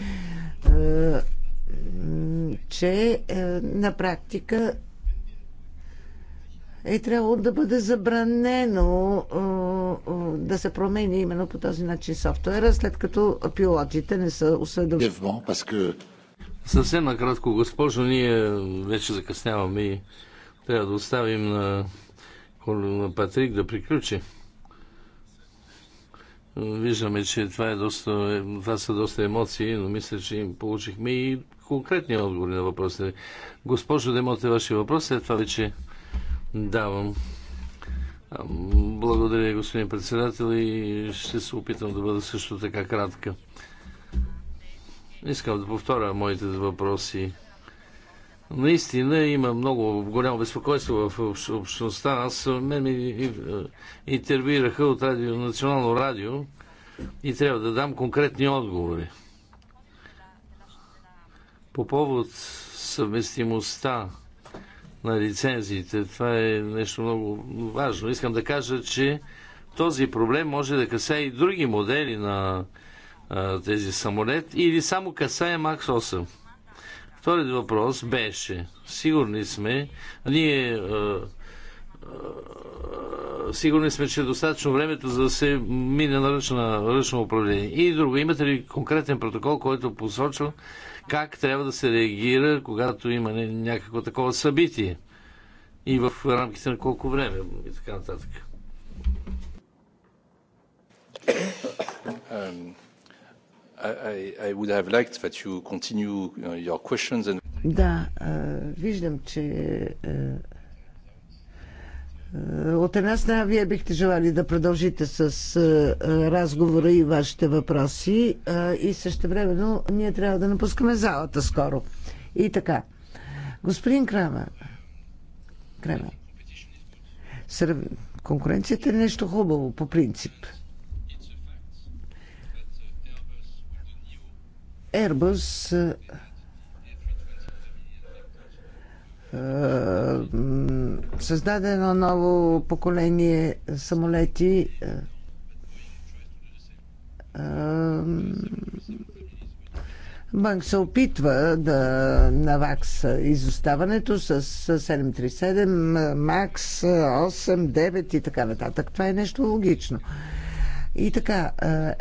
че на практика е трябвало да бъде забранено да се промени именно по този начин софтуера, след като пилотите не са осведомени. Съвсем накратко, госпожо, ние вече закъсняваме и трябва да оставим на, на Патрик да приключи. Виждаме, че това, е доста, това са доста емоции, но мисля, че им получихме и конкретни отговори на въпросите. Госпожо Демоте, ваши въпрос, след това вече Давам. Благодаря, господин председател, и ще се опитам да бъда също така кратка. Искам да повторя моите въпроси. Наистина има много голямо безпокойство в общността. Аз мен ми е, интервюираха от радио, Национално радио и трябва да дам конкретни отговори. По повод съвместимостта на лицензиите. Това е нещо много важно. Искам да кажа, че този проблем може да касае и други модели на а, тези самолет или само касае Макс 8. Вторият въпрос беше, сигурни сме, ние а, а, сигурни сме, че е достатъчно времето за да се мине на ръчно управление. И друго, имате ли конкретен протокол, който посочва как трябва да се реагира, когато има някакво такова събитие и в рамките на колко време и така нататък. Um, uh, да, виждам, че от една страна, вие бихте желали да продължите с разговора и вашите въпроси и също времено ние трябва да напускаме залата скоро. И така. Господин Крамер, Крама, конкуренцията е нещо хубаво по принцип. Airbus е, създаде едно ново поколение самолети. Е, Банк се опитва да навакса изоставането с 737, МАКС 8, 9 и така нататък. Това е нещо логично. И така, е,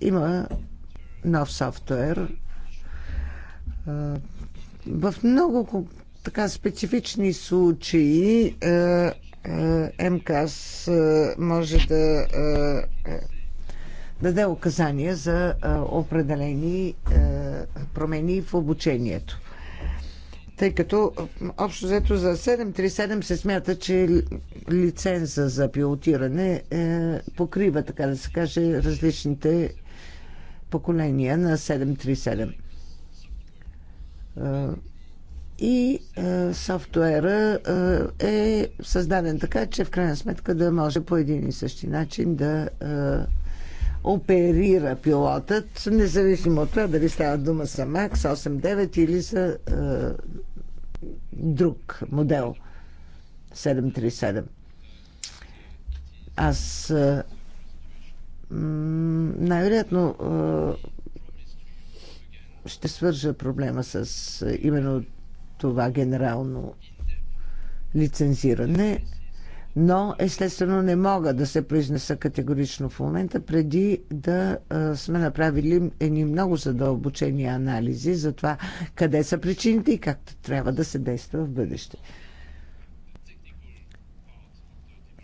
има нов софтуер, в много така специфични случаи МКАС може да даде указания за определени промени в обучението. Тъй като общо взето за 737 се смята, че лиценза за пилотиране е, покрива, така да се каже, различните поколения на 737. И софтуера е създаден така, че в крайна сметка да може по един и същи начин да оперира пилотът, независимо от това дали става дума за MAX 8.9 или за а, друг модел 737. Аз най-вероятно ще свържа проблема с именно това генерално лицензиране, но естествено не мога да се произнеса категорично в момента, преди да сме направили едни много задълбочени анализи за това къде са причините и как трябва да се действа в бъдеще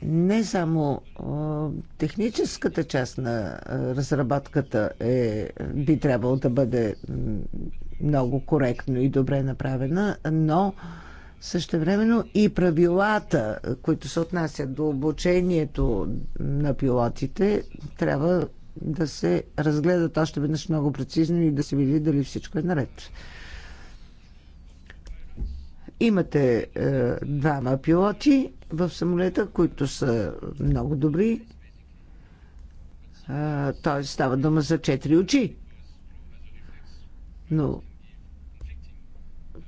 не само техническата част на разработката е, би трябвало да бъде много коректно и добре направена, но същевременно и правилата, които се отнасят до обучението на пилотите, трябва да се разгледат още веднъж много прецизно и да се види дали всичко е наред. Имате е, двама пилоти в самолета, които са много добри. Е, Той става дума за четири очи. Но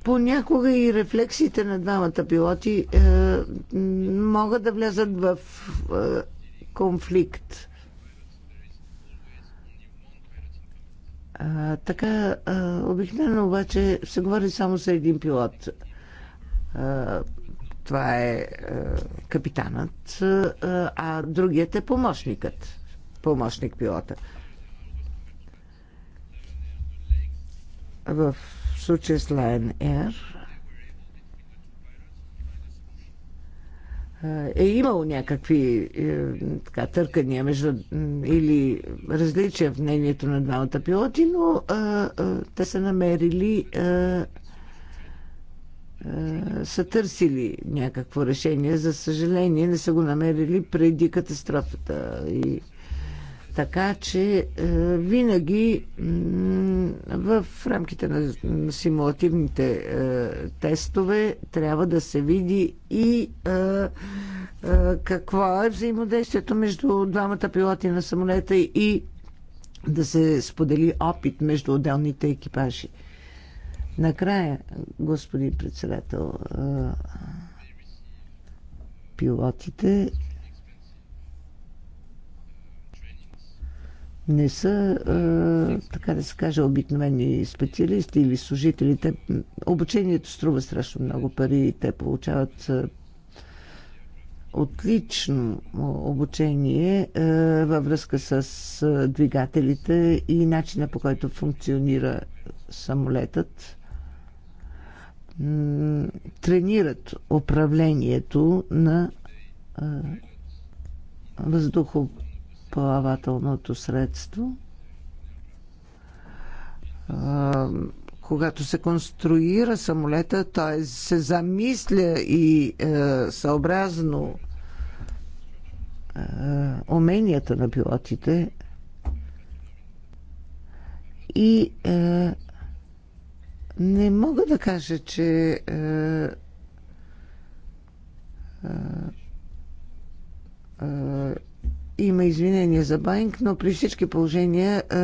понякога и рефлексите на двамата пилоти е, могат да влязат в е, конфликт. А, така, а, обикновено обаче се говори само за един пилот това е капитанът, а другият е помощникът, помощник-пилота. В случая с Lion Air е имало някакви е, така, търкания между, или различия в мнението на двамата пилоти, но а, а, те са намерили а, е, са търсили някакво решение. За съжаление, не са го намерили преди катастрофата. И така че е, винаги в рамките на симулативните е, тестове трябва да се види и какво е взаимодействието между двамата пилоти на самолета и да се сподели опит между отделните екипажи. Накрая, господин председател, пилотите не са, така да се каже, обикновени специалисти или служителите. Обучението струва страшно много пари и те получават отлично обучение във връзка с двигателите и начина по който функционира самолетът тренират управлението на въздухоплавателното средство. Когато се конструира самолета, т.е. се замисля и е, съобразно е, уменията на пилотите и е, не мога да кажа, че е, е, е, има извинения за Банк, но при всички положения е,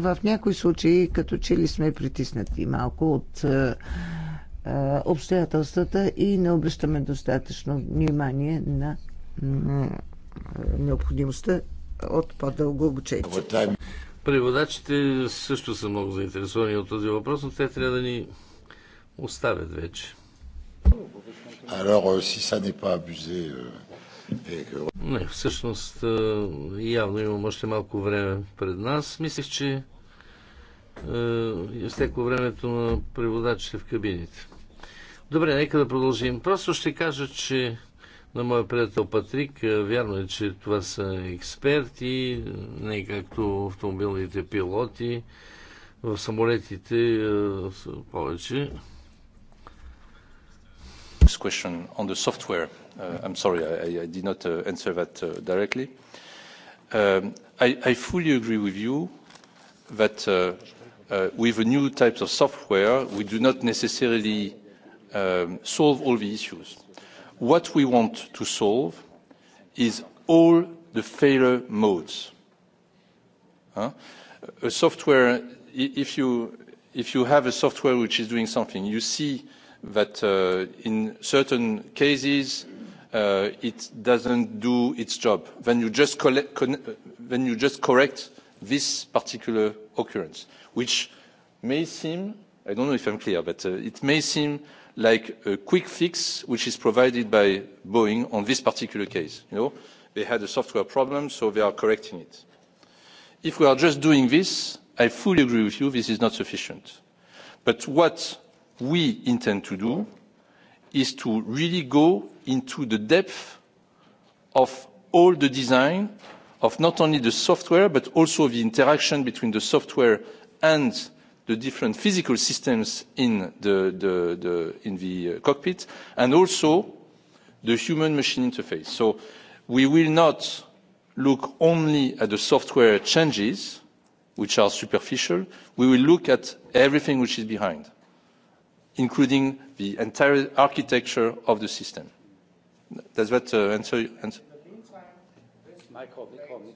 в някои случаи като че ли сме притиснати малко от е, е обстоятелствата и не обръщаме достатъчно внимание на е, необходимостта от по-дълго обучение. Преводачите също са много заинтересовани от този въпрос, но те трябва да ни оставят вече. Alors, euh, si ça n'est pas abusé, euh, не, всъщност явно имам още малко време пред нас. Мислех, че изтекло е времето на преводачите в кабините. Добре, нека да продължим. Просто ще кажа, че на моя приятел Патрик. Вярно е, че това са експерти, не както автомобилните пилоти. В самолетите са повече. Question on the software. Uh, I'm sorry, I, I did not uh, answer that uh, directly. Um, I, I fully agree with you that uh, uh, with a new type of software, we do not necessarily um, solve all the issues What we want to solve is all the failure modes. A software, if you if you have a software which is doing something, you see that in certain cases it doesn't do its job. Then you just then you just correct this particular occurrence, which may seem, I don't know if I'm clear, but it may seem like a quick fix which is provided by Boeing on this particular case. You know, they had a software problem, so they are correcting it. If we are just doing this, I fully agree with you, this is not sufficient. But what we intend to do is to really go into the depth of all the design of not only the software, but also the interaction between the software and the different physical systems in the, the, the, in the cockpit and also the human machine interface. So we will not look only at the software changes, which are superficial. We will look at everything which is behind, including the entire architecture of the system. Does that uh, answer? answer? Micro, micro, Michael,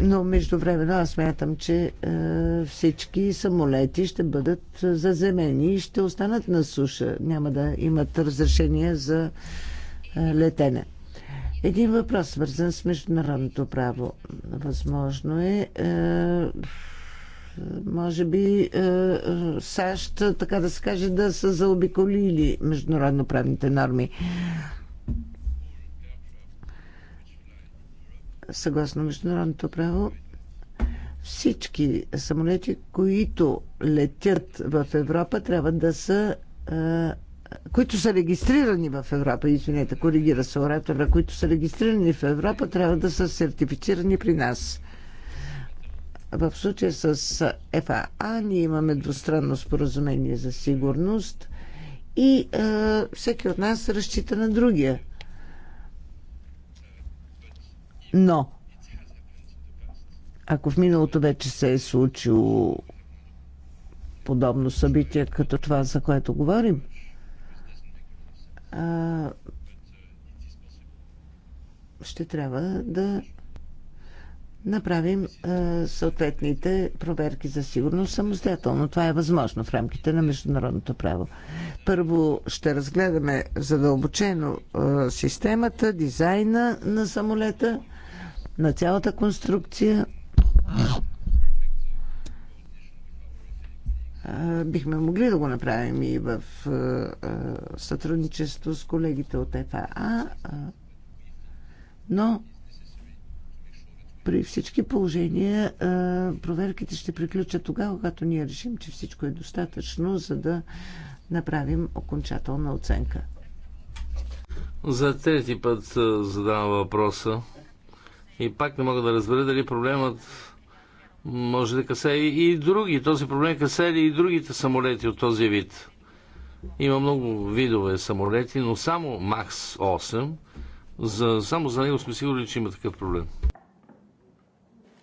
но междувременно аз смятам, че е, всички самолети ще бъдат е, заземени и ще останат на суша. Няма да имат разрешение за е, летене. Един въпрос, свързан с международното право. Възможно е, е може би е, е, САЩ, така да се каже, да са заобиколили международноправните норми. съгласно международното право, всички самолети, които летят в Европа, трябва да са. които са регистрирани в Европа, извинете, коригира се оратора, които са регистрирани в Европа, трябва да са сертифицирани при нас. В случая с ФАА ние имаме двустранно споразумение за сигурност и а, всеки от нас разчита на другия но, ако в миналото вече се е случило подобно събитие, като това, за което говорим, а, ще трябва да направим а, съответните проверки за сигурност самостоятелно. Това е възможно в рамките на международното право. Първо ще разгледаме задълбочено а, системата, дизайна на самолета – на цялата конструкция. Бихме могли да го направим и в сътрудничество с колегите от ФАА, но при всички положения проверките ще приключат тогава, когато ние решим, че всичко е достатъчно, за да направим окончателна оценка. За трети път задавам въпроса и пак не мога да разбера дали проблемът може да касае и други. Този проблем касае и другите самолети от този вид. Има много видове самолети, но само МАКС 8, за, само за него сме сигурни, че има такъв проблем.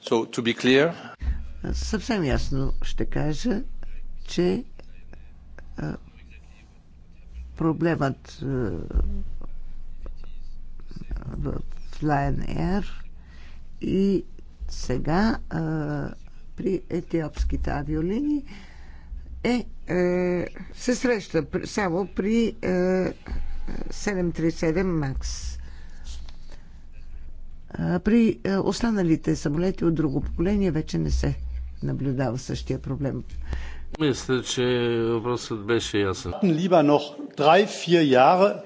So, to be clear... Съвсем ясно ще кажа, че а, е, проблемът а, е, в Lion Air и сега а, при етиопските авиолини е, е, се среща само при е, 737 МАКС. При е, останалите самолети от друго поколение вече не се наблюдава същия проблем. Мисля, че въпросът беше ясен. Lieber noch 3-4 Jahre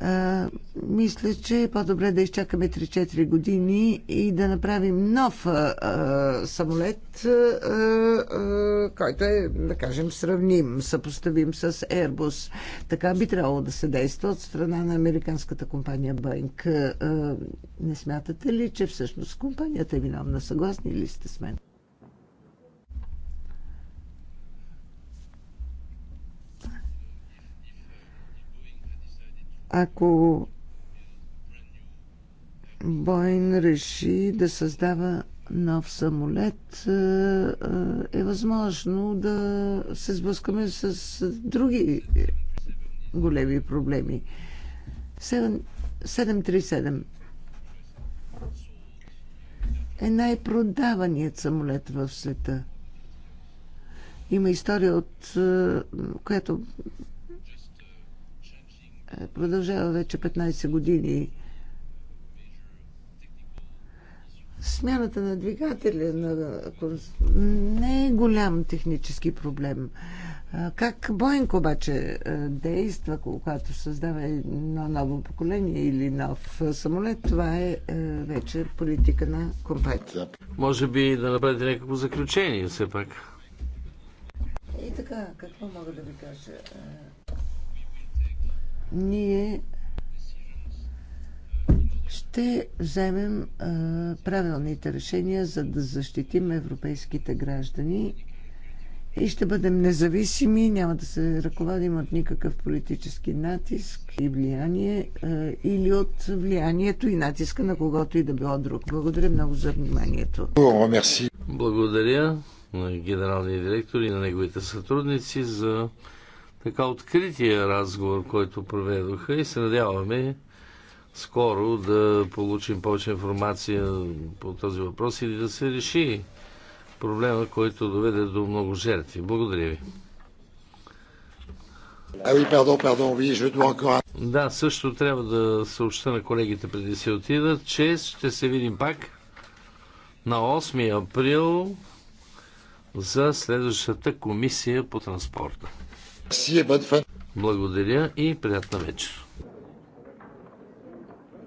а, мисля, че е по-добре да изчакаме 3-4 години и да направим нов а, а, самолет, а, а, който е, да кажем, сравним, съпоставим с Airbus. Така би трябвало да се действа от страна на американската компания Boeing. А, не смятате ли, че всъщност компанията е виновна? Съгласни ли сте с мен? Ако Боин реши да създава нов самолет, е, е възможно да се сблъскаме с други големи проблеми. 737 е най-продаваният самолет в света. Има история, от е, която продължава вече 15 години. Смяната на двигателя на... не е голям технически проблем. Как Боинг обаче действа, когато създава едно ново поколение или нов самолет, това е вече политика на компанията. Може би да направите някакво заключение все пак. И така, какво мога да ви кажа? ние ще вземем а, правилните решения, за да защитим европейските граждани и ще бъдем независими, няма да се ръководим от никакъв политически натиск и влияние а, или от влиянието и натиска на когото и да било друг. Благодаря много за вниманието. Благодаря на генералния директор и на неговите сътрудници за така открития разговор, който проведоха и се надяваме скоро да получим повече информация по този въпрос или да се реши проблема, който доведе до много жертви. Благодаря ви. Ah да, също трябва да съобща на колегите преди си отидат, че ще се видим пак на 8 април за следващата комисия по транспорта. Благодаря и приятна вечер.